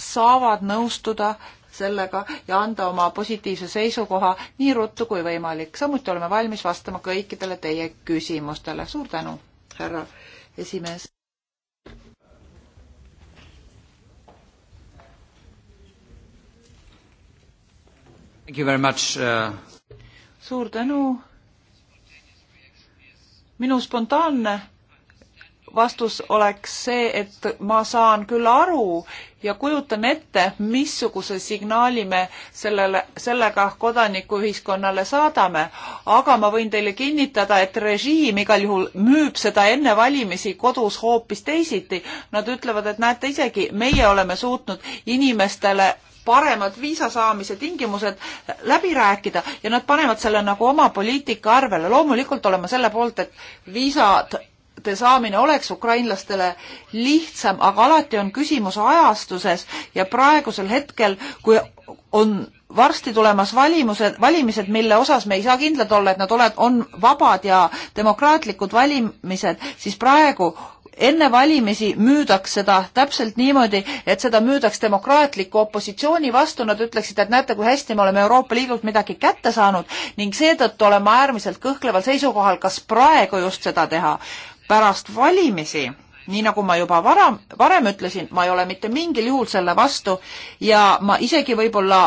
saavad nõustuda sellega ja anda oma positiivse seisukoha nii ruttu kui võimalik. samuti oleme valmis vastama kõikidele teie küsimustele. suur tänu, härra esimees. Uh, suur tänu. minu spontaanne vastus oleks see, et ma saan küll aru ja kujutan ette, missuguse signaali me sellele, sellega kodanikuühiskonnale saadame, aga ma võin teile kinnitada, et režiim igal juhul müüb seda enne valimisi kodus hoopis teisiti. Nad ütlevad, et näete isegi, meie oleme suutnud inimestele paremad viisa saamise tingimused läbi rääkida ja nad panevad selle nagu oma poliitika arvele. loomulikult oleme selle poolt, et viisade saamine oleks ukrainlastele lihtsam, aga alati on küsimus ajastuses ja praegusel hetkel, kui on varsti tulemas valimused, valimised, mille osas me ei saa kindlad olla, et nad ole-, on vabad ja demokraatlikud valimised, siis praegu enne valimisi müüdaks seda täpselt niimoodi, et seda müüdaks demokraatliku opositsiooni vastu, nad ütleksid, et näete, kui hästi me oleme Euroopa Liidult midagi kätte saanud ning seetõttu olen ma äärmiselt kõhkleval seisukohal, kas praegu just seda teha. pärast valimisi, nii nagu ma juba varem, varem ütlesin, ma ei ole mitte mingil juhul selle vastu ja ma isegi võib-olla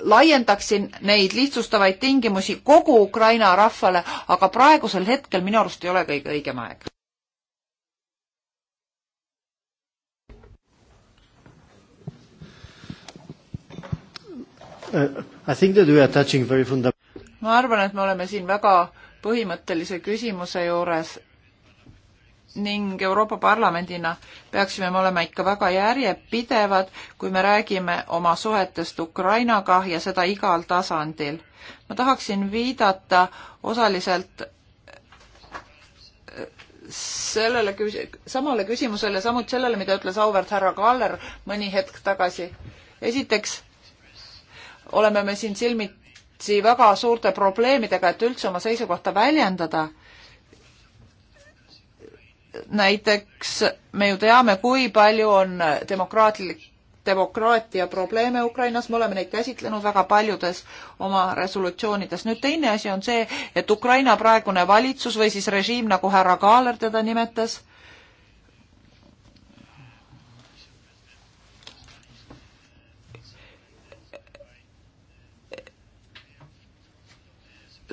laiendaksin neid lihtsustavaid tingimusi kogu Ukraina rahvale, aga praegusel hetkel minu arust ei ole kõige õigem aeg. Uh, ma arvan, et me oleme siin väga põhimõttelise küsimuse juures ning Euroopa Parlamendina peaksime me olema ikka väga järjepidevad, kui me räägime oma suhetest Ukrainaga ja seda igal tasandil. ma tahaksin viidata osaliselt äh, sellele küs-, samale küsimusele, samuti sellele, mida ütles auväärt härra Kaller mõni hetk tagasi. esiteks oleme me siin silmitsi väga suurte probleemidega, et üldse oma seisukohta väljendada. näiteks me ju teame, kui palju on demokraatlik, demokraatia probleeme Ukrainas, me oleme neid käsitlenud väga paljudes oma resolutsioonides. nüüd teine asi on see, et Ukraina praegune valitsus või siis režiim, nagu härra Kaaler teda nimetas,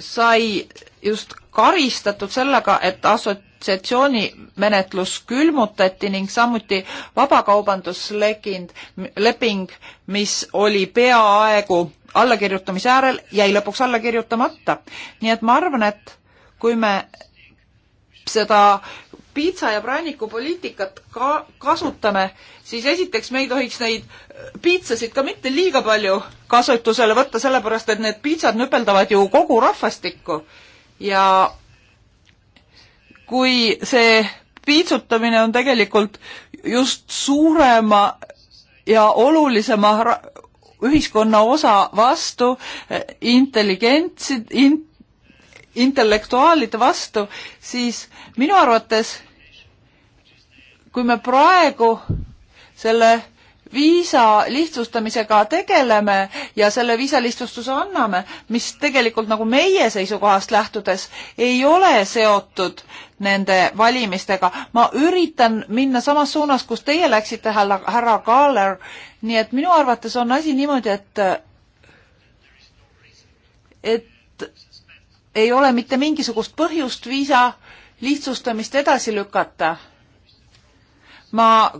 sai just karistatud sellega, et assotsiatsiooni menetlus külmutati ning samuti vabakaubandusleping, leping, mis oli peaaegu allakirjutamise äärel, jäi lõpuks alla kirjutamata. nii et ma arvan, et kui me seda piitsa ja prääniku poliitikat ka kasutame, siis esiteks me ei tohiks neid äh, piitsasid ka mitte liiga palju kasutusele võtta, sellepärast et need piitsad nüpeldavad ju kogu rahvastikku. ja kui see piitsutamine on tegelikult just suurema ja olulisema ühiskonna osa vastu äh, intelligentsid, int-, intellektuaalide vastu, siis minu arvates kui me praegu selle viisa lihtsustamisega tegeleme ja selle viisalihtsustuse anname, mis tegelikult nagu meie seisukohast lähtudes ei ole seotud nende valimistega. ma üritan minna samas suunas, kus teie läksite, härra Kaaler, nii et minu arvates on asi niimoodi, et et ei ole mitte mingisugust põhjust viisa lihtsustamist edasi lükata. ma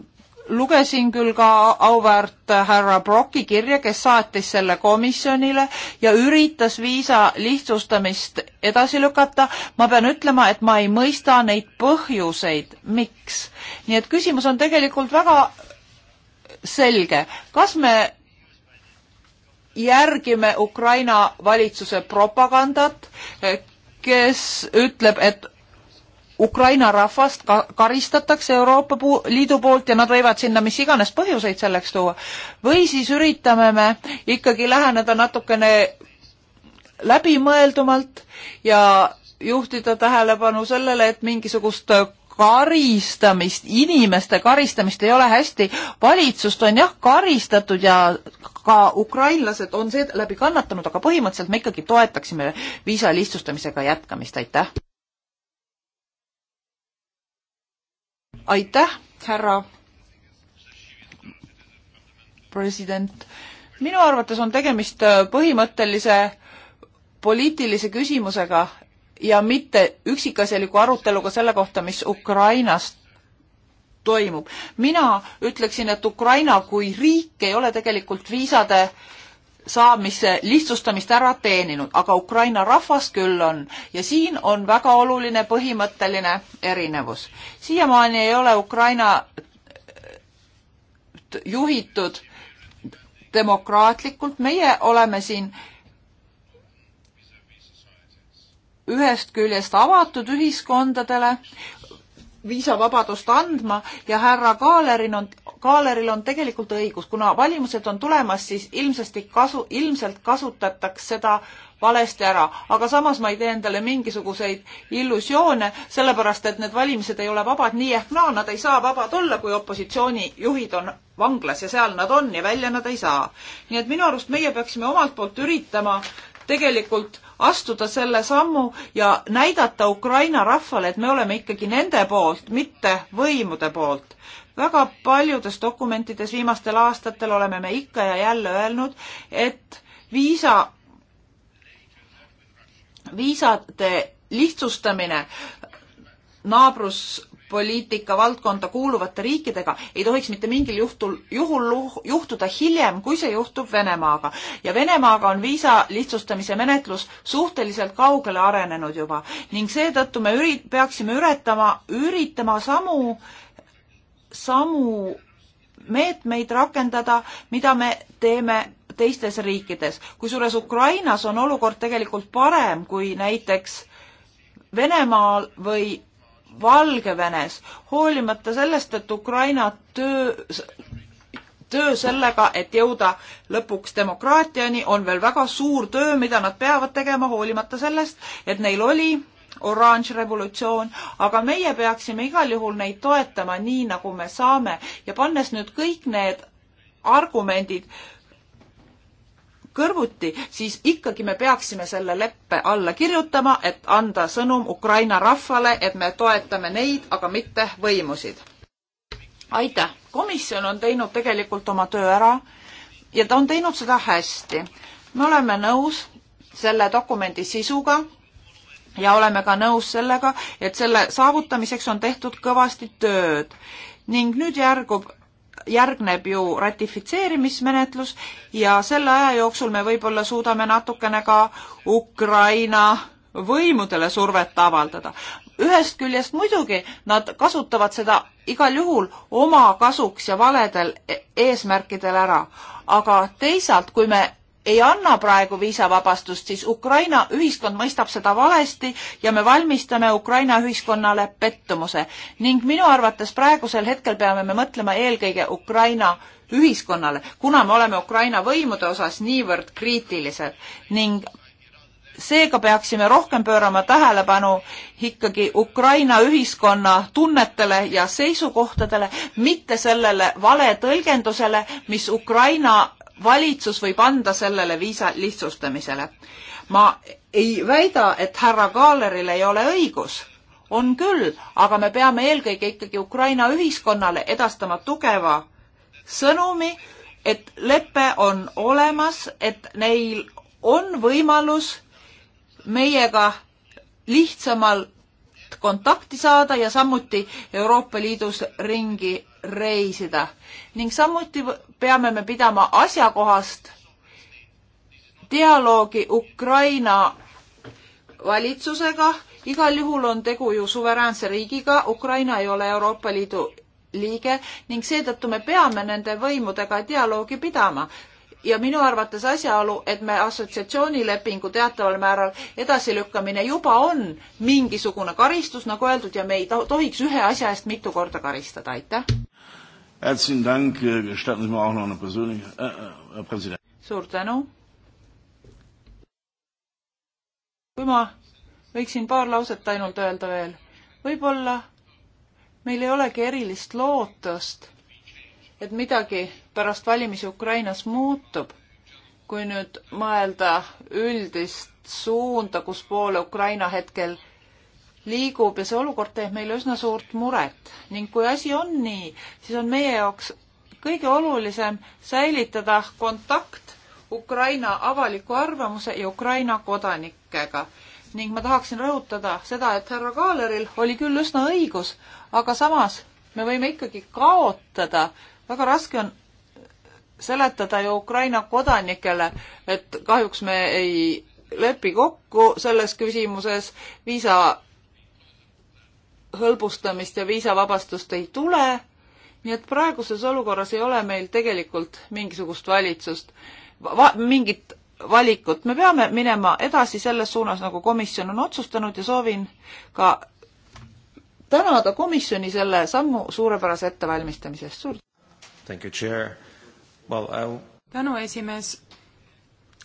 lugesin küll ka auväärt härra Brocki kirja, kes saatis selle komisjonile ja üritas viisa lihtsustamist edasi lükata. ma pean ütlema, et ma ei mõista neid põhjuseid, miks. nii et küsimus on tegelikult väga selge, kas me järgime Ukraina valitsuse propagandat, kes ütleb, et Ukraina rahvast ka karistatakse Euroopa Liidu poolt ja nad võivad sinna mis iganes põhjuseid selleks tuua. või siis üritame me ikkagi läheneda natukene läbimõeldumalt ja juhtida tähelepanu sellele, et mingisugust karistamist, inimeste karistamist ei ole hästi. valitsust on jah karistatud ja ka ukrainlased on seeläbi kannatanud, aga põhimõtteliselt me ikkagi toetaksime viisa lihtsustamisega jätkamist, aitäh. aitäh, härra president. minu arvates on tegemist põhimõttelise poliitilise küsimusega ja mitte üksikasjaliku aruteluga selle kohta, mis Ukrainas toimub. mina ütleksin, et Ukraina kui riik ei ole tegelikult viisade saamise lihtsustamist ära teeninud, aga Ukraina rahvas küll on ja siin on väga oluline põhimõtteline erinevus. siiamaani ei ole Ukraina juhitud demokraatlikult, meie oleme siin ühest küljest avatud ühiskondadele viisavabadust andma ja härra Kaaleril on, Kaaleril on tegelikult õigus, kuna valimised on tulemas, siis ilmsesti kasu, ilmselt kasutatakse seda valesti ära, aga samas ma ei tee endale mingisuguseid illusioone, sellepärast et need valimised ei ole vabad nii ehk naa, nad ei saa vabad olla, kui opositsioonijuhid on vanglas ja seal nad on ja välja nad ei saa. nii et minu arust meie peaksime omalt poolt üritama tegelikult astuda selle sammu ja näidata Ukraina rahvale, et me oleme ikkagi nende poolt, mitte võimude poolt. väga paljudes dokumentides viimastel aastatel oleme me ikka ja jälle öelnud, et viisa, viisade lihtsustamine naabrus poliitika valdkonda kuuluvate riikidega ei tohiks mitte mingil juhtul, juhul juhtuda hiljem, kui see juhtub Venemaaga. ja Venemaaga on viisa lihtsustamise menetlus suhteliselt kaugele arenenud juba ning seetõttu me üri-, peaksime üretama, üritama samu, samu meetmeid rakendada, mida me teeme teistes riikides. kusjuures Ukrainas on olukord tegelikult parem kui näiteks Venemaal või Valgevenes, hoolimata sellest, et Ukraina töö, töö sellega, et jõuda lõpuks demokraatiani, on veel väga suur töö, mida nad peavad tegema, hoolimata sellest, et neil oli oranž revolutsioon, aga meie peaksime igal juhul neid toetama nii, nagu me saame ja pannes nüüd kõik need argumendid kõrvuti, siis ikkagi me peaksime selle leppe alla kirjutama, et anda sõnum Ukraina rahvale, et me toetame neid, aga mitte võimusid. aitäh, komisjon on teinud tegelikult oma töö ära ja ta on teinud seda hästi. me oleme nõus selle dokumendi sisuga ja oleme ka nõus sellega, et selle saavutamiseks on tehtud kõvasti tööd ning nüüd järgub järgneb ju ratifitseerimismenetlus ja selle aja jooksul me võib-olla suudame natukene ka Ukraina võimudele survet avaldada. ühest küljest muidugi nad kasutavad seda igal juhul oma kasuks ja valedel eesmärkidel ära, aga teisalt, kui me ei anna praegu viisavabastust, siis Ukraina ühiskond mõistab seda valesti ja me valmistame Ukraina ühiskonnale pettumuse. ning minu arvates praegusel hetkel peame me mõtlema eelkõige Ukraina ühiskonnale, kuna me oleme Ukraina võimude osas niivõrd kriitilised ning seega peaksime rohkem pöörama tähelepanu ikkagi Ukraina ühiskonna tunnetele ja seisukohtadele, mitte sellele vale tõlgendusele, mis Ukraina valitsus võib anda sellele viisa lihtsustamisele. ma ei väida, et härra Kaaleril ei ole õigus, on küll, aga me peame eelkõige ikkagi Ukraina ühiskonnale edastama tugeva sõnumi, et lepe on olemas, et neil on võimalus meiega lihtsamalt kontakti saada ja samuti Euroopa Liidus ringi reisida ning samuti peame me pidama asjakohast dialoogi Ukraina valitsusega. igal juhul on tegu ju suveräänse riigiga, Ukraina ei ole Euroopa Liidu liige ning seetõttu me peame nende võimudega dialoogi pidama ja minu arvates asjaolu, et me assotsiatsioonilepingu teataval määral edasilükkamine juba on mingisugune karistus, nagu öeldud, ja me ei tohiks ühe asja eest mitu korda karistada, aitäh. Herzlichen Dank. Äh, gestatten Sie mir auch noch eine persönliche, äh, äh, Herr Präsident. suur tänu. kui ma võiksin paar lauset ainult öelda veel, võib-olla meil ei olegi erilist lootust, et midagi pärast valimisi Ukrainas muutub. kui nüüd mõelda üldist suunda, kus poole Ukraina hetkel liigub ja see olukord teeb meile üsna suurt muret ning kui asi on nii, siis on meie jaoks kõige olulisem säilitada kontakt Ukraina avaliku arvamuse ja Ukraina kodanikega. ning ma tahaksin rõhutada seda, et härra Kaaleril oli küll üsna õigus, aga samas me võime ikkagi kaotada, väga raske on seletada ju Ukraina kodanikele, et kahjuks me ei lepi kokku selles küsimuses, viisa hõlbustamist ja viisavabastust ei tule. nii et praeguses olukorras ei ole meil tegelikult mingisugust valitsust va, mingit valikut, me peame minema edasi selles suunas, nagu komisjon on otsustanud ja soovin ka tänada komisjoni selle sammu suurepärase ettevalmistamise eest, suur well, tänu, esimees.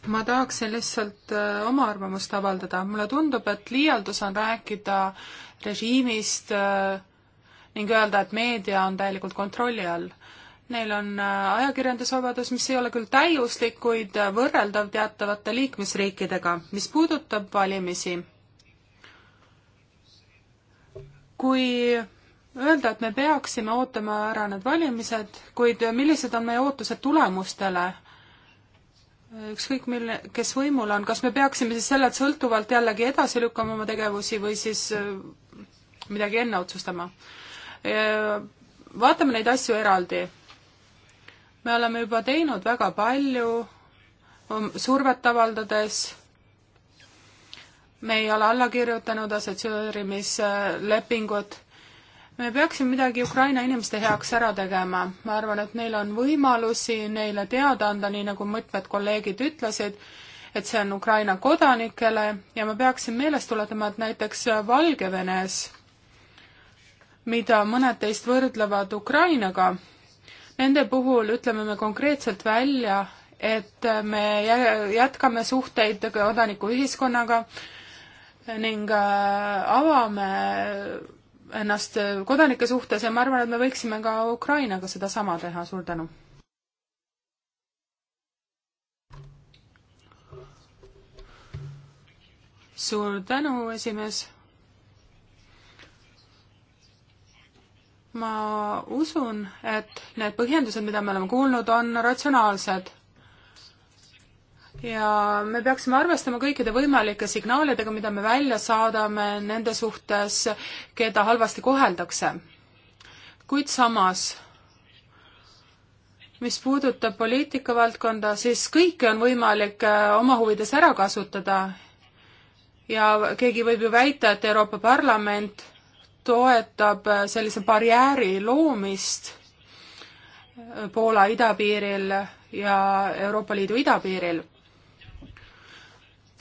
ma tahaksin lihtsalt äh, oma arvamust avaldada, mulle tundub, et liialdus on rääkida äh, režiimist äh, ning öelda, et meedia on täielikult kontrolli all. Neil on äh, ajakirjandusvabadus, mis ei ole küll täiuslik, kuid äh, võrreldav teatavate liikmesriikidega, mis puudutab valimisi. kui öelda, et me peaksime ootama ära need valimised, kuid millised on meie ootused tulemustele? ükskõik mille, kes võimul on, kas me peaksime siis sellelt sõltuvalt jällegi edasi lükkama oma tegevusi või siis midagi enne otsustama. vaatame neid asju eraldi. me oleme juba teinud väga palju, um, survet avaldades, me ei ole alla kirjutanud assotsieerimislepingut, me peaksime midagi Ukraina inimeste heaks ära tegema, ma arvan, et neil on võimalusi neile teada anda, nii nagu mitmed kolleegid ütlesid, et see on Ukraina kodanikele ja ma peaksin meeles tuletama, et näiteks Valgevenes mida mõned teist võrdlevad Ukrainaga, nende puhul ütleme me konkreetselt välja, et me jätkame suhteid kodanikuühiskonnaga ning äh, avame ennast kodanike suhtes ja ma arvan, et me võiksime ka Ukrainaga sedasama teha, suur tänu. suur tänu, esimees ma usun, et need põhjendused, mida me oleme kuulnud, on ratsionaalsed. ja me peaksime arvestama kõikide võimalike signaalidega, mida me välja saadame nende suhtes, keda halvasti koheldakse. kuid samas, mis puudutab poliitikavaldkonda, siis kõike on võimalik äh, oma huvides ära kasutada ja keegi võib ju väita, et Euroopa Parlament toetab äh, sellise barjääri loomist äh, Poola idapiiril ja Euroopa Liidu idapiiril.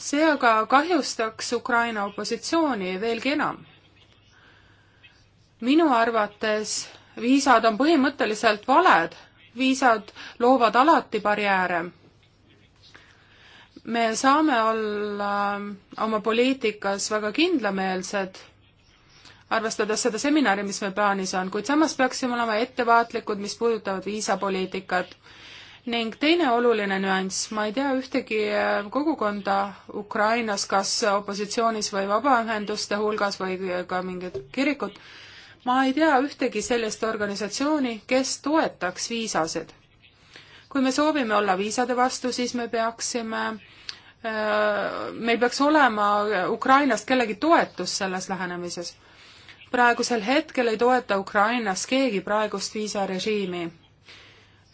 see aga kahjustaks Ukraina opositsiooni veelgi enam. minu arvates viisad on põhimõtteliselt valed, viisad loovad alati barjääre me saame olla oma poliitikas väga kindlameelsed arvestades seda seminari, mis meil plaanis on, kuid samas peaksime olema ettevaatlikud, mis puudutavad viisapoliitikat. ning teine oluline nüanss, ma ei tea ühtegi äh, kogukonda Ukrainas, kas opositsioonis või vabaühenduste hulgas või ka mingit kirikut, ma ei tea ühtegi sellist organisatsiooni, kes toetaks viisasid. kui me soovime olla viisade vastu, siis me peaksime äh, meil peaks olema Ukrainast kellegi toetus selles lähenemises praegusel hetkel ei toeta Ukrainas keegi praegust viisarežiimi.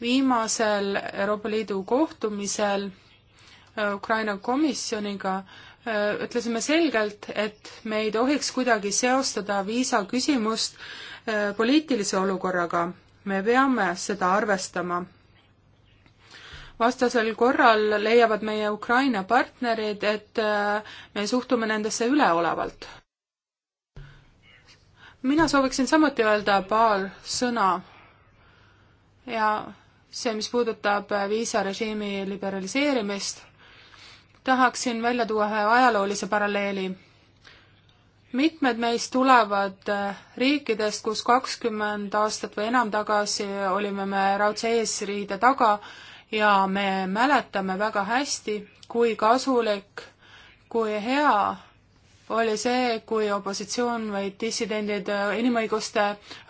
viimasel Euroopa Liidu kohtumisel äh, Ukraina komisjoniga äh, ütlesime selgelt, et me ei tohiks kuidagi seostada viisaküsimust äh, poliitilise olukorraga. me peame seda arvestama. vastasel korral leiavad meie Ukraina partnerid, et me suhtume nendesse üleolevalt mina sooviksin samuti öelda paar sõna ja see, mis puudutab viisarežiimi liberaliseerimist, tahaksin välja tuua ühe ajaloolise paralleeli. mitmed meist tulevad riikidest, kus kakskümmend aastat või enam tagasi olime me raudse eesriide taga ja me mäletame väga hästi, kui kasulik, kui hea oli see, kui opositsioon või dissidendid, inimõiguste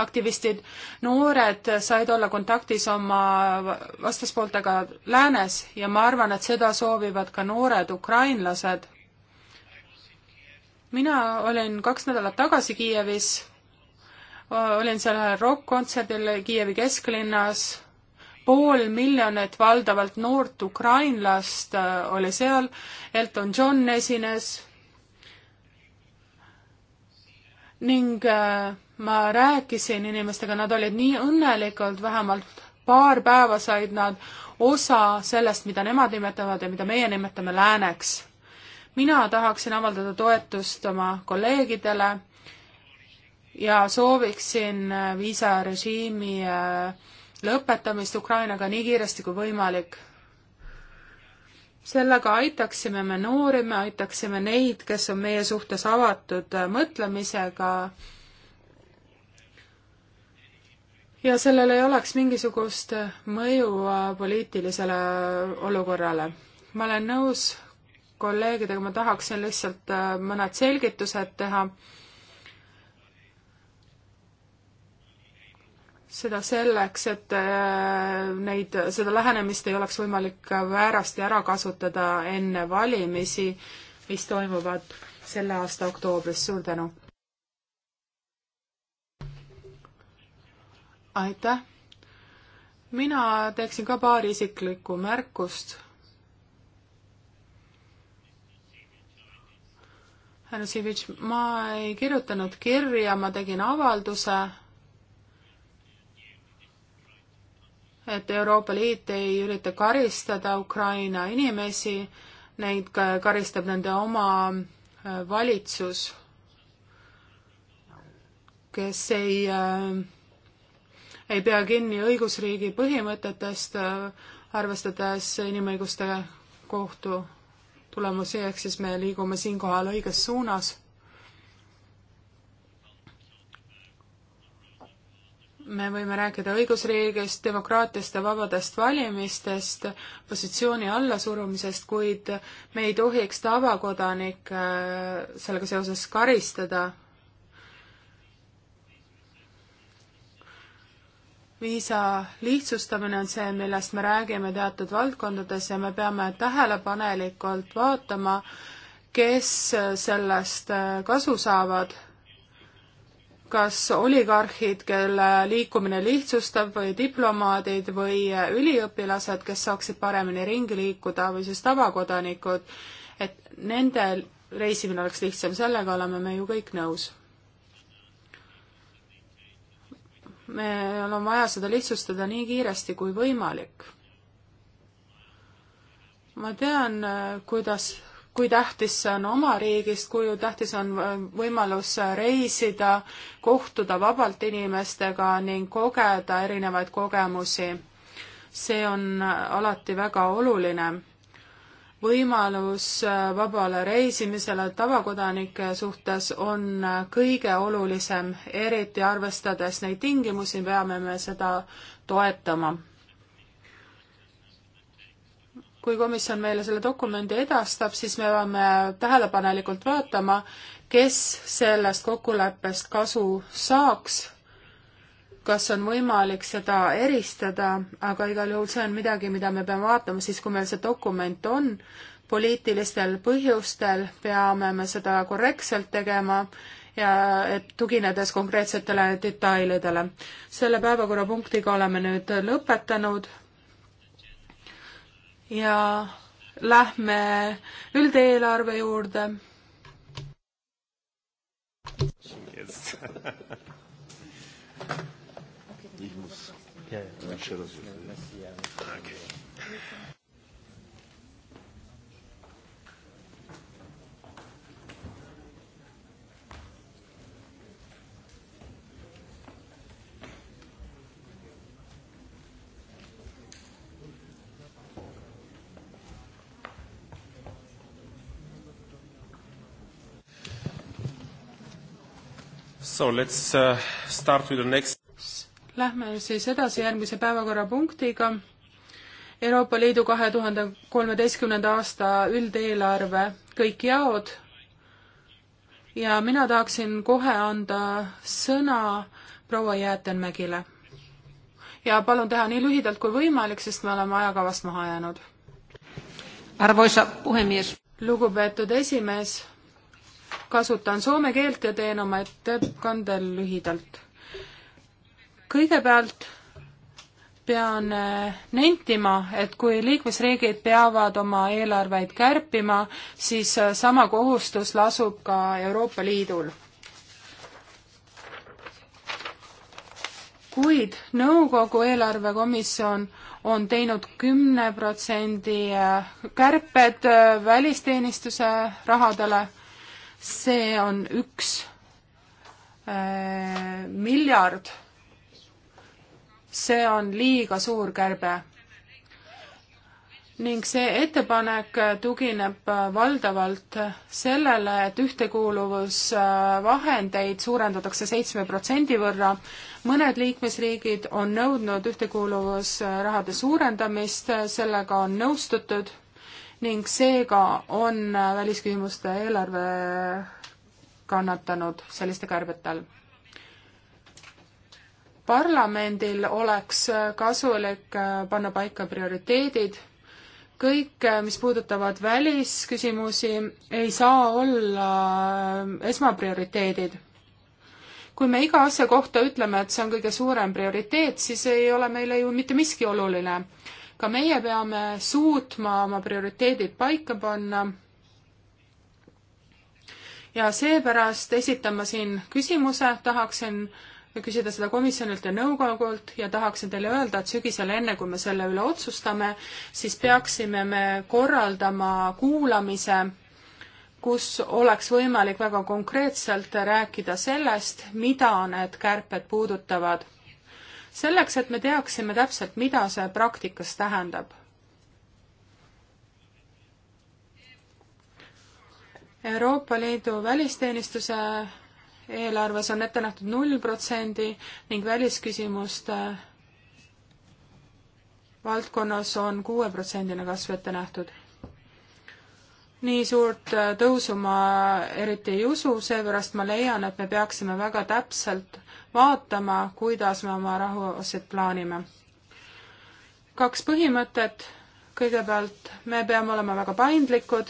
aktivistid, noored said olla kontaktis oma vastaspooltega läänes ja ma arvan, et seda soovivad ka noored ukrainlased. mina olin kaks nädalat tagasi Kiievis, olin seal ühel rokk-kontserdil Kiievi kesklinnas pool miljonit valdavalt noort ukrainlast äh, oli seal, Elton John esines, ning äh, ma rääkisin inimestega, nad olid nii õnnelikud, vähemalt paar päeva said nad osa sellest, mida nemad nimetavad ja mida meie nimetame lääneks. mina tahaksin avaldada toetust oma kolleegidele ja sooviksin äh, viisarežiimi äh, lõpetamist Ukrainaga nii kiiresti kui võimalik sellega aitaksime me noori, me aitaksime neid, kes on meie suhtes avatud mõtlemisega. ja sellel ei oleks mingisugust mõju poliitilisele olukorrale. ma olen nõus kolleegidega, ma tahaksin lihtsalt mõned selgitused teha seda selleks, et äh, neid, seda lähenemist ei oleks võimalik väärasti ära kasutada enne valimisi, mis toimuvad selle aasta oktoobris, suur tänu! aitäh! mina teeksin ka paari isiklikku märkust. härra Sivitš, ma ei kirjutanud kirja, ma tegin avalduse et Euroopa Liit ei ürita karistada Ukraina inimesi, neid karistab nende oma äh, valitsus, kes ei, äh, ei pea kinni õigusriigi põhimõtetest, äh, arvestades inimõiguste kohtu tulemusi, ehk siis me liigume siinkohal õiges suunas me võime rääkida õigusriigist, demokraatiast ja vabadest valimistest, positsiooni allasurumisest, kuid me ei tohiks tavakodanikke äh, sellega seoses karistada. viisa lihtsustamine on see, millest me räägime teatud valdkondades ja me peame tähelepanelikult vaatama, kes sellest äh, kasu saavad kas oligarhid, kelle liikumine lihtsustab või diplomaadid või üliõpilased, kes saaksid paremini ringi liikuda või siis tavakodanikud, et nende reisimine oleks lihtsam, sellega oleme me ju kõik nõus. meil on vaja seda lihtsustada nii kiiresti kui võimalik. ma tean, kuidas kui tähtis see on oma riigist, kui tähtis on äh, võimalus äh, reisida, kohtuda vabalt inimestega ning kogeda erinevaid kogemusi. see on äh, alati väga oluline. võimalus vabale reisimisele tavakodanike suhtes on kõige olulisem, eriti arvestades neid tingimusi, peame me seda toetama kui komisjon meile selle dokumendi edastab, siis me peame tähelepanelikult vaatama, kes sellest kokkuleppest kasu saaks, kas on võimalik seda eristada, aga igal juhul see on midagi, mida me peame vaatama siis, kui meil see dokument on. poliitilistel põhjustel peame me seda korrektselt tegema ja et tuginedes konkreetsetele detailidele. selle päevakorrapunktiga oleme nüüd lõpetanud ja lähme üldeelarve juurde. Yes. *laughs* ich muss. Ja, ja. Okay. So let's uh, start with the next. Lähme siis edasi järgmise päevakorrapunktiga. Euroopa Liidu kahe tuhande kolmeteistkümnenda aasta üldeelarve, kõik jaod. ja mina tahaksin kohe anda sõna proua Jäätenmägile. ja palun teha nii lühidalt kui võimalik, sest me oleme ajakavast maha jäänud. arvoisa puhemees. lugupeetud esimees kasutan soome keelt ja teen oma ettekande lühidalt. kõigepealt pean äh, nentima, et kui liikmesriigid peavad oma eelarveid kärpima, siis äh, sama kohustus lasub ka Euroopa Liidul. kuid nõukogu eelarvekomisjon on teinud kümne protsendi äh, kärped välisteenistuse rahadele see on üks äh, miljard. see on liiga suur kärbe. ning see ettepanek tugineb valdavalt sellele, et ühtekuuluvusvahendeid suurendatakse seitsme protsendi võrra. mõned liikmesriigid on nõudnud ühtekuuluvusrahade suurendamist, sellega on nõustutud ning seega on välisküsimuste eelarve kannatanud selliste kärbete all. parlamendil oleks kasulik panna paika prioriteedid, kõik, mis puudutavad välisküsimusi, ei saa olla esmaprioriteedid. kui me iga asja kohta ütleme, et see on kõige suurem prioriteet, siis ei ole meile ju mitte miski oluline ka meie peame suutma oma prioriteedid paika panna. ja seepärast esitan ma siin küsimuse, tahaksin küsida seda komisjonilt ja nõukogult ja tahaksin teile öelda, et sügisel, enne kui me selle üle otsustame, siis peaksime me korraldama kuulamise, kus oleks võimalik väga konkreetselt rääkida sellest, mida need kärped puudutavad selleks, et me teaksime täpselt, mida see praktikas tähendab. Euroopa Liidu välisteenistuse eelarves on ette nähtud null protsendi ning välisküsimuste valdkonnas on kuueprotsendine kasv ette nähtud. nii suurt äh, tõusu ma eriti ei usu, seepärast ma leian, et me peaksime väga täpselt vaatama, kuidas me oma rahuasjad plaanime. kaks põhimõtet, kõigepealt me peame olema väga paindlikud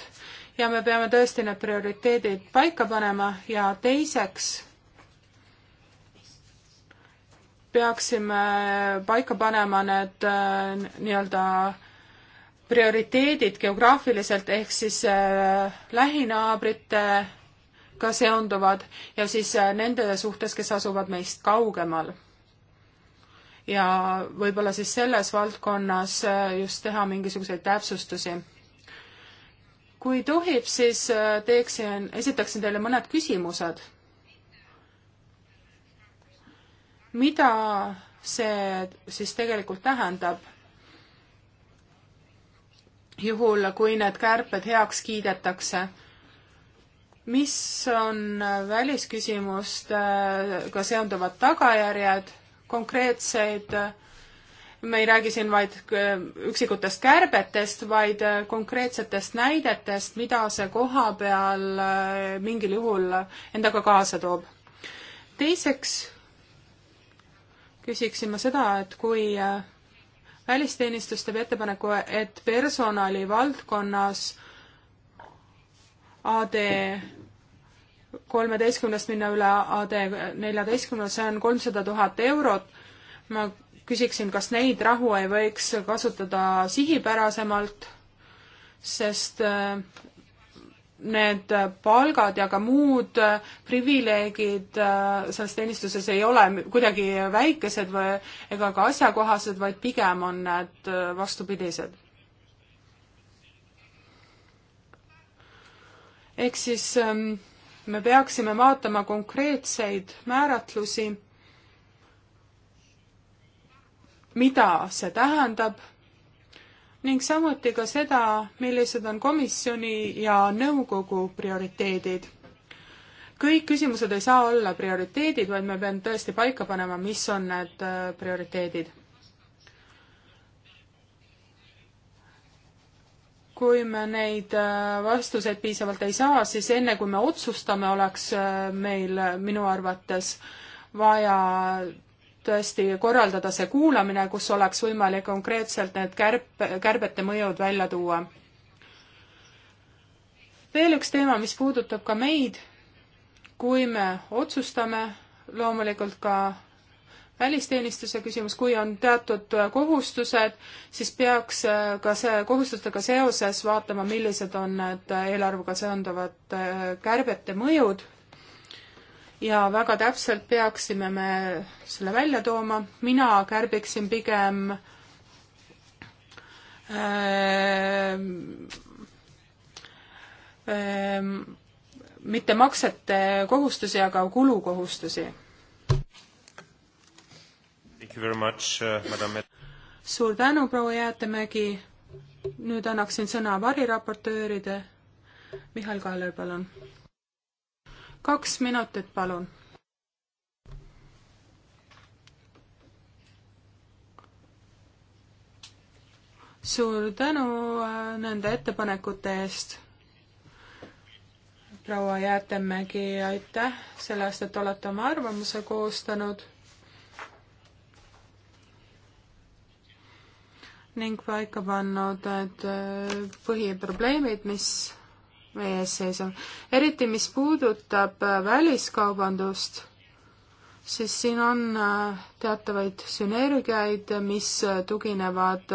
ja me peame tõesti need prioriteedid paika panema ja teiseks peaksime paika panema need äh, nii-öelda prioriteedid geograafiliselt, ehk siis äh, lähinaabrite ka seonduvad ja siis äh, nende suhtes, kes asuvad meist kaugemal. ja võib-olla siis selles valdkonnas äh, just teha mingisuguseid täpsustusi. kui tohib, siis äh, teeksin, esitaksin teile mõned küsimused. mida see siis tegelikult tähendab? juhul, kui need kärped heaks kiidetakse mis on äh, välisküsimustega seonduvad tagajärjed, konkreetseid, äh, me ei räägi siin vaid äh, üksikutest kärbetest, vaid konkreetsetest näidetest, mida see koha peal mingil juhul endaga kaasa toob. teiseks küsiksin ma seda, et kui välisteenistus teeb ettepaneku, et personali valdkonnas AD kolmeteistkümnest minna üle AD neljateistkümnele, see on kolmsada tuhat eurot. ma küsiksin, kas neid rahu ei võiks kasutada sihipärasemalt, sest äh, need palgad ja ka muud äh, privileegid äh, selles teenistuses ei ole kuidagi väikesed või ega ka asjakohased, vaid pigem on need vastupidised. ehk siis ähm, me peaksime vaatama konkreetseid määratlusi, mida see tähendab ning samuti ka seda, millised on komisjoni ja nõukogu prioriteedid. kõik küsimused ei saa olla prioriteedid, vaid me peame tõesti paika panema, mis on need äh, prioriteedid. kui me neid äh, vastuseid piisavalt ei saa, siis enne kui me otsustame, oleks äh, meil äh, minu arvates vaja tõesti korraldada see kuulamine, kus oleks võimalik konkreetselt need kärp, kärbete mõjud välja tuua. veel üks teema, mis puudutab ka meid, kui me otsustame loomulikult ka välisteenistuse küsimus, kui on teatud äh, kohustused, siis peaks äh, ka see kohustustega seoses vaatama, millised on need äh, eelarvega seonduvad kärbete mõjud. ja väga täpselt peaksime me selle välja tooma, mina kärbiksin pigem äh, äh, mitte maksete kohustusi, aga kulukohustusi uh, suur tänu, proua Jäätemägi. nüüd annaksin sõna variraportööride. Mihhail Kaller, palun. kaks minutit, palun. suur tänu äh, nende ettepanekute eest proua Jäätemägi, aitäh selle eest, et olete oma arvamuse koostanud. ning paika pannud need äh, põhiprobleemid, mis meie ees seisab. eriti, mis puudutab äh, väliskaubandust, siis siin on äh, teatavaid sünergiaid, mis tuginevad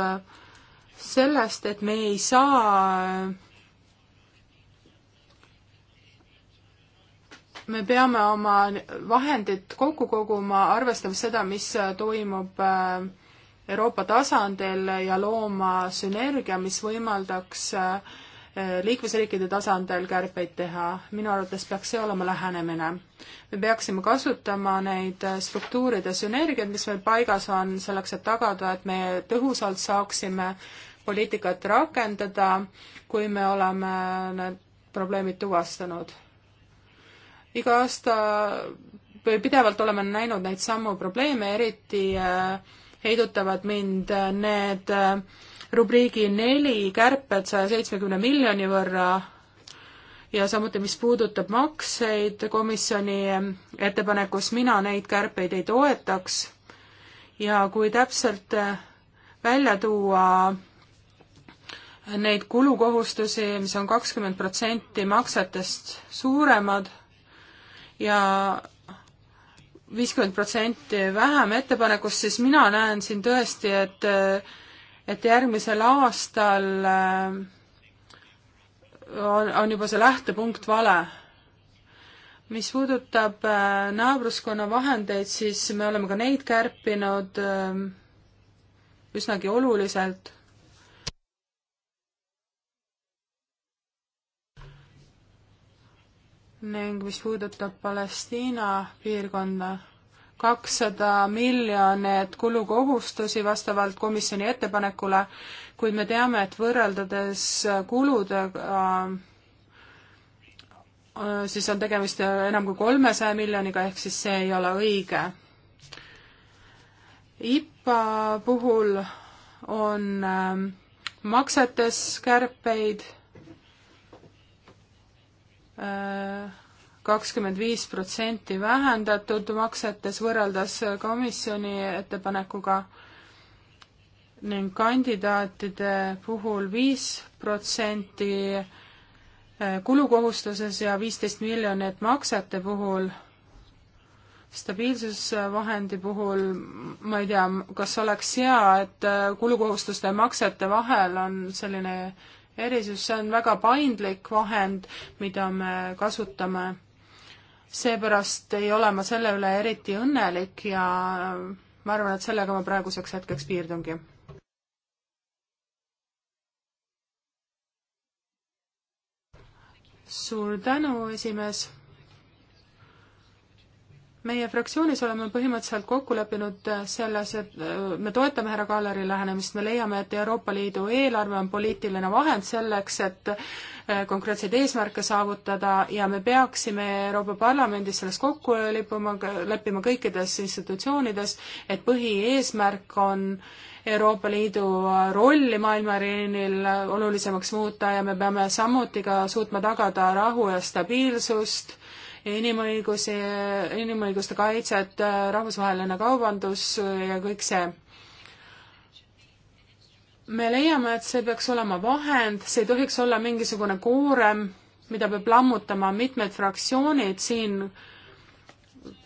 sellest, et me ei saa me peame oma vahendid kokku koguma, arvestama seda, mis toimub äh, Euroopa tasandil ja looma sünergia, mis võimaldaks äh, liikmesriikide tasandil kärpeid teha. minu arvates peaks see olema lähenemine. me peaksime kasutama neid äh, struktuuride sünergiaid, mis meil paigas on, selleks et tagada, et me tõhusalt saaksime poliitikat rakendada, kui me oleme need probleemid tuvastanud. iga aasta või pidevalt oleme näinud neid samu probleeme, eriti äh, heidutavad mind äh, need äh, rubriigi neli kärped saja seitsmekümne miljoni võrra ja samuti, mis puudutab makseid komisjoni äh, ettepanekus, mina neid kärpeid ei toetaks ja kui täpselt välja tuua neid kulukohustusi, mis on kakskümmend protsenti maksetest suuremad ja viiskümmend protsenti vähem ettepanekust, siis mina näen siin tõesti, et et järgmisel aastal äh, on, on juba see lähtepunkt vale. mis puudutab äh, naabruskonna vahendeid, siis me oleme ka neid kärpinud äh, üsnagi oluliselt ning mis puudutab Palestiina piirkonda, kakssada miljonit kulukohustusi vastavalt komisjoni ettepanekule, kuid me teame, et võrreldades kuludega äh, siis on tegemist enam kui kolmesaja miljoniga, ehk siis see ei ole õige. IPA puhul on äh, maksetes kärpeid kakskümmend viis protsenti vähendatud maksetes võrreldes komisjoni ettepanekuga ning kandidaatide puhul viis protsenti eh, kulukohustuses ja viisteist miljonit maksete puhul, stabiilsusvahendi puhul ma ei tea, kas oleks hea, et eh, kulukohustuste ja maksete vahel on selline erisus, see on väga paindlik vahend, mida me kasutame. seepärast ei ole ma selle üle eriti õnnelik ja ma arvan, et sellega ma praeguseks hetkeks piirdungi. suur tänu, esimees meie fraktsioonis oleme põhimõtteliselt kokku leppinud äh, selles, et äh, me toetame härra Kallari lähenemist, me leiame, et Euroopa Liidu eelarve on poliitiline vahend selleks, et äh, konkreetseid eesmärke saavutada ja me peaksime Euroopa Parlamendis selles kokku lippuma, leppima kõikides institutsioonides, et põhieesmärk on Euroopa Liidu rolli maailmareenil olulisemaks muuta ja me peame samuti ka suutma tagada rahu ja stabiilsust inimõigusi, inimõiguste kaitset, rahvusvaheline kaubandus ja kõik see. me leiame, et see peaks olema vahend, see ei tohiks olla mingisugune koorem, mida peab lammutama mitmed fraktsioonid siin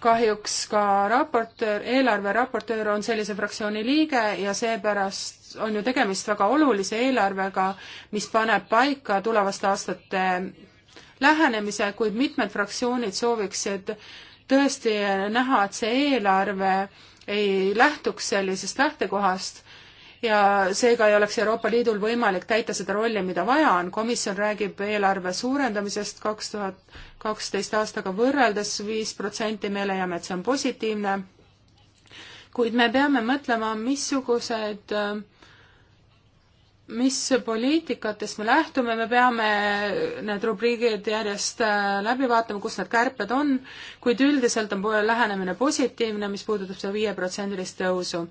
kahjuks ka raportöör, eelarveraportöör on sellise fraktsiooni liige ja seepärast on ju tegemist väga olulise eelarvega, mis paneb paika tulevaste aastate lähenemise, kuid mitmed fraktsioonid sooviksid tõesti näha, et see eelarve ei lähtuks sellisest lähtekohast ja seega ei oleks Euroopa Liidul võimalik täita seda rolli, mida vaja on. komisjon räägib eelarve suurendamisest kaks tuhat kaksteist aastaga võrreldes viis protsenti, me leiame, et see on positiivne. kuid me peame mõtlema, missuguseid äh, mis poliitikatest me lähtume, me peame need rubriigid järjest äh, läbi vaatama, kus need kärped on, kuid üldiselt on lähenemine positiivne, mis puudutab seda viieprotsendilist tõusu.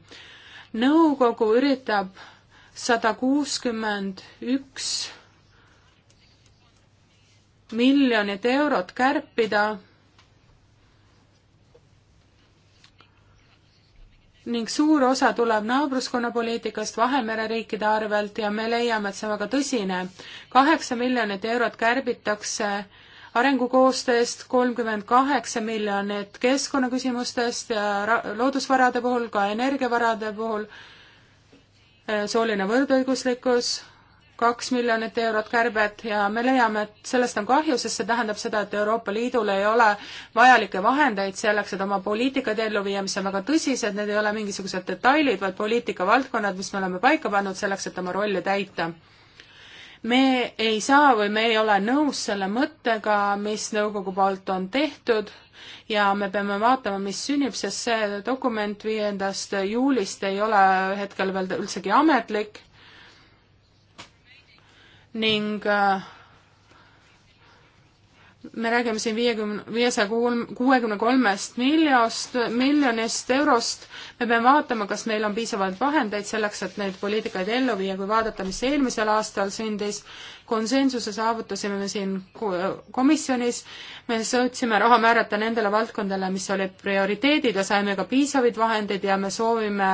nõukogu üritab sada kuuskümmend üks miljonit eurot kärpida ning suur osa tuleb naabruskonnapoliitikast Vahemere riikide arvelt ja me leiame, et see on väga tõsine. kaheksa miljonit eurot kärbitakse arengukoostööst, kolmkümmend kaheksa miljonit keskkonnaküsimustest ja loodusvarade puhul, ka energiavarade puhul, sooline võrdõiguslikkus kaks miljonit eurot kärbet ja me leiame, et sellest on kahju, sest see tähendab seda, et Euroopa Liidul ei ole vajalikke vahendeid selleks, et oma poliitikaid ellu viia, mis on väga tõsised, need ei ole mingisugused detailid, vaid poliitikavaldkonnad, mis me oleme paika pannud selleks, et oma rolli täita me ei saa või me ei ole nõus selle mõttega, mis nõukogu poolt on tehtud ja me peame vaatama, mis sünnib, sest see dokument viiendast juulist ei ole hetkel veel üldsegi ametlik ning äh, me räägime siin viiekümne, viiesaja kuuekümne kolmest miljonist, miljonist eurost, me peame vaatama, kas meil on piisavalt vahendeid selleks, et neid poliitikaid ellu viia, kui vaadata, mis eelmisel aastal sündis, konsensuse saavutasime me siin komisjonis, me suutsime raha määrata nendele valdkondadele, mis olid prioriteedid ja saime ka piisavaid vahendeid ja me soovime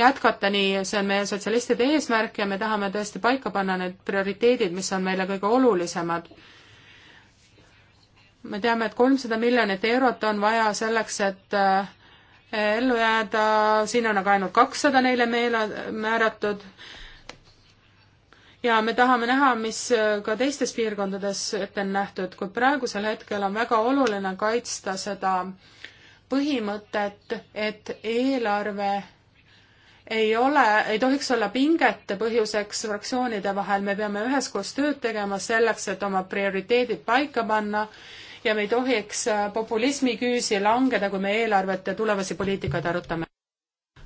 jätkata nii, see on meie sotsialistide eesmärk ja me tahame tõesti paika panna need prioriteedid, mis on meile kõige olulisemad. me teame, et kolmsada miljonit eurot on vaja selleks, et äh, ellu jääda, siin on aga ainult kakssada neile meele määratud ja me tahame näha, mis äh, ka teistes piirkondades ette on nähtud, kuid praegusel hetkel on väga oluline kaitsta seda põhimõtet, et eelarve ei ole, ei tohiks olla pingete põhjuseks fraktsioonide vahel, me peame üheskoos tööd tegema selleks, et oma prioriteedid paika panna ja me ei tohiks äh, populismi küüsi langeda, kui me eelarvet ja tulevasi poliitikaid arutame.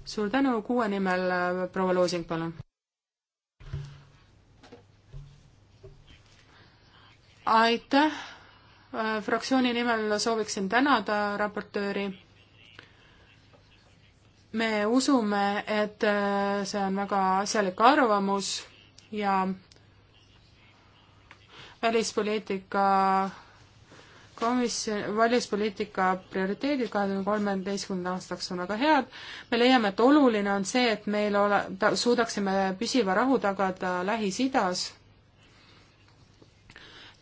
suur tänu, kuue nimel äh, proua Loosing, palun. aitäh, äh, fraktsiooni nimel sooviksin tänada raportööri. me usume, et äh, see on väga asjalik arvamus ja välispoliitika komisjon, välispoliitika prioriteedid kahe tuhande kolmeteistkümnenda aastaks on väga head. me leiame, et oluline on see, et meil ole-, suudaksime püsiva rahu tagada Lähis-Idas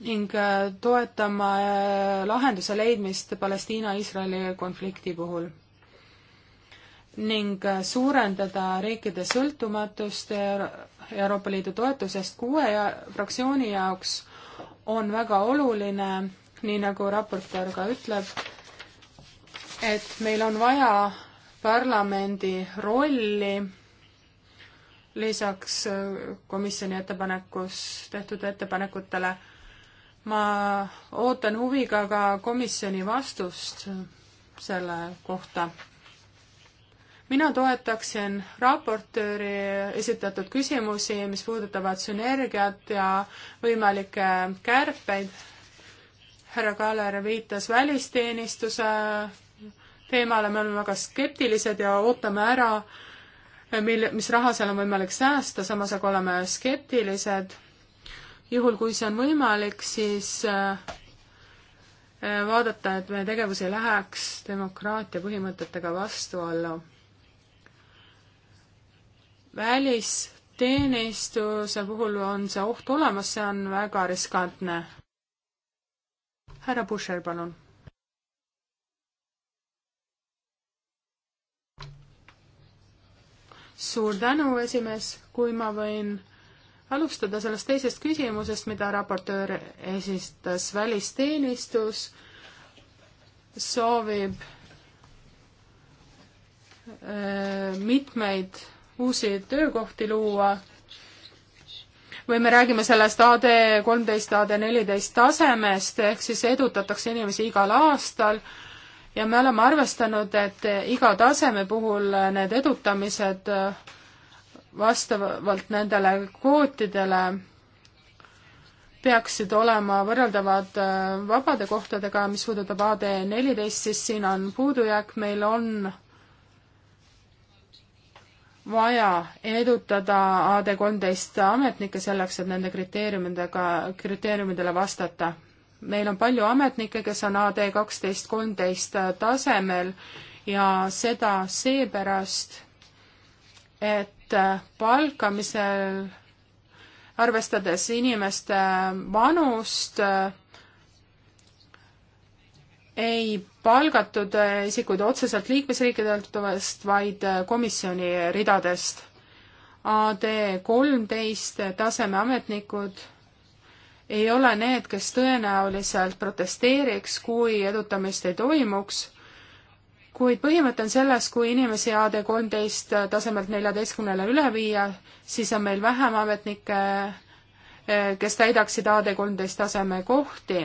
ning äh, toetama äh, lahenduse leidmist Palestiina-Iisraeli konflikti puhul. ning äh, suurendada riikide sõltumatust Euroopa Liidu toetusest kuue ja fraktsiooni jaoks on väga oluline, nii nagu raportöör ka ütleb, et meil on vaja parlamendi rolli lisaks komisjoni ettepanekus tehtud ettepanekutele ma ootan huviga ka komisjoni vastust selle kohta. mina toetaksin raportööri esitatud küsimusi, mis puudutavad sünergiat ja võimalikke kärpeid. härra Kaller viitas välisteenistuse teemale, me oleme väga skeptilised ja ootame ära, mil, mis raha seal on võimalik säästa, samas aga oleme skeptilised juhul, kui see on võimalik, siis äh, vaadata, et meie tegevus ei läheks demokraatia põhimõtetega vastuollu. välisteenistuse puhul on see oht olemas, see on väga riskantne. härra Pusher, palun. suur tänu, esimees, kui ma võin alustada sellest teisest küsimusest, mida raportöör esitas. välisteenistus soovib äh, mitmeid uusi töökohti luua või me räägime sellest AD kolmteist, AD neliteist tasemest, ehk siis edutatakse inimesi igal aastal ja me oleme arvestanud, et iga taseme puhul need edutamised äh, vastavalt nendele kvootidele peaksid olema võrreldavad äh, vabade kohtadega, mis puudutab AD neliteist, siis siin on puudujääk, meil on vaja edutada AD kolmteist ametnikke selleks, et nende kriteeriumidega, kriteeriumidele vastata. meil on palju ametnikke, kes on AD kaksteist, kolmteist tasemel ja seda seepärast, et äh, palkamisel, arvestades inimeste äh, vanust, äh, ei palgatud isikuid otseselt liikmesriikidelt, vaid komisjoni ridadest. AD kolmteist taseme ametnikud ei ole need, kes tõenäoliselt protesteeriks, kui edutamist ei toimuks kuid põhimõte on selles, kui inimesi AD kolmteist tasemelt neljateistkümnele üle viia, siis on meil vähem ametnikke, eh, kes täidaksid AD kolmteist taseme kohti.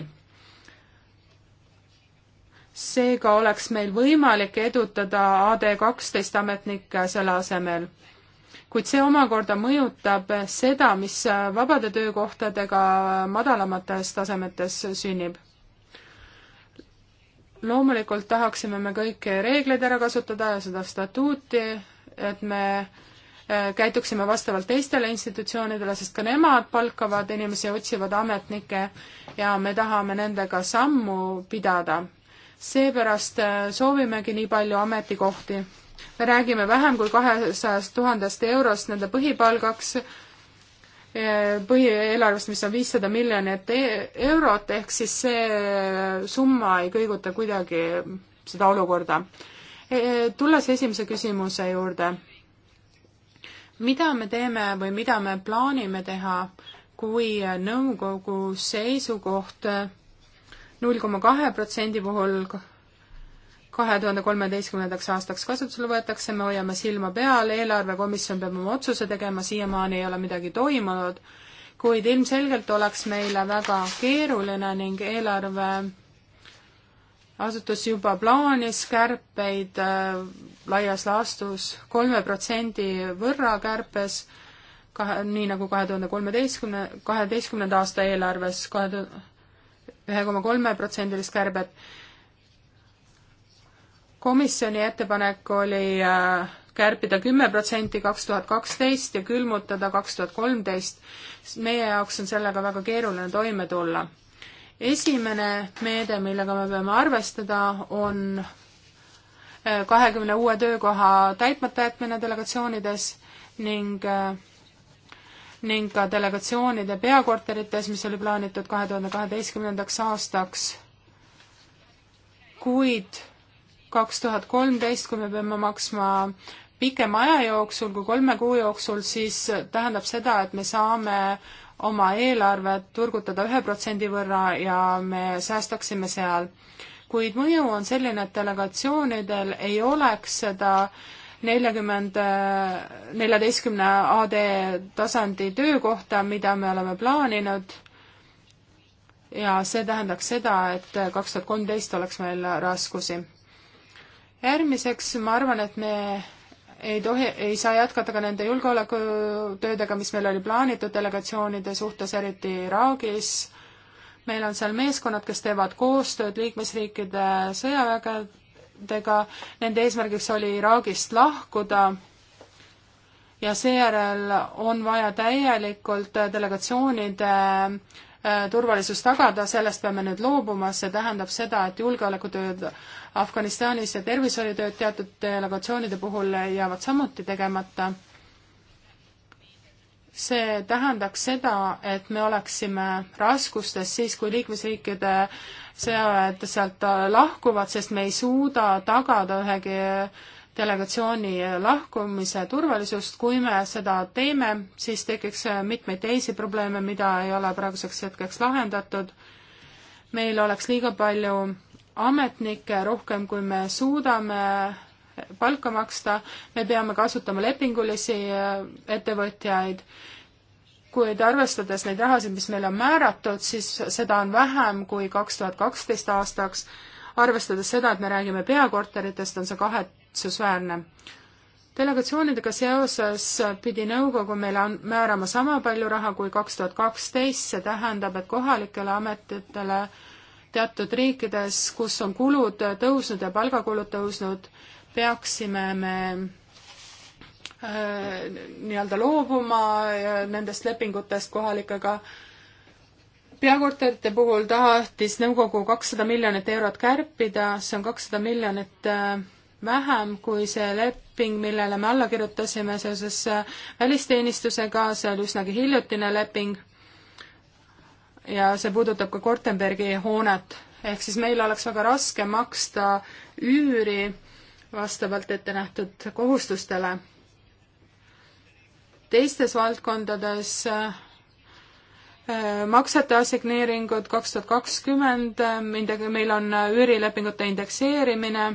seega oleks meil võimalik edutada AD kaksteist ametnikke selle asemel. kuid see omakorda mõjutab seda, mis vabade töökohtadega madalamates tasemetes sünnib loomulikult tahaksime me kõiki reegleid ära kasutada ja seda statuuti, et me äh, käituksime vastavalt teistele institutsioonidele, sest ka nemad palkavad inimesi, otsivad ametnikke ja me tahame nendega sammu pidada. seepärast äh, soovimegi nii palju ametikohti. me räägime vähem kui kahesajast tuhandest eurost nende põhipalgaks põhieelarvest, mis on viissada miljonit e-, eurot, ehk siis see summa ei kõiguta kuidagi seda olukorda. E, tulles esimese küsimuse juurde, mida me teeme või mida me plaanime teha, kui nõukogu seisukoht null koma kahe protsendi puhul kahe tuhande kolmeteistkümnendaks aastaks kasutusele võetakse, me hoiame silma peal, eelarvekomisjon peab oma otsuse tegema, siiamaani ei ole midagi toimunud, kuid ilmselgelt oleks meile väga keeruline ning eelarve asutus juba plaanis kärpeid äh, laias laastus kolme protsendi võrra kärpes, kahe, nii nagu kahe tuhande kolmeteistkümne, kaheteistkümnenda aasta eelarves kahe tuhande ühe koma kolme protsendilist kärbet komisjoni ettepanek oli äh, kärpida kümme protsenti kaks tuhat kaksteist ja külmutada kaks tuhat kolmteist. meie jaoks on sellega väga keeruline toime tulla. esimene meede, millega me peame arvestada, on äh, kahekümne uue töökoha täitmata jätmine delegatsioonides ning äh, ning ka delegatsioonide peakorterites, mis oli plaanitud kahe tuhande kaheteistkümnendaks aastaks, kuid kaks tuhat kolmteist, kui me peame maksma pikema aja jooksul kui kolme kuu jooksul, siis tähendab seda, et me saame oma eelarvet turgutada ühe protsendi võrra ja me säästaksime seal. kuid mõju on selline, et delegatsioonidel ei oleks seda neljakümmend, neljateistkümne AD tasandi töökohta, mida me oleme plaaninud, ja see tähendaks seda, et kaks tuhat kolmteist oleks meil raskusi järgmiseks ma arvan, et me ei tohi, ei saa jätkata ka nende julgeolekutöödega, mis meil oli plaanitud delegatsioonide suhtes, eriti Iraagis. meil on seal meeskonnad, kes teevad koostööd liikmesriikide sõjavägedega, nende eesmärgiks oli Iraagist lahkuda ja seejärel on vaja täielikult delegatsioonide Äh, turvalisus tagada, sellest peame nüüd loobuma, see tähendab seda, et julgeolekutööd Afganistanis ja tervishoiutööd teatud delegatsioonide puhul jäävad samuti tegemata. see tähendaks seda, et me oleksime raskustes siis, kui liikmesriikide sõjaväed sealt lahkuvad, sest me ei suuda tagada ühegi äh, delegatsiooni lahkumise turvalisust, kui me seda teeme, siis tekiks mitmeid teisi probleeme, mida ei ole praeguseks hetkeks lahendatud. meil oleks liiga palju ametnikke, rohkem kui me suudame palka maksta, me peame kasutama lepingulisi ettevõtjaid, kuid arvestades neid rahasid, mis meile on määratud, siis seda on vähem kui kaks tuhat kaksteist aastaks arvestades seda, et me räägime peakorteritest, on see kahe kahetsusväärne. delegatsioonidega seoses pidi nõukogu meile an-, määrama sama palju raha kui kaks tuhat kaksteist, see tähendab, et kohalikele ametitele teatud riikides, kus on kulud tõusnud ja palgakulud tõusnud, peaksime me äh, nii-öelda loobuma äh, nendest lepingutest kohalikega peakorterite puhul tahtis nõukogu kakssada miljonit eurot kärpida, see on kakssada miljonit äh, vähem kui see leping, millele me alla kirjutasime seoses äh, välisteenistusega, see oli üsnagi hiljutine leping ja see puudutab ka Kortenbergi hoonet. ehk siis meil oleks väga raske maksta üüri vastavalt ette nähtud kohustustele. teistes valdkondades äh, äh, maksete assigneeringud kaks tuhat kakskümmend, meil on üürilepingute indekseerimine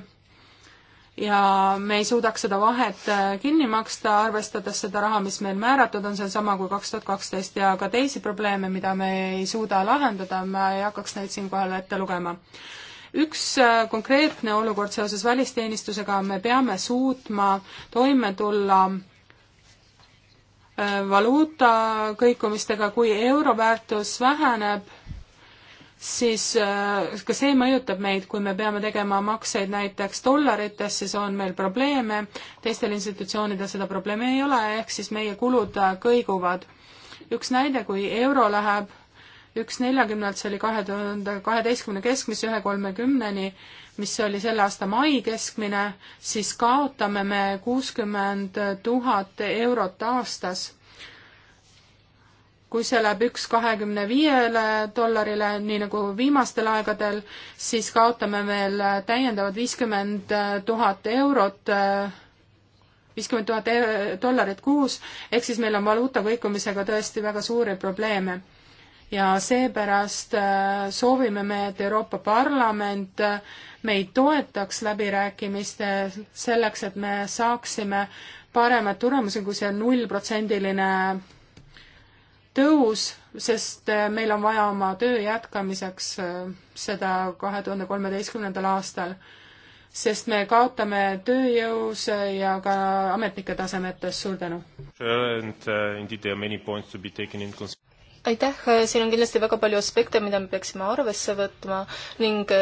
ja me ei suudaks seda vahet äh, kinni maksta, arvestades seda raha, mis meil määratud on, see on sama kui kaks tuhat kaksteist ja ka teisi probleeme, mida me ei suuda lahendada, ma ei hakkaks neid siinkohal ette lugema. üks äh, konkreetne olukord seoses välisteenistusega, me peame suutma toime tulla äh, valuuta kõikumistega, kui euro väärtus väheneb siis äh, ka see mõjutab meid, kui me peame tegema makseid näiteks dollarites, siis on meil probleeme, teistel institutsioonidel seda probleemi ei ole, ehk siis meie kulud äh, kõiguvad. üks näide, kui euro läheb üks neljakümnelt, see oli kahe tuhande kaheteistkümne keskmise ühe kolmekümneni, mis oli selle aasta mai keskmine, siis kaotame me kuuskümmend tuhat eurot aastas kui see läheb üks kahekümne viiele dollarile, nii nagu viimastel aegadel, siis kaotame veel täiendavad viiskümmend tuhat eurot, viiskümmend tuhat e-, dollarit kuus, ehk siis meil on valuuta kõikumisega tõesti väga suuri probleeme. ja seepärast äh, soovime me, et Euroopa Parlament äh, meid toetaks läbirääkimistel selleks, et me saaksime paremad tulemused, kui see nullprotsendiline tõus, sest äh, meil on vaja oma töö jätkamiseks äh, seda kahe tuhande kolmeteistkümnendal aastal, sest me kaotame tööjõus ja ka ametnike tasemetes, suur tänu! Uh, aitäh, äh, siin on kindlasti väga palju aspekte, mida me peaksime arvesse võtma ning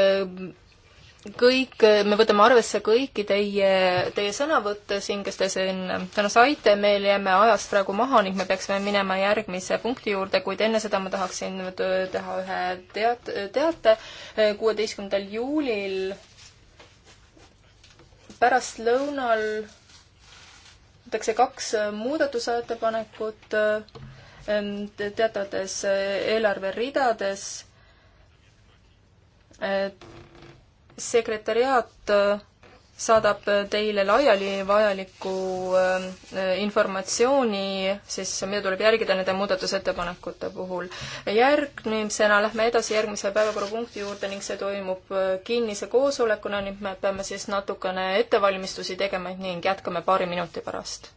kõik, me võtame arvesse kõiki teie, teie sõnavõtte siin, kes te siin täna saite, me jääme ajast praegu maha ning me peaksime minema järgmise punkti juurde, kuid enne seda ma tahaksin teha ühe teat-, teate. kuueteistkümnendal juulil pärastlõunal võetakse kaks muudatusettepanekut teatavates eelarveridades sekretäriaat äh, saadab teile laiali vajaliku äh, informatsiooni, siis mida tuleb järgida nende muudatusettepanekute puhul. järgmisena lähme edasi järgmise päevakorrapunkti juurde ning see toimub äh, kinnise koosolekuna ning me peame siis natukene ettevalmistusi tegema ning jätkame paari minuti pärast